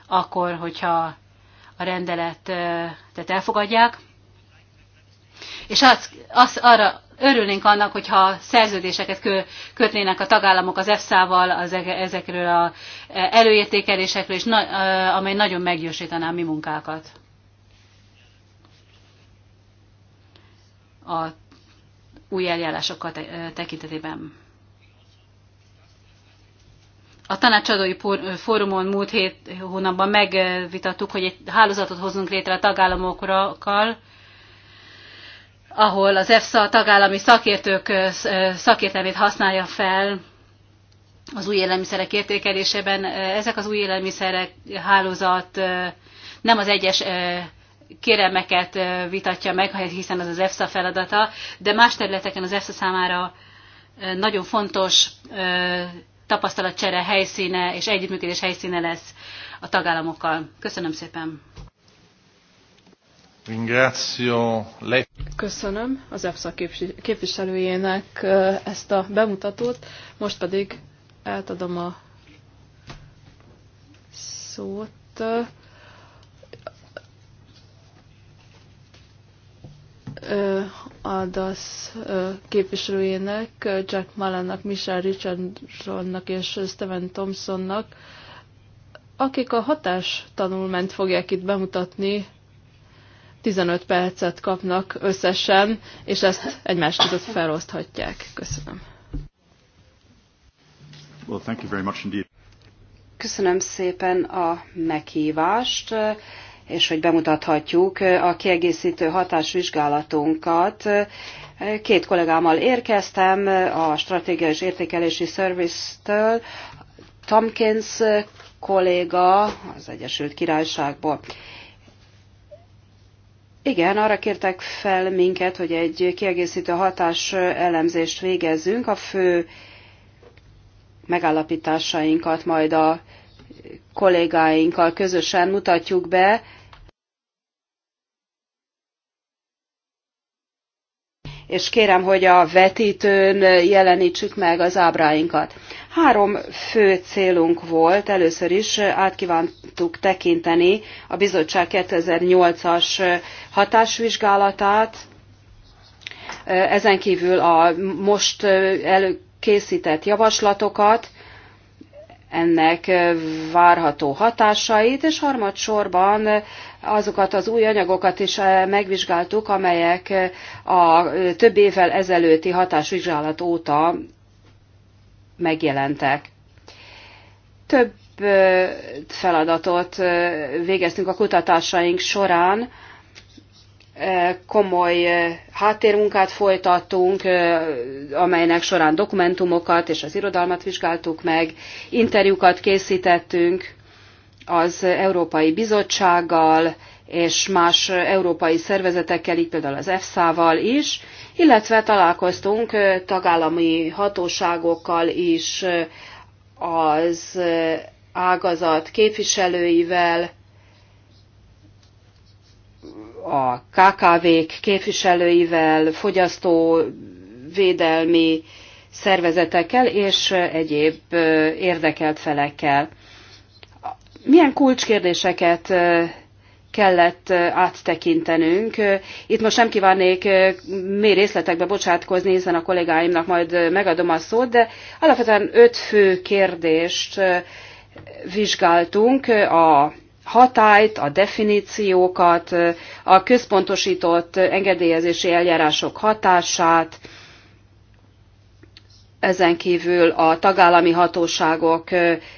Speaker 4: akkor, hogyha a rendeletet elfogadják, és az, az arra örülnénk annak, hogyha szerződéseket kötnének a tagállamok az EFSA-val az, ezekről a e, előértékelésekről, és na, e, amely nagyon meggyorsítaná a mi munkákat. A új eljárásokkal e, tekintetében. A tanácsadói fórumon múlt hét hónapban megvitattuk, hogy egy hálózatot hozunk létre a tagállamokkal, ahol az EFSA tagállami szakértők szakértelmét használja fel az új élelmiszerek értékelésében. Ezek az új élelmiszerek hálózat nem az egyes kéremeket vitatja meg, hiszen az az EFSA feladata, de más területeken az EFSA számára nagyon fontos tapasztalatcsere helyszíne és együttműködés helyszíne lesz a tagállamokkal. Köszönöm szépen! Köszönöm az EFSA
Speaker 2: képviselőjének ezt a bemutatót, most pedig átadom a szót. Adasz képviselőjének, Jack Malannak, Michelle Richardsonnak és Steven Thompsonnak, akik a hatás tanulmányt fogják itt bemutatni 15 percet kapnak összesen, és ezt egymás között feloszthatják. Köszönöm.
Speaker 5: Well, thank
Speaker 1: you very much indeed.
Speaker 3: Köszönöm szépen a meghívást, és hogy bemutathatjuk a kiegészítő hatásvizsgálatunkat. Két kollégámmal érkeztem a Stratégiai és Értékelési Service-től, Tomkins kolléga az Egyesült Királyságból. Igen, arra kértek fel minket, hogy egy kiegészítő hatás elemzést végezzünk. A fő megállapításainkat majd a kollégáinkkal közösen mutatjuk be. És kérem, hogy a vetítőn jelenítsük meg az ábráinkat. Három fő célunk volt. Először is átkívánt, tudtuk tekinteni a bizottság 2008-as hatásvizsgálatát, ezen kívül a most előkészített javaslatokat, ennek várható hatásait, és harmadsorban azokat az új anyagokat is eh, megvizsgáltuk, amelyek eh, a több évvel ezelőtti hatásvizsgálat óta megjelentek. Több feladatot végeztünk a kutatásaink során. Komoly háttérmunkát folytattunk, amelynek során dokumentumokat és az irodalmat vizsgáltuk meg, interjúkat készítettünk az Európai Bizottsággal és más európai szervezetekkel, így például az EFSA-val is, illetve találkoztunk tagállami hatóságokkal is, az ágazat képviselőivel, a KKV-k képviselőivel, fogyasztóvédelmi szervezetekkel és egyéb érdekelt felekkel. Milyen kulcskérdéseket kellett áttekintenünk. Itt most nem kívánnék mély részletekbe bocsátkozni, hiszen a kollégáimnak majd megadom a szót, de alapvetően öt fő kérdést vizsgáltunk, a hatályt, a definíciókat, a központosított engedélyezési eljárások hatását, ezen kívül a tagállami hatóságok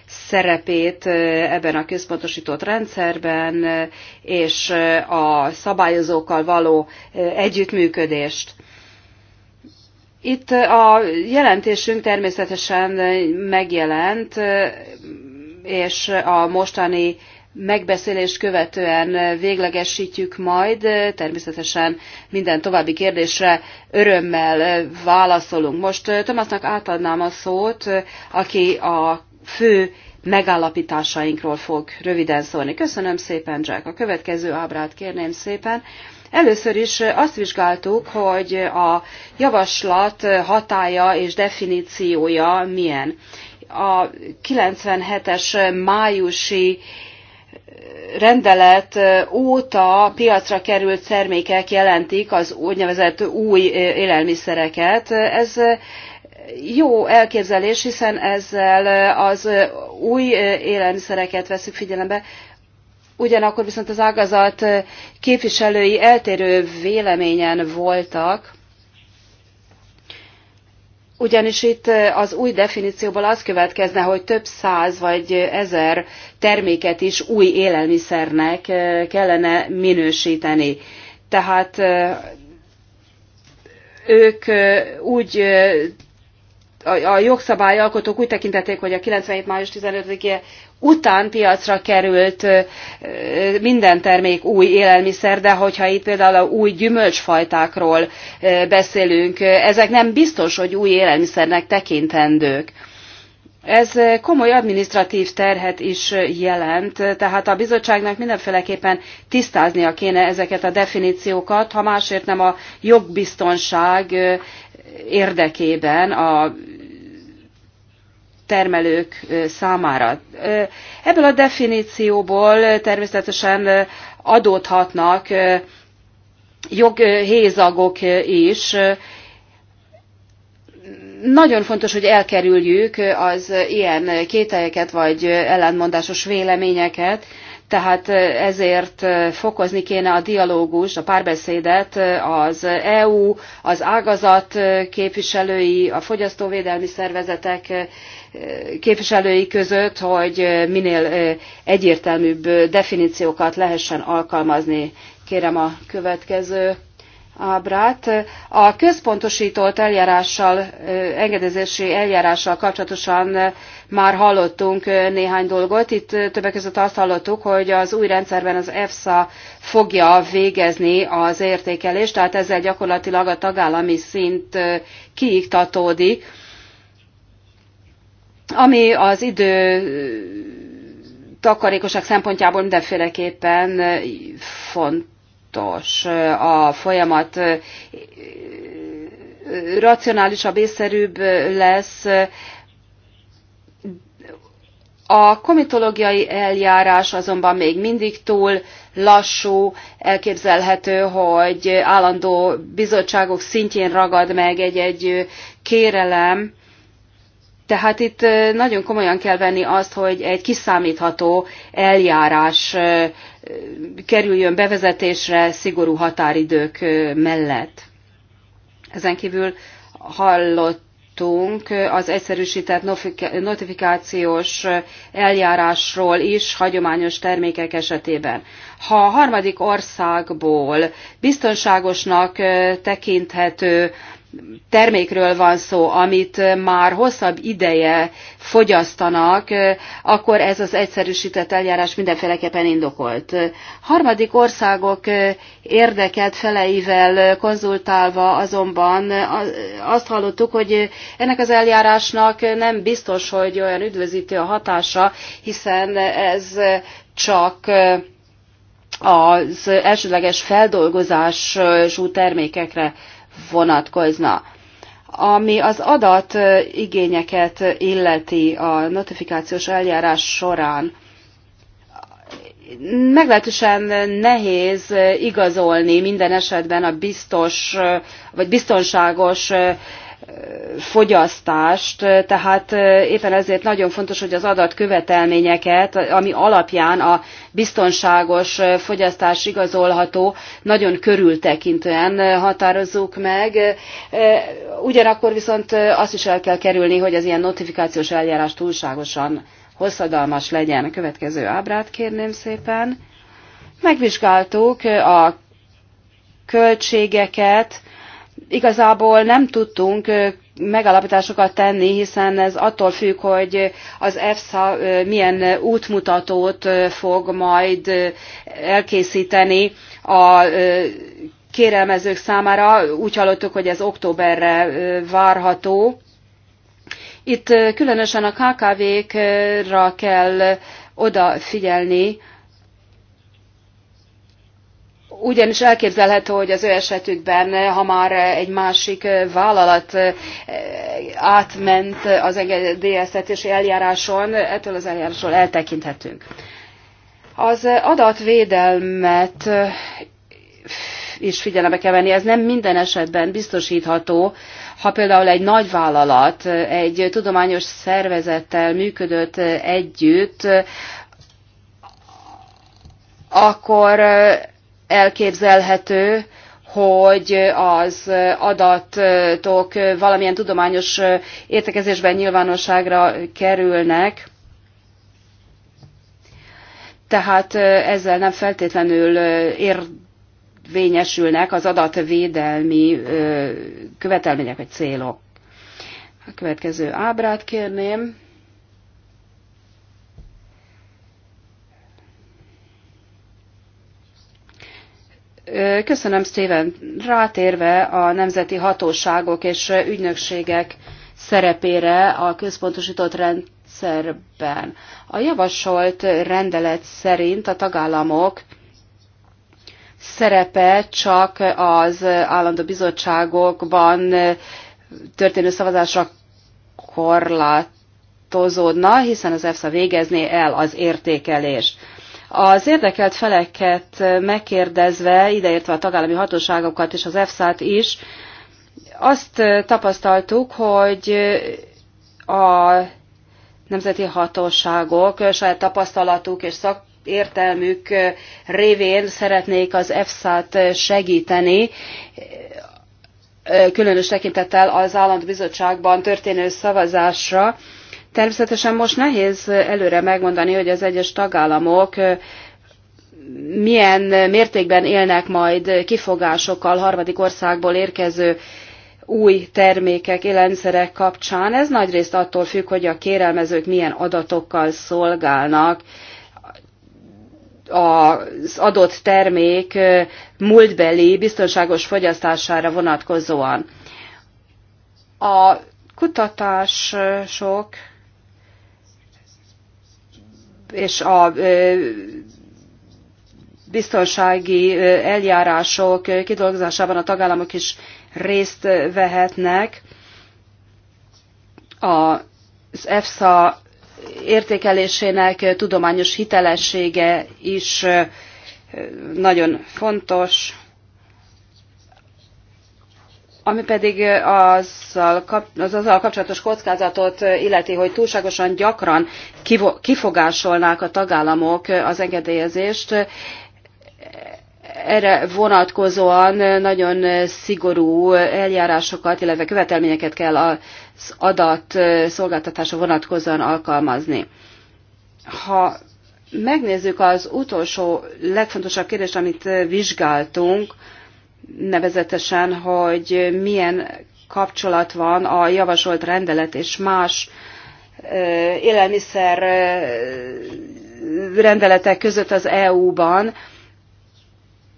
Speaker 3: szerepét ebben a központosított rendszerben, és a szabályozókkal való együttműködést. Itt a jelentésünk természetesen megjelent, és a mostani megbeszélést követően véglegesítjük majd. Természetesen minden további kérdésre örömmel válaszolunk. Most eh, Tomasnak átadnám a szót, eh, aki a fő megállapításainkról fog röviden szólni. Köszönöm szépen, Jack. A következő ábrát kérném szépen. Először is eh, azt vizsgáltuk, hogy a javaslat hatája és definíciója milyen a 97-es májusi rendelet óta piacra került termékek jelentik az úgynevezett új élelmiszereket. Ez jó elképzelés, hiszen ezzel az új élelmiszereket veszük figyelembe, ugyanakkor viszont az ágazat képviselői eltérő véleményen voltak, ugyanis itt az új definícióból az következne, hogy több száz vagy ezer terméket is új élelmiszernek kellene minősíteni. Tehát ők úgy a jogszabályalkotók úgy tekintették, hogy a 97. május 15-e után piacra került minden termék új élelmiszer, de hogyha itt például a új gyümölcsfajtákról beszélünk, ezek nem biztos, hogy új élelmiszernek tekintendők. Ez komoly administratív terhet is jelent, tehát a bizottságnak mindenféleképpen tisztáznia kéne ezeket a definíciókat, ha másért nem a jogbiztonság érdekében a termelők számára. Ebből a definícióból természetesen adódhatnak joghézagok is. Nagyon fontos, hogy elkerüljük az ilyen kételyeket vagy ellentmondásos véleményeket, tehát ezért fokozni kéne a dialógus, a párbeszédet az EU, az ágazat képviselői, a fogyasztóvédelmi szervezetek képviselői között, hogy minél egyértelműbb definíciókat lehessen alkalmazni. Kérem a következő ábrát. A központosított eljárással, engedezési eljárással kapcsolatosan már hallottunk néhány dolgot. Itt többek között azt hallottuk, hogy az új rendszerben az EFSA fogja végezni az értékelést, tehát ezzel gyakorlatilag a tagállami szint kiiktatódik, ami az idő takarékosság szempontjából mindenféleképpen font fontos a folyamat racionálisabb, észszerűbb lesz. A komitológiai eljárás azonban még mindig túl lassú, elképzelhető, hogy állandó bizottságok szintjén ragad meg egy-egy kérelem, tehát itt nagyon komolyan kell venni azt, hogy egy kiszámítható eljárás kerüljön bevezetésre szigorú határidők mellett. Ezen kívül hallottunk az egyszerűsített notifikációs eljárásról is hagyományos termékek esetében. Ha a harmadik országból biztonságosnak tekinthető termékről van szó, amit már hosszabb ideje fogyasztanak, akkor ez az egyszerűsített eljárás mindenféleképpen indokolt. Harmadik országok érdekelt feleivel konzultálva azonban azt hallottuk, hogy ennek az eljárásnak nem biztos, hogy olyan üdvözítő a hatása, hiszen ez csak az elsődleges feldolgozású termékekre vonatkozna. Ami az adat igényeket illeti a notifikációs eljárás során, meglehetősen nehéz igazolni minden esetben a biztos vagy biztonságos fogyasztást, tehát éppen ezért nagyon fontos, hogy az adatkövetelményeket, ami alapján a biztonságos fogyasztás igazolható, nagyon körültekintően határozzuk meg. Ugyanakkor viszont azt is el kell kerülni, hogy az ilyen notifikációs eljárás túlságosan hosszadalmas legyen. A következő ábrát kérném szépen. Megvizsgáltuk a költségeket, igazából nem tudtunk megalapításokat tenni, hiszen ez attól függ, hogy az EFSA milyen útmutatót fog majd elkészíteni a kérelmezők számára. Úgy hallottuk, hogy ez októberre várható. Itt különösen a KKV-kra kell odafigyelni, ugyanis elképzelhető, hogy az ő esetükben, eh, ha már eh, egy másik eh, vállalat átment az engedélyeztetési eljáráson, ettől az eljárásról eltekinthetünk. Az adatvédelmet is figyelembe kell venni, ez nem minden esetben biztosítható, ha például egy nagy vállalat egy tudományos szervezettel működött együtt, akkor elképzelhető, hogy az adatok valamilyen tudományos értekezésben nyilvánosságra kerülnek. Tehát ezzel nem feltétlenül érvényesülnek az adatvédelmi követelmények vagy célok. A következő ábrát kérném. Köszönöm, Steven. Rátérve a nemzeti hatóságok és ügynökségek szerepére a központosított rendszerben. A javasolt rendelet szerint a tagállamok szerepe csak az állandó bizottságokban történő szavazásra korlátozódna, hiszen az EFSA végezné el az értékelést. Az érdekelt feleket megkérdezve, ideértve a tagállami hatóságokat és az EFSA-t is, azt tapasztaltuk, hogy a nemzeti hatóságok saját tapasztalatuk és szakértelmük révén szeretnék az EFSA-t segíteni, különös tekintettel az állandó bizottságban történő szavazásra, Természetesen most nehéz előre megmondani, hogy az egyes tagállamok milyen mértékben élnek majd kifogásokkal harmadik országból érkező új termékek, élelmiszerek kapcsán. Ez nagyrészt attól függ, hogy a kérelmezők milyen adatokkal szolgálnak, az adott termék múltbeli biztonságos fogyasztására vonatkozóan. A kutatások és a biztonsági eljárások kidolgozásában a tagállamok is részt vehetnek. Az EFSA értékelésének tudományos hitelessége is nagyon fontos. Ami pedig azzal, az azzal kapcsolatos kockázatot illeti, hogy túlságosan gyakran kifogásolnák a tagállamok az engedélyezést, erre vonatkozóan nagyon szigorú eljárásokat, illetve követelményeket kell az adat szolgáltatása vonatkozóan alkalmazni. Ha megnézzük az utolsó legfontosabb kérdést, amit vizsgáltunk, nevezetesen, hogy milyen kapcsolat van a javasolt rendelet és más élelmiszer rendeletek között az EU-ban.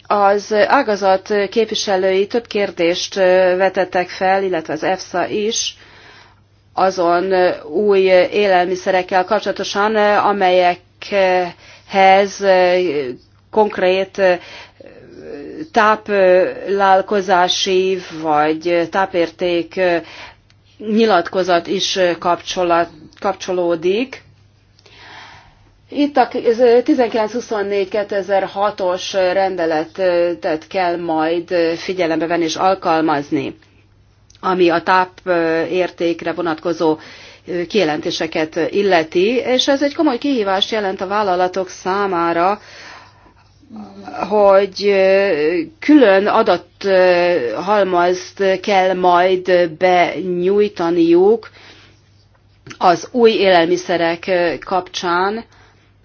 Speaker 3: Az ágazat képviselői több kérdést vetettek fel, illetve az EFSA is, azon új élelmiszerekkel kapcsolatosan, amelyekhez konkrét táplálkozási vagy tápérték nyilatkozat is kapcsolódik. Itt a 1924-2006-os rendeletet kell majd figyelembe venni és alkalmazni, ami a tápértékre vonatkozó kielentéseket illeti, és ez egy komoly kihívást jelent a vállalatok számára, hogy külön adathalmazt kell majd benyújtaniuk az új élelmiszerek kapcsán,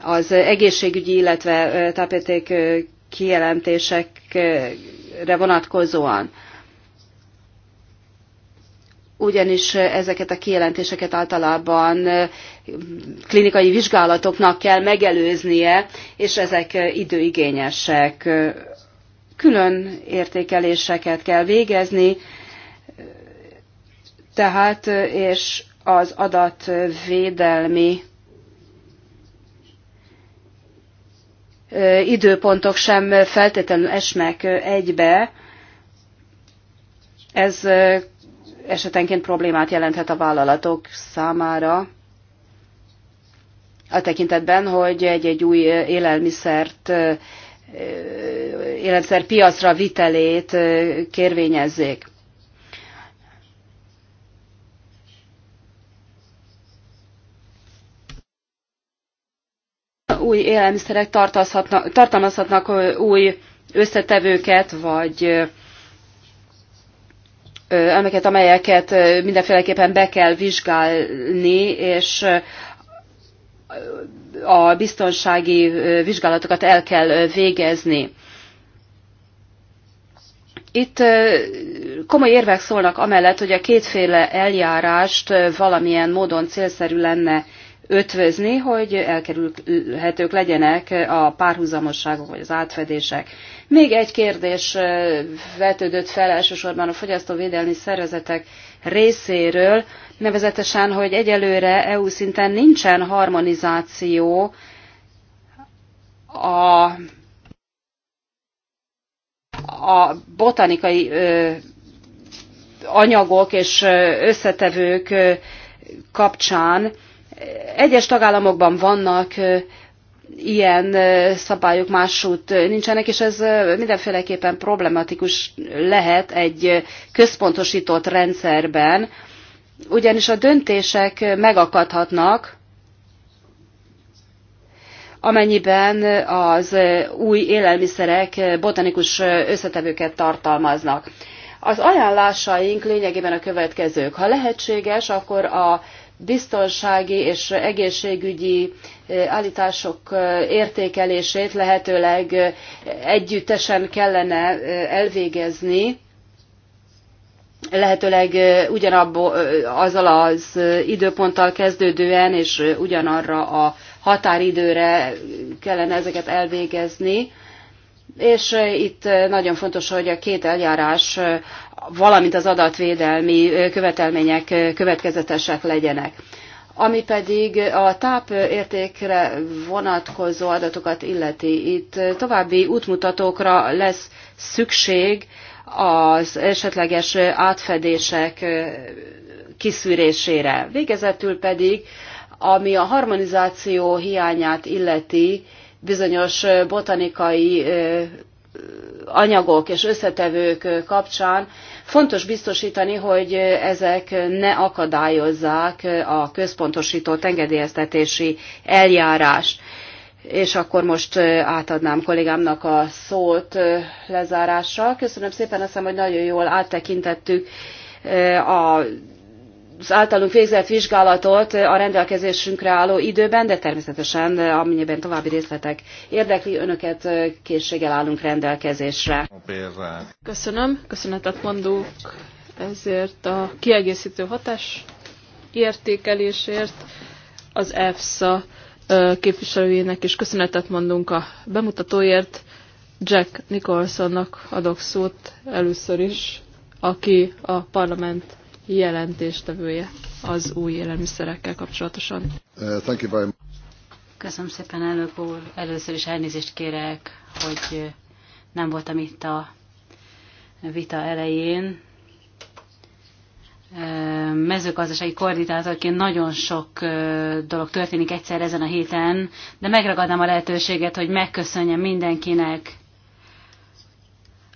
Speaker 3: az egészségügyi, illetve tápérték kijelentésekre vonatkozóan ugyanis ezeket a kijelentéseket általában klinikai vizsgálatoknak kell megelőznie, és ezek időigényesek. Külön értékeléseket kell végezni, tehát és az adatvédelmi időpontok sem feltétlenül esnek egybe. Ez esetenként problémát jelenthet a vállalatok számára a tekintetben, hogy egy-egy új élelmiszert élelmiszer piacra vitelét kérvényezzék. Új élelmiszerek tartalmazhatnak új összetevőket, vagy elemeket, amelyeket mindenféleképpen be kell vizsgálni, és a biztonsági vizsgálatokat el kell végezni. Itt komoly érvek szólnak amellett, hogy a kétféle eljárást valamilyen módon célszerű lenne ötvözni, hogy elkerülhetők legyenek a párhuzamosságok vagy az átfedések. Még egy kérdés vetődött fel elsősorban a fogyasztóvédelmi szervezetek részéről, nevezetesen, hogy egyelőre EU szinten nincsen harmonizáció a, a botanikai ö, anyagok és összetevők ö, kapcsán egyes tagállamokban vannak ilyen szabályok, másút nincsenek, és ez mindenféleképpen problematikus lehet egy központosított rendszerben, ugyanis a döntések megakadhatnak, amennyiben az új élelmiszerek botanikus összetevőket tartalmaznak. Az ajánlásaink lényegében a következők. Ha lehetséges, akkor a biztonsági és egészségügyi eh, állítások eh, értékelését lehetőleg eh, együttesen kellene elvégezni, lehetőleg ugyanabból azzal az időponttal kezdődően és ugyanarra a határidőre kellene ezeket elvégezni. És itt nagyon fontos, hogy a két eljárás valamint az adatvédelmi követelmények következetesek legyenek. Ami pedig a tápértékre vonatkozó adatokat illeti, itt további útmutatókra lesz szükség az esetleges átfedések kiszűrésére. Végezetül pedig, ami a harmonizáció hiányát illeti, bizonyos botanikai anyagok és összetevők kapcsán Fontos biztosítani, hogy ezek ne akadályozzák a központosított engedélyeztetési eljárást. És akkor most átadnám kollégámnak a szót lezárásra. Köszönöm szépen, azt hiszem, hogy nagyon jól áttekintettük eh, a az általunk végzett vizsgálatot a rendelkezésünkre álló időben, de természetesen eh, amennyiben további részletek érdekli önöket, eh, készséggel állunk rendelkezésre.
Speaker 2: Köszönöm, köszönetet mondunk ezért a kiegészítő hatás értékelésért az EFSA eh, képviselőjének is köszönetet mondunk a bemutatóért. Jack Nicholsonnak adok szót először is, aki a parlament
Speaker 4: jelentéstevője az új élelmiszerekkel kapcsolatosan.
Speaker 1: Uh,
Speaker 4: Köszönöm szépen, elnök úr. Először is elnézést kérek, hogy uh, nem voltam itt a vita elején. Uh, mezőgazdasági koordinátorként nagyon sok dolog történik egyszer ezen a héten, de megragadnám a lehetőséget, hogy megköszönjem mindenkinek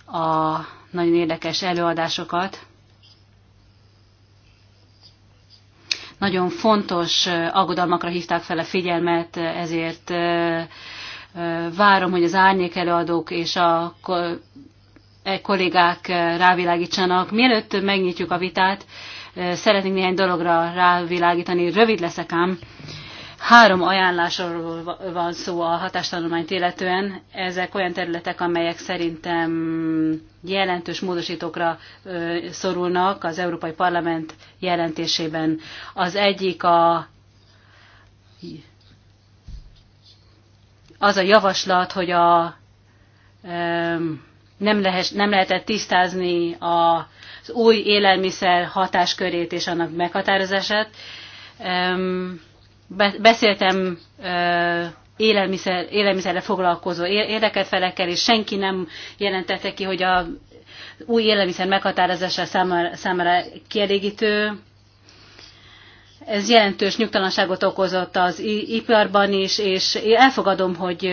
Speaker 4: a nagyon érdekes előadásokat nagyon fontos aggodalmakra hívták fel a figyelmet, ezért várom, hogy az árnyék előadók és a e kollégák rávilágítsanak. Mielőtt megnyitjuk a vitát, szeretnék néhány dologra rávilágítani. Rövid leszek ám. Három ajánlásról van szó a hatástanulmányt illetően. Ezek olyan területek, amelyek szerintem jelentős módosítókra szorulnak az Európai Parlament jelentésében. Az egyik a az a javaslat, hogy a nem, lehet, nem lehetett tisztázni az új élelmiszer hatáskörét és annak meghatározását. Beszéltem élelmiszer, élelmiszerre foglalkozó érdekelt felekkel, és senki nem jelentette ki, hogy a új élelmiszer meghatározása számára, számára kielégítő. Ez jelentős nyugtalanságot okozott az iparban is, és én elfogadom, hogy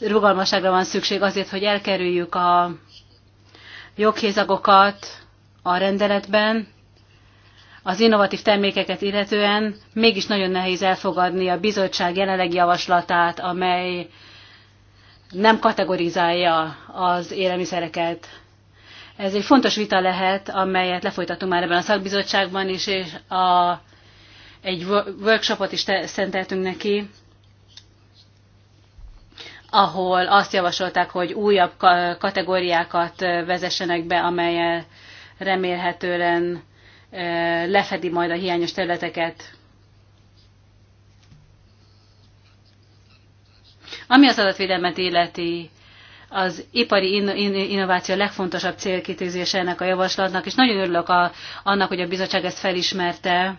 Speaker 4: rugalmasságra van szükség azért, hogy elkerüljük a joghézagokat a rendeletben, az innovatív termékeket illetően mégis nagyon nehéz elfogadni a bizottság jelenlegi javaslatát, amely nem kategorizálja az élelmiszereket. Ez egy fontos vita lehet, amelyet lefolytatunk már ebben a szakbizottságban is, és a, egy workshopot is szenteltünk neki, ahol azt javasolták, hogy újabb kategóriákat vezessenek be, amelyel remélhetően lefedi majd a hiányos területeket. Ami az adatvédelmet illeti, az ipari innováció legfontosabb célkitűzése ennek a javaslatnak, és nagyon örülök a, annak, hogy a bizottság ezt felismerte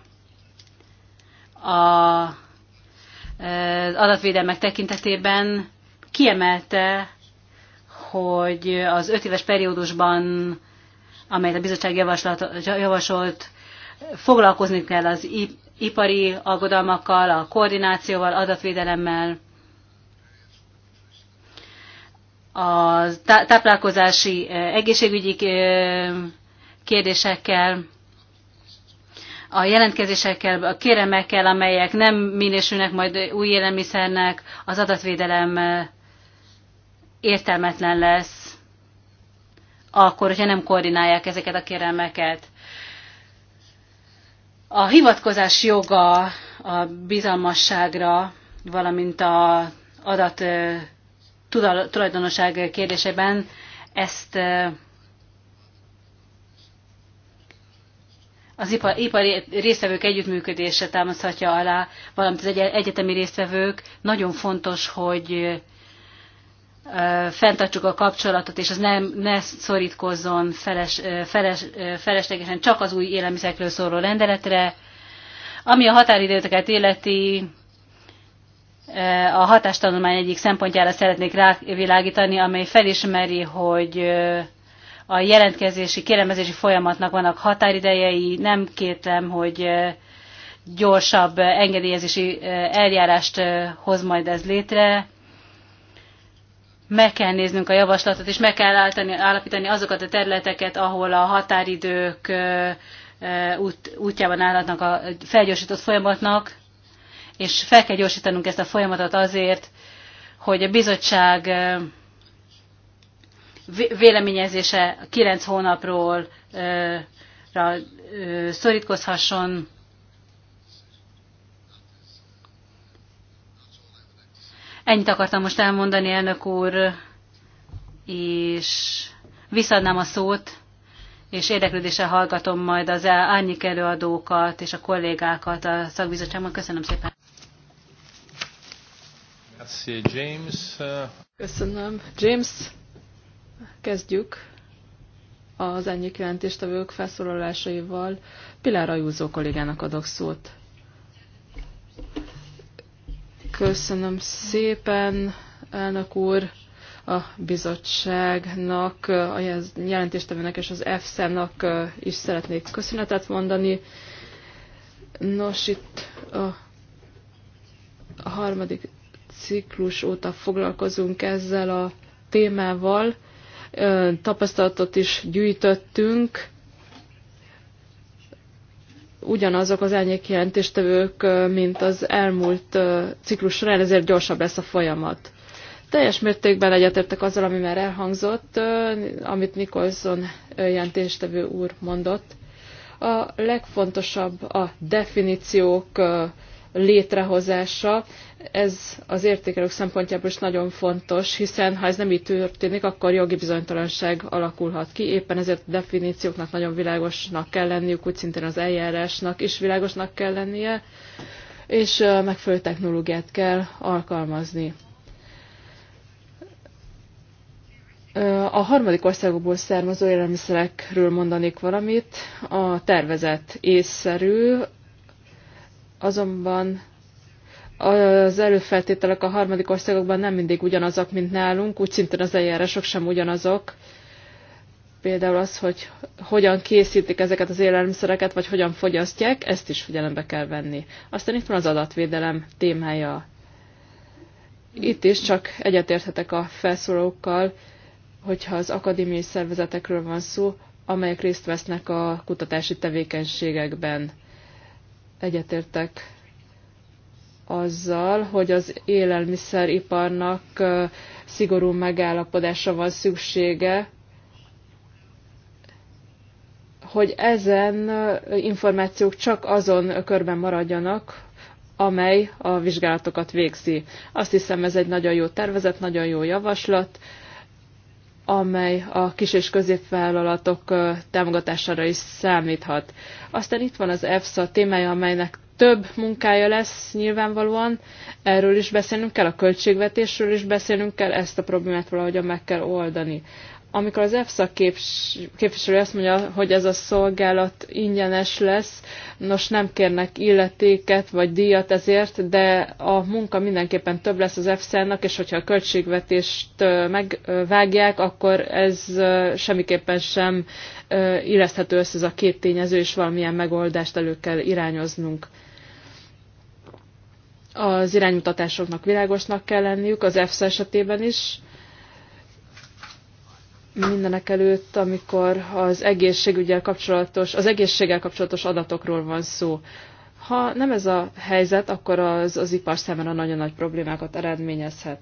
Speaker 4: a, e, az adatvédelmek tekintetében, kiemelte, hogy az öt éves periódusban amelyet a bizottság javaslat, javasolt, foglalkozni kell az ipari aggodalmakkal, a koordinációval, adatvédelemmel, a táplálkozási e, egészségügyi e, kérdésekkel, a jelentkezésekkel, a kéremekkel, amelyek nem minősülnek majd új élelmiszernek, az adatvédelem e, értelmetlen lesz akkor, hogyha nem koordinálják ezeket a kérelmeket. A hivatkozás joga a bizalmasságra, valamint a adat tulajdonosság kérdésében ezt az ipari résztvevők együttműködése támaszhatja alá, valamint az egyetemi résztvevők. Nagyon fontos, hogy fenntartsuk a kapcsolatot, és az nem, ne szorítkozzon feles, feles, feleslegesen csak az új élelmiszerekről szóló rendeletre. Ami a határidőteket illeti, a hatástanulmány egyik szempontjára szeretnék rávilágítani, amely felismeri, hogy a jelentkezési, kérelmezési folyamatnak vannak határidejei. Nem kétlem, hogy gyorsabb engedélyezési eljárást hoz majd ez létre meg kell néznünk a javaslatot, és meg kell állítani, állapítani azokat a területeket, ahol a határidők út, útjában állhatnak a felgyorsított folyamatnak, és fel kell gyorsítanunk ezt a folyamatot azért, hogy a bizottság véleményezése 9 hónapról szorítkozhasson, Ennyit akartam most elmondani, elnök úr, és visszadnám a szót, és érdeklődéssel hallgatom majd az árnyék előadókat és a kollégákat a szakbizottságban. Köszönöm szépen.
Speaker 1: James.
Speaker 4: Köszönöm. James,
Speaker 2: kezdjük az ennyi jelentéstevők felszólalásaival. Pilár Ajúzó kollégának adok szót. Köszönöm szépen, elnök úr, a bizottságnak, a jelentéstevőnek és az EFSA-nak is szeretnék köszönetet mondani. Nos, itt a, a harmadik ciklus óta foglalkozunk ezzel a témával. Tapasztalatot is gyűjtöttünk ugyanazok az jelentéstevők, mint az elmúlt ciklus során, ezért gyorsabb lesz a folyamat. Teljes mértékben egyetértek azzal, ami már elhangzott, amit Nikolson jelentéstevő úr mondott. A legfontosabb a definíciók, létrehozása. Ez az értékelők szempontjából is nagyon fontos, hiszen ha ez nem így történik, akkor jogi bizonytalanság alakulhat ki. Éppen ezért a definícióknak nagyon világosnak kell lenniük, úgy szintén az eljárásnak is világosnak kell lennie, és megfelelő technológiát kell alkalmazni. A harmadik országokból származó élelmiszerekről mondanék valamit. A tervezet észszerű, Azonban az előfeltételek a harmadik országokban nem mindig ugyanazok, mint nálunk, úgy szintén az eljárások sem ugyanazok. Például az, hogy hogyan készítik ezeket az élelmiszereket, vagy hogyan fogyasztják, ezt is figyelembe kell venni. Aztán itt van az adatvédelem témája. Itt is csak egyetérthetek a felszólókkal, hogyha az akadémiai szervezetekről van szó, amelyek részt vesznek a kutatási tevékenységekben egyetértek azzal, hogy az élelmiszeriparnak szigorú megállapodása van szüksége, hogy ezen információk csak azon körben maradjanak, amely a vizsgálatokat végzi. Azt hiszem ez egy nagyon jó tervezet, nagyon jó javaslat, amely a kis- és középvállalatok támogatására is számíthat. Aztán itt van az EFSA témája, amelynek több munkája lesz nyilvánvalóan, erről is beszélnünk kell, a költségvetésről is beszélnünk kell, ezt a problémát valahogyan meg kell oldani amikor az EFSA képviselő azt mondja, hogy ez a szolgálat ingyenes lesz, nos nem kérnek illetéket vagy díjat ezért, de a munka mindenképpen több lesz az EFSA-nak, és hogyha a költségvetést megvágják, akkor ez semmiképpen sem illeszthető össze ez a két tényező, és valamilyen megoldást elő kell irányoznunk az iránymutatásoknak világosnak kell lenniük, az EFSA esetében is, mindenek előtt, amikor az egészségügyel kapcsolatos, az egészséggel kapcsolatos adatokról van szó. Ha nem ez a helyzet, akkor az, az ipar számára nagyon nagy problémákat eredményezhet.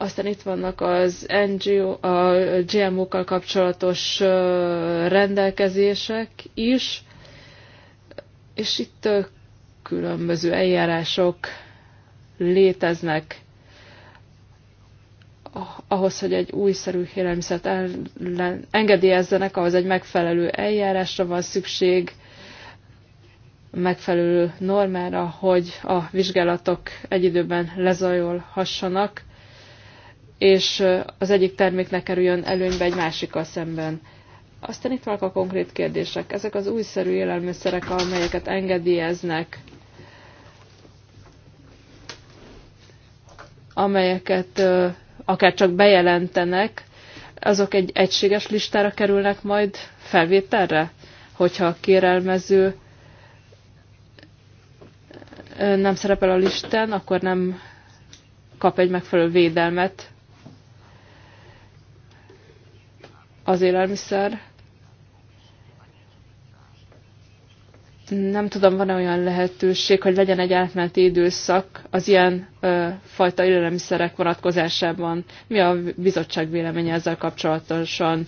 Speaker 2: Aztán itt vannak az NGO, a GMO-kkal kapcsolatos rendelkezések is, és itt különböző eljárások léteznek ahhoz, hogy egy újszerű élelmiszert engedélyezzenek, ahhoz egy megfelelő eljárásra van szükség, megfelelő normára, hogy a vizsgálatok egy időben lezajolhassanak, és az egyik terméknek kerüljön előnybe egy másikkal szemben. Aztán itt vannak a konkrét kérdések. Ezek az újszerű élelmiszerek, amelyeket engedélyeznek, amelyeket akár csak bejelentenek, azok egy egységes listára kerülnek majd felvételre, hogyha a kérelmező nem szerepel a listán, akkor nem kap egy megfelelő védelmet az élelmiszer nem tudom, van-e olyan lehetőség, hogy legyen egy átmeneti időszak az ilyen ö, fajta élelmiszerek vonatkozásában. Mi a bizottság véleménye ezzel kapcsolatosan?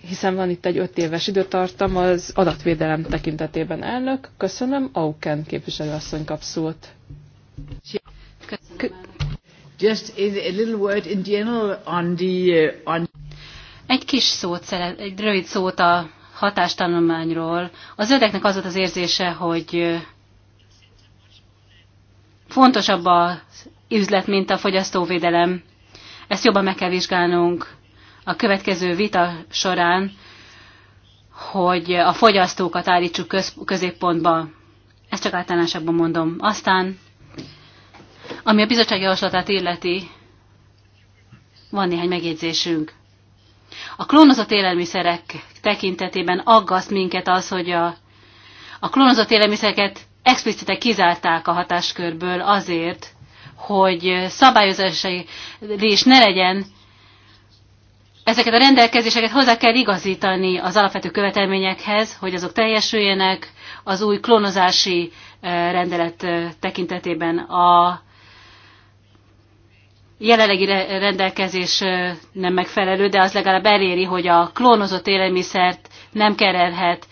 Speaker 2: Hiszen van itt egy öt éves időtartam az adatvédelem tekintetében. Elnök, köszönöm. Auken képviselőasszony kap szót.
Speaker 4: Just a little word in general on the, uh, on... Egy kis szót, egy rövid szót a hatástanulmányról. Az ödeknek az volt az érzése, hogy fontosabb az üzlet, mint a fogyasztóvédelem. Ezt jobban meg kell vizsgálnunk a következő vita során, hogy a fogyasztókat állítsuk köz, középpontba. Ezt csak általánosabban mondom. Aztán, ami a bizottság javaslatát illeti, van néhány megjegyzésünk. A klónozott élelmiszerek tekintetében aggaszt minket az, hogy a, a klónozott élelmiszereket explicite kizárták a hatáskörből azért, hogy szabályozási is ne legyen, ezeket a rendelkezéseket hozzá kell igazítani az alapvető követelményekhez, hogy azok teljesüljenek az új klónozási eh, rendelet eh, tekintetében. A jelenlegi rendelkezés nem megfelelő, de az legalább eléri, hogy a klónozott élelmiszert nem kerelhet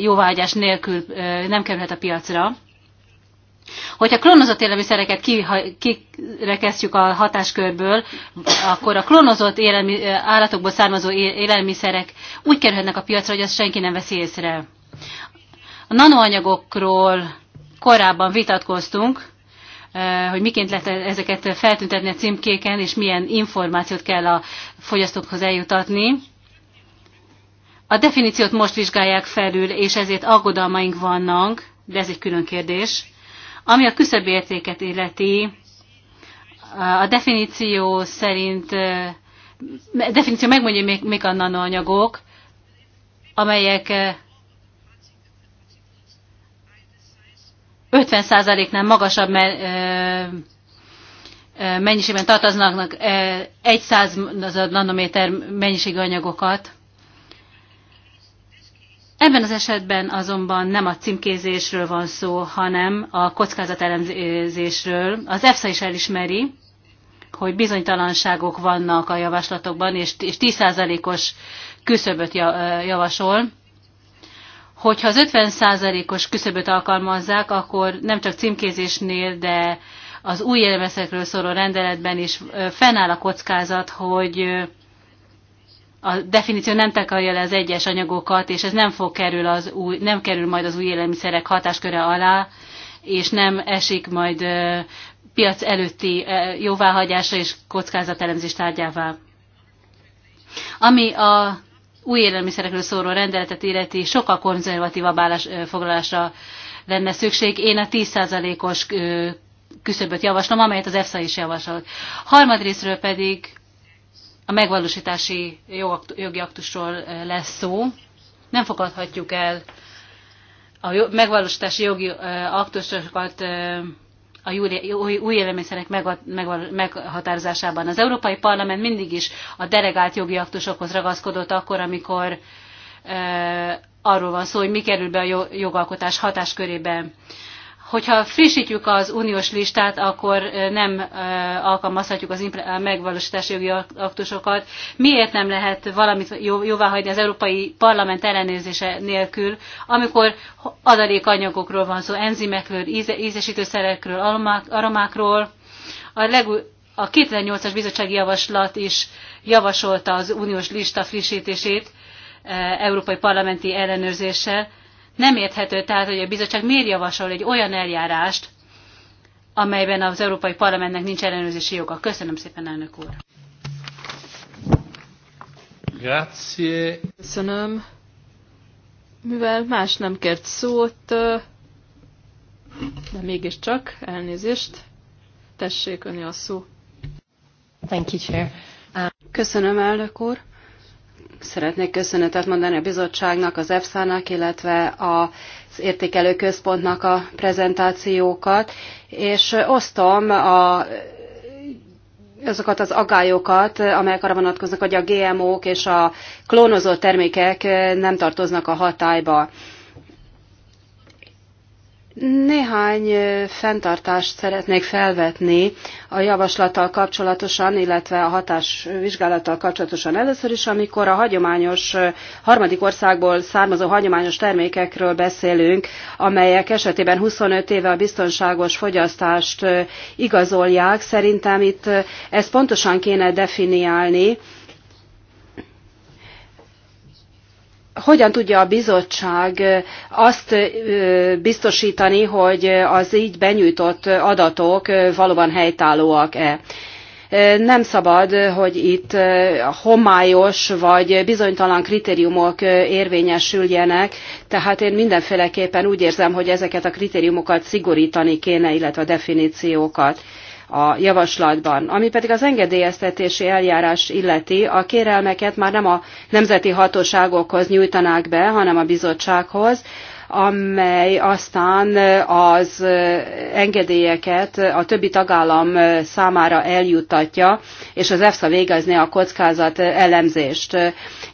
Speaker 4: jóváhagyás nélkül, nem kerülhet a piacra. Hogyha klónozott élelmiszereket kirekesztjük a hatáskörből, akkor a klónozott élelmi, állatokból származó élelmiszerek úgy kerülhetnek a piacra, hogy azt senki nem veszi észre. A nanoanyagokról korábban vitatkoztunk, Eh, hogy miként lehet ezeket feltüntetni a címkéken, és milyen információt kell a fogyasztókhoz eljutatni. A definíciót most vizsgálják felül, és ezért aggodalmaink vannak, de ez egy külön kérdés. Ami a értéket illeti, a definíció szerint, a eh, definíció megmondja, mik a nanoanyagok, amelyek eh, 50%-nál magasabb mennyiségben tartoznak 100 nanométer mennyiségű anyagokat. Ebben az esetben azonban nem a címkézésről van szó, hanem a kockázatelemzésről. Az EFSA is elismeri, hogy bizonytalanságok vannak a javaslatokban, és 10%-os küszöböt javasol hogyha az 50%-os küszöböt alkalmazzák, akkor nem csak címkézésnél, de az új élelmezekről szóló rendeletben is fennáll a kockázat, hogy a definíció nem takarja le az egyes anyagokat, és ez nem fog kerül az új, nem kerül majd az új élelmiszerek hatásköre alá, és nem esik majd piac előtti jóváhagyása és kockázatelemzés tárgyává. Ami a új élelmiszerekről szóló rendeletet illeti sokkal konzervatívabb állás, foglalásra lenne szükség. Én a 10%-os küszöböt javaslom, amelyet az EFSA is javasolt. Harmadrésztről pedig a megvalósítási jogi aktusról lesz szó. Nem fogadhatjuk el a megvalósítási jogi aktusokat a új, élelmiszerek meghatározásában. Az Európai Parlament mindig is a delegált jogi aktusokhoz ragaszkodott akkor, amikor arról van szó, hogy mi kerül be a jogalkotás hatáskörébe. Hogyha frissítjük az uniós listát, akkor nem alkalmazhatjuk az megvalósítási jogi aktusokat. Miért nem lehet valamit jóváhagyni az Európai Parlament ellenőrzése nélkül, amikor adalékanyagokról van szó, enzimekről, ízesítőszerekről, aromákról. A a 2008-as bizottsági javaslat is javasolta az uniós lista frissítését európai parlamenti ellenőrzéssel, nem érthető tehát, hogy a bizottság miért javasol egy olyan eljárást, amelyben az Európai Parlamentnek nincs ellenőrzési joga. Köszönöm szépen, elnök úr!
Speaker 1: Grazie.
Speaker 4: Köszönöm. Mivel más nem kért szót,
Speaker 2: de mégiscsak elnézést. Tessék öni a szó.
Speaker 4: Thank you, Chair.
Speaker 3: Köszönöm, elnök úr. Szeretnék köszönetet mondani a bizottságnak, az EFSA-nak, illetve az értékelő központnak a prezentációkat, és osztom a azokat az agályokat, amelyek arra vonatkoznak, hogy a GMO-k és a klónozott termékek nem tartoznak a hatályba. Néhány fenntartást szeretnék felvetni a javaslattal kapcsolatosan, illetve a hatásvizsgálattal kapcsolatosan először is, amikor a hagyományos harmadik országból származó hagyományos termékekről beszélünk, amelyek esetében 25 éve a biztonságos fogyasztást igazolják. Szerintem itt ezt pontosan kéne definiálni, hogyan tudja a bizottság azt biztosítani, hogy az így benyújtott adatok valóban helytállóak-e? Nem szabad, hogy itt homályos vagy bizonytalan kritériumok érvényesüljenek, tehát én mindenféleképpen úgy érzem, hogy ezeket a kritériumokat szigorítani kéne, illetve a definíciókat a javaslatban. Ami pedig az engedélyeztetési eljárás illeti, a kérelmeket már nem a nemzeti hatóságokhoz nyújtanák be, hanem a bizottsághoz, amely aztán az engedélyeket a többi tagállam számára eljuttatja, és az EFSA végezné a kockázat elemzést.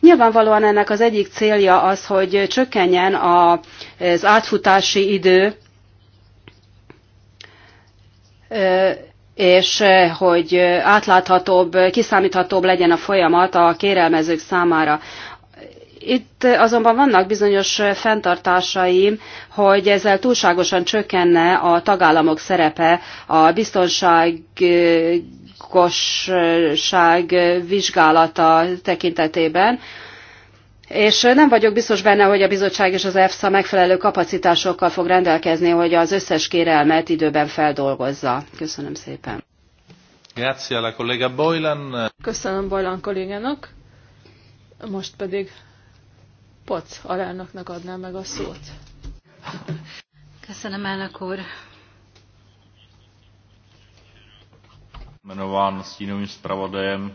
Speaker 3: Nyilvánvalóan ennek az egyik célja az, hogy csökkenjen az átfutási idő, és eh, hogy eh, átláthatóbb, kiszámíthatóbb legyen a folyamat a kérelmezők számára. Itt eh, azonban vannak bizonyos fenntartásaim, hogy ezzel túlságosan csökkenne a tagállamok szerepe a biztonságosság vizsgálata tekintetében, és nem vagyok biztos benne, hogy a bizottság és az EFSA megfelelő kapacitásokkal fog rendelkezni, hogy az összes kérelmet időben feldolgozza. Köszönöm szépen.
Speaker 1: Grazie alla collega Boylan.
Speaker 2: Köszönöm Boylan kollégának. Most pedig Poc alelnöknek adnám meg a szót.
Speaker 4: Köszönöm, elnök úr.
Speaker 1: Jmenován stínovým zpravodajem.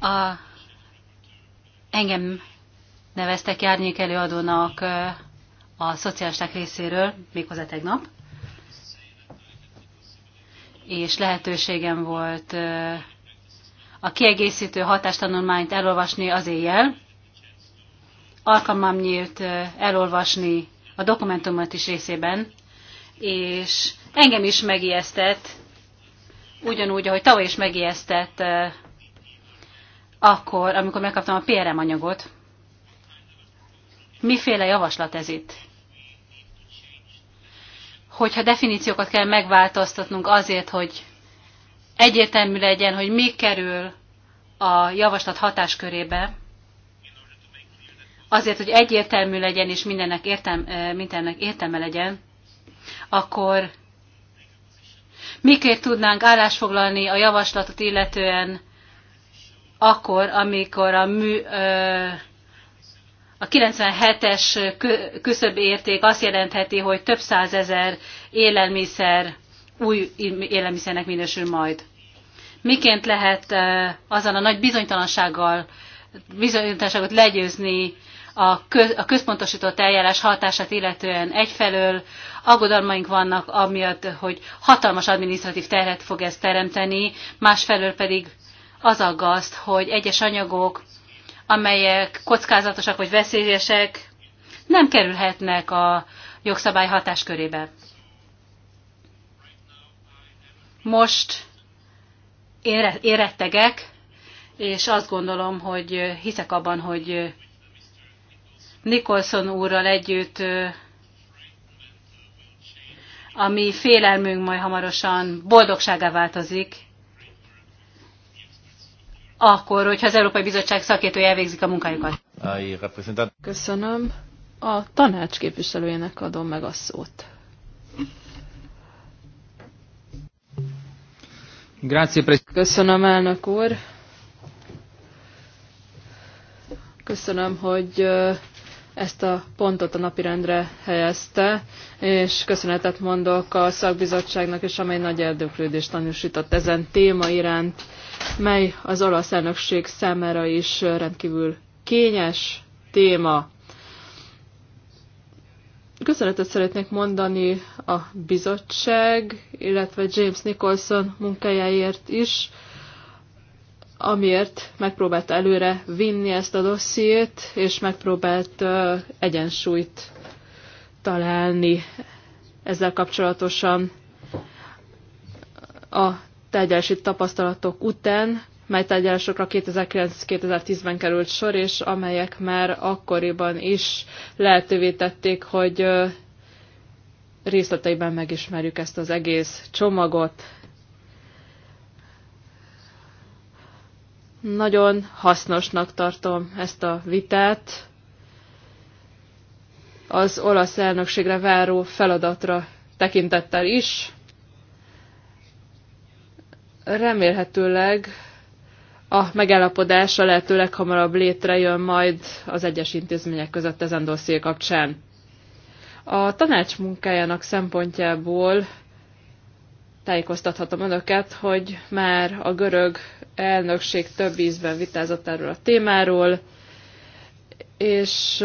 Speaker 4: A engem neveztek járnyék előadónak a szociálisták részéről, méghozzá tegnap. És lehetőségem volt a kiegészítő hatástanulmányt elolvasni az éjjel. Alkalmam nyílt elolvasni a dokumentumot is részében, és engem is megijesztett, ugyanúgy, ahogy tavaly is megijesztett, akkor, amikor megkaptam a PRM anyagot, Miféle javaslat ez itt? Hogyha definíciókat kell megváltoztatnunk azért, hogy egyértelmű legyen, hogy mi kerül a javaslat hatáskörébe, azért, hogy egyértelmű legyen és mindennek, értem, eh, mindennek értelme legyen, akkor mikért tudnánk állásfoglalni a javaslatot illetően akkor, amikor a mű, ö, a 97-es küszöbb érték azt jelentheti, hogy több százezer élelmiszer új élelmiszernek minősül majd. Miként lehet azzal a nagy bizonytalansággal bizonytalanságot legyőzni a, központosított eljárás hatását illetően egyfelől aggodalmaink vannak amiatt, hogy hatalmas adminisztratív terhet fog ez teremteni, másfelől pedig az aggaszt, hogy egyes anyagok amelyek kockázatosak vagy veszélyesek, nem kerülhetnek a jogszabály hatáskörébe. Most érettegek, és azt gondolom, hogy hiszek abban, hogy Nicholson úrral együtt a mi félelmünk majd hamarosan boldogságá változik, akkor, hogyha az Európai Bizottság szakértői elvégzik a munkájukat. Köszönöm. A tanács képviselőjének adom meg a szót.
Speaker 2: Köszönöm, elnök úr. Köszönöm, hogy ezt a pontot a napirendre helyezte, és köszönetet mondok a szakbizottságnak is, amely nagy érdeklődést tanúsított ezen téma iránt, mely az olasz elnökség számára is rendkívül kényes téma. Köszönetet szeretnék mondani a bizottság, illetve James Nicholson munkájáért is, amiért megpróbált előre vinni ezt a dossziét, és megpróbált egyensúlyt találni ezzel kapcsolatosan a tárgyalási tapasztalatok után, mely tárgyalásokra 2009-2010-ben került sor, és amelyek már akkoriban is lehetővé tették, hogy részleteiben megismerjük ezt az egész csomagot. Nagyon hasznosnak tartom ezt a vitát az olasz elnökségre váró feladatra tekintettel is. Remélhetőleg a megállapodás a lehető leghamarabb létrejön majd az egyes intézmények között ezen dosszié kapcsán. A tanács munkájának szempontjából tájékoztathatom önöket, hogy már a görög elnökség több ízben vitázott erről a témáról, és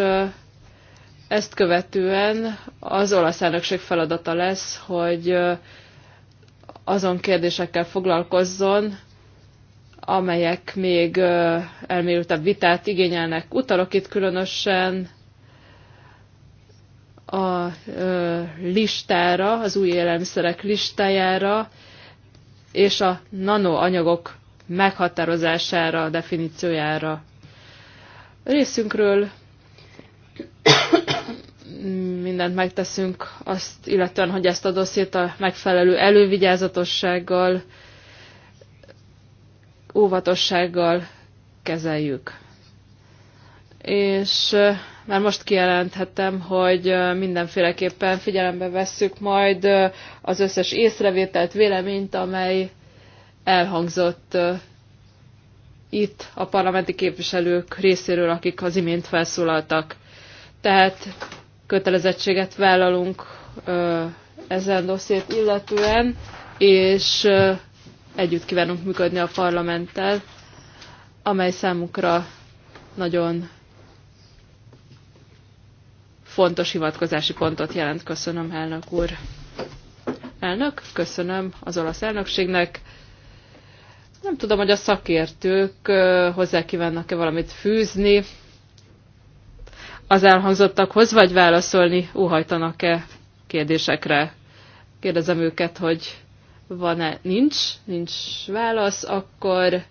Speaker 2: ezt követően az olasz elnökség feladata lesz, hogy azon kérdésekkel foglalkozzon, amelyek még elmélyültebb vitát igényelnek. Utalok itt különösen a listára, az új élelmiszerek listájára, és a nanoanyagok meghatározására, definíciójára. Részünkről mindent megteszünk azt, illetően, hogy ezt a dossziét a megfelelő elővigyázatossággal, óvatossággal kezeljük. És már most kijelenthetem, hogy mindenféleképpen figyelembe vesszük majd az összes észrevételt, véleményt, amely elhangzott itt a parlamenti képviselők részéről, akik az imént felszólaltak. Tehát kötelezettséget vállalunk ezen dossziét illetően, és együtt kívánunk működni a parlamenttel, amely számukra nagyon fontos hivatkozási pontot jelent. Köszönöm, elnök úr. Elnök, köszönöm az olasz elnökségnek. Nem tudom, hogy a szakértők hozzá kívánnak-e valamit fűzni az elhangzottakhoz, vagy válaszolni óhajtanak-e kérdésekre. Kérdezem őket, hogy van-e, nincs, nincs válasz, akkor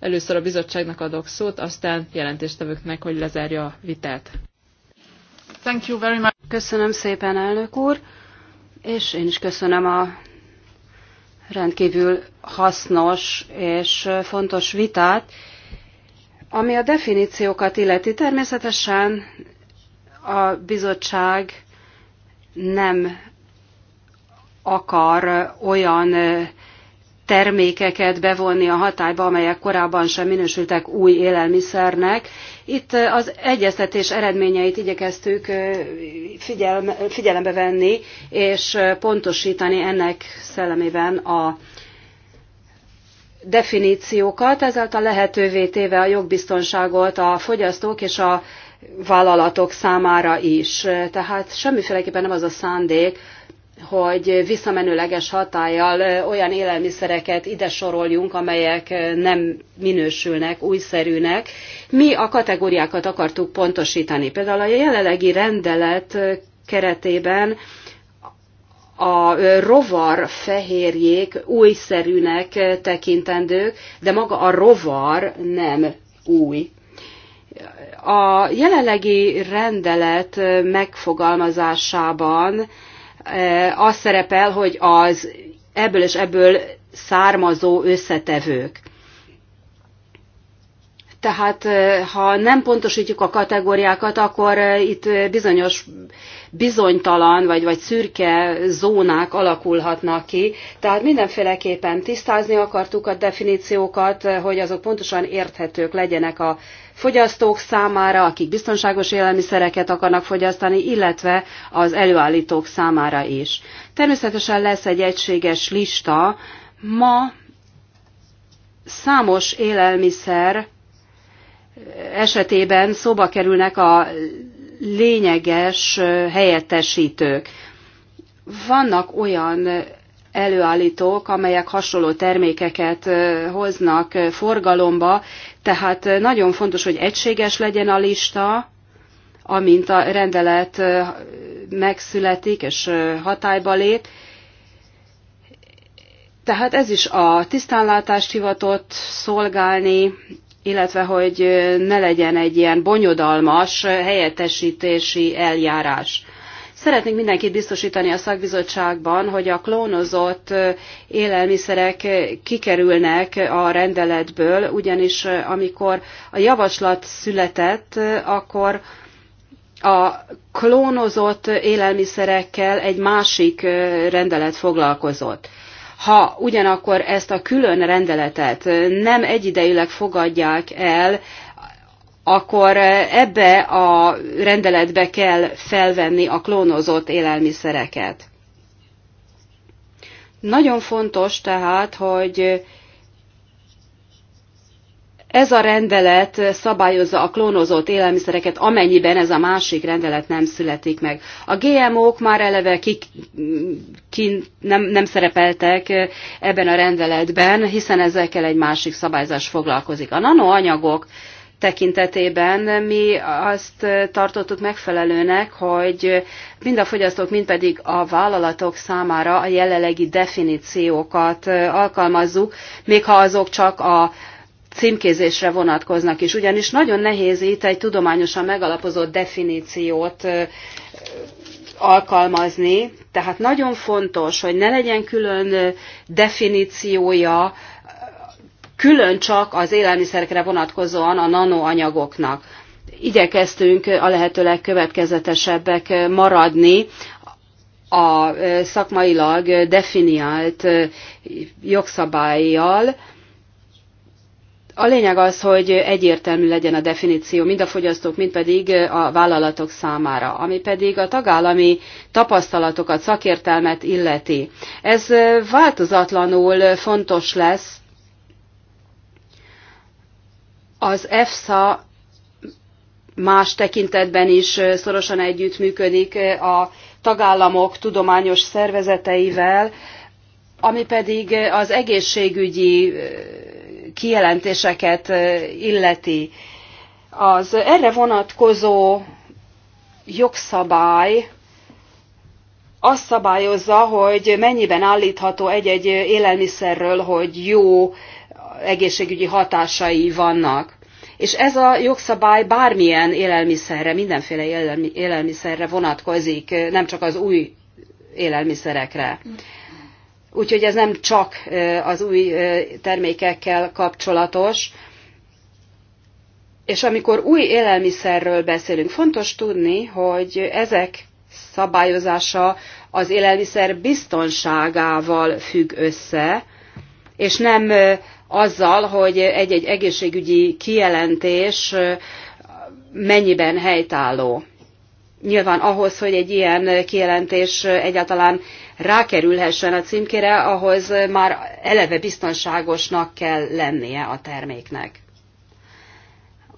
Speaker 2: először a bizottságnak adok szót, aztán jelentéstevőknek, hogy lezárja a
Speaker 3: vitát. Thank you very much. Köszönöm szépen, elnök úr, és én is köszönöm a rendkívül hasznos és fontos vitát. Ami a definíciókat illeti, természetesen a bizottság nem akar olyan termékeket bevonni a hatályba, amelyek korábban sem minősültek új élelmiszernek. Itt az egyeztetés eredményeit igyekeztük figyelembe venni, és pontosítani ennek szellemében a definíciókat, ezáltal lehetővé téve a jogbiztonságot a fogyasztók és a vállalatok számára is. Tehát semmiféleképpen nem az a szándék, hogy visszamenőleges hatállyal olyan élelmiszereket ide soroljunk, amelyek nem minősülnek újszerűnek. Mi a kategóriákat akartuk pontosítani. Például a jelenlegi rendelet keretében a rovar fehérjék újszerűnek tekintendők, de maga a rovar nem új. A jelenlegi rendelet megfogalmazásában az szerepel, hogy az ebből és ebből származó összetevők. Tehát ha nem pontosítjuk a kategóriákat, akkor itt bizonyos bizonytalan vagy, vagy szürke zónák alakulhatnak ki. Tehát mindenféleképpen tisztázni akartuk a definíciókat, hogy azok pontosan érthetők legyenek a fogyasztók számára, akik biztonságos élelmiszereket akarnak fogyasztani, illetve az előállítók számára is. Természetesen lesz egy egységes lista. Ma számos élelmiszer eh, esetében szóba kerülnek a lényeges eh, helyettesítők. Vannak olyan előállítók, amelyek hasonló termékeket hoznak forgalomba, tehát nagyon fontos, hogy egységes legyen a lista, amint a rendelet megszületik és hatályba lép. Tehát ez is a tisztánlátást hivatott szolgálni, illetve hogy ne legyen egy ilyen bonyodalmas helyettesítési eljárás. Szeretnénk mindenkit biztosítani a szakbizottságban, hogy a klónozott élelmiszerek kikerülnek a rendeletből, ugyanis amikor a javaslat született, akkor a klónozott élelmiszerekkel egy másik rendelet foglalkozott. Ha ugyanakkor ezt a külön rendeletet nem egyidejűleg fogadják el, akkor eh, ebbe a rendeletbe kell felvenni a klónozott élelmiszereket. Nagyon fontos tehát, hogy ez a rendelet szabályozza a klónozott élelmiszereket, amennyiben ez a másik rendelet nem születik meg. A GMO-k már eleve ki, ki nem, nem szerepeltek ebben a rendeletben, hiszen ezekkel egy másik szabályzás foglalkozik. A nanoanyagok tekintetében mi azt tartottuk megfelelőnek, hogy mind a fogyasztók, mind pedig a vállalatok számára a jelenlegi definíciókat alkalmazzuk, még ha azok csak a címkézésre vonatkoznak is, ugyanis nagyon nehéz itt egy tudományosan megalapozott definíciót alkalmazni, tehát nagyon fontos, hogy ne legyen külön definíciója külön csak az élelmiszerekre vonatkozóan a nanoanyagoknak. Igyekeztünk a lehető legkövetkezetesebbek maradni a szakmailag definiált jogszabályjal, a lényeg az, hogy egyértelmű legyen a definíció mind a fogyasztók, mind pedig a vállalatok számára, ami pedig a tagállami tapasztalatokat, szakértelmet illeti. Ez változatlanul fontos lesz az EFSA más tekintetben is szorosan együttműködik a tagállamok tudományos szervezeteivel, ami pedig az egészségügyi kijelentéseket illeti. Az erre vonatkozó jogszabály azt szabályozza, hogy mennyiben állítható egy-egy élelmiszerről, hogy jó egészségügyi hatásai vannak és ez a jogszabály bármilyen élelmiszerre, mindenféle élelmiszerre vonatkozik, nem csak az új élelmiszerekre. Úgyhogy ez nem csak az új termékekkel kapcsolatos. És amikor új élelmiszerről beszélünk, fontos tudni, hogy ezek szabályozása az élelmiszer biztonságával függ össze, és nem azzal, hogy egy-egy egészségügyi kijelentés mennyiben helytálló. Nyilván ahhoz, hogy egy ilyen kijelentés egyáltalán rákerülhessen a címkére, ahhoz már eleve biztonságosnak kell lennie a terméknek.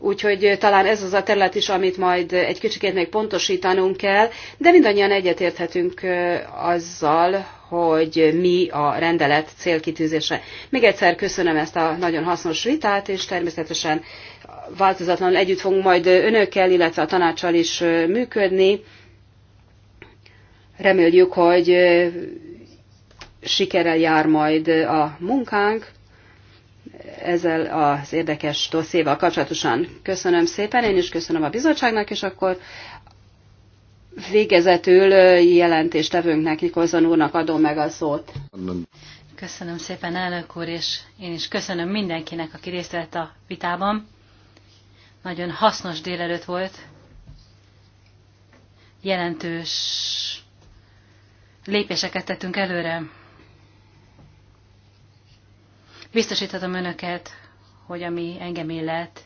Speaker 3: Úgyhogy talán ez az a terület is, amit majd egy kicsikét még pontosítanunk kell, de mindannyian egyetérthetünk azzal, hogy mi a rendelet célkitűzése. Még egyszer köszönöm ezt a nagyon hasznos vitát, és természetesen változatlanul együtt fogunk majd önökkel, illetve a tanácssal is működni. Reméljük, hogy sikerrel jár majd a munkánk ezzel az érdekes dosszéval kapcsolatosan. Köszönöm szépen, én is köszönöm a bizottságnak, és akkor Végezetül jelentéstevőnknek, Nikolson úrnak adom meg a szót.
Speaker 4: Köszönöm szépen, elnök úr, és én is köszönöm mindenkinek, aki részt vett a vitában. Nagyon hasznos délelőtt volt. Jelentős lépéseket tettünk előre. Biztosíthatom önöket, hogy ami engem illet,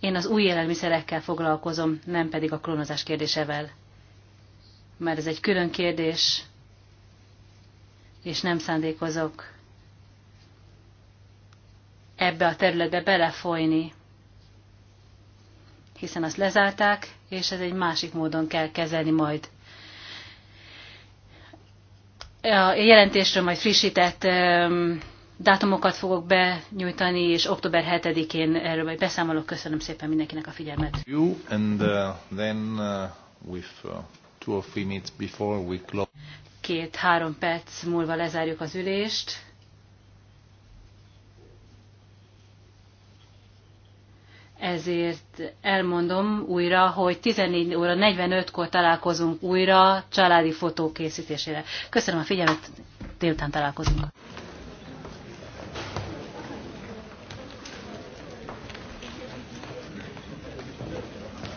Speaker 4: én az új élelmiszerekkel foglalkozom, nem pedig a klónozás kérdésevel. Mert ez egy külön kérdés, és nem szándékozok ebbe a területbe belefolyni, hiszen azt lezárták, és ez egy másik módon kell kezelni majd. A jelentésről majd frissített dátumokat fogok benyújtani, és október 7-én erről majd beszámolok. Köszönöm szépen mindenkinek a figyelmet.
Speaker 1: You and uh, then uh, with uh, two we close.
Speaker 4: Két-három perc múlva lezárjuk az ülést. ezért elmondom újra, hogy 14 óra 45-kor találkozunk újra családi fotók készítésére. Köszönöm a figyelmet, délután találkozunk.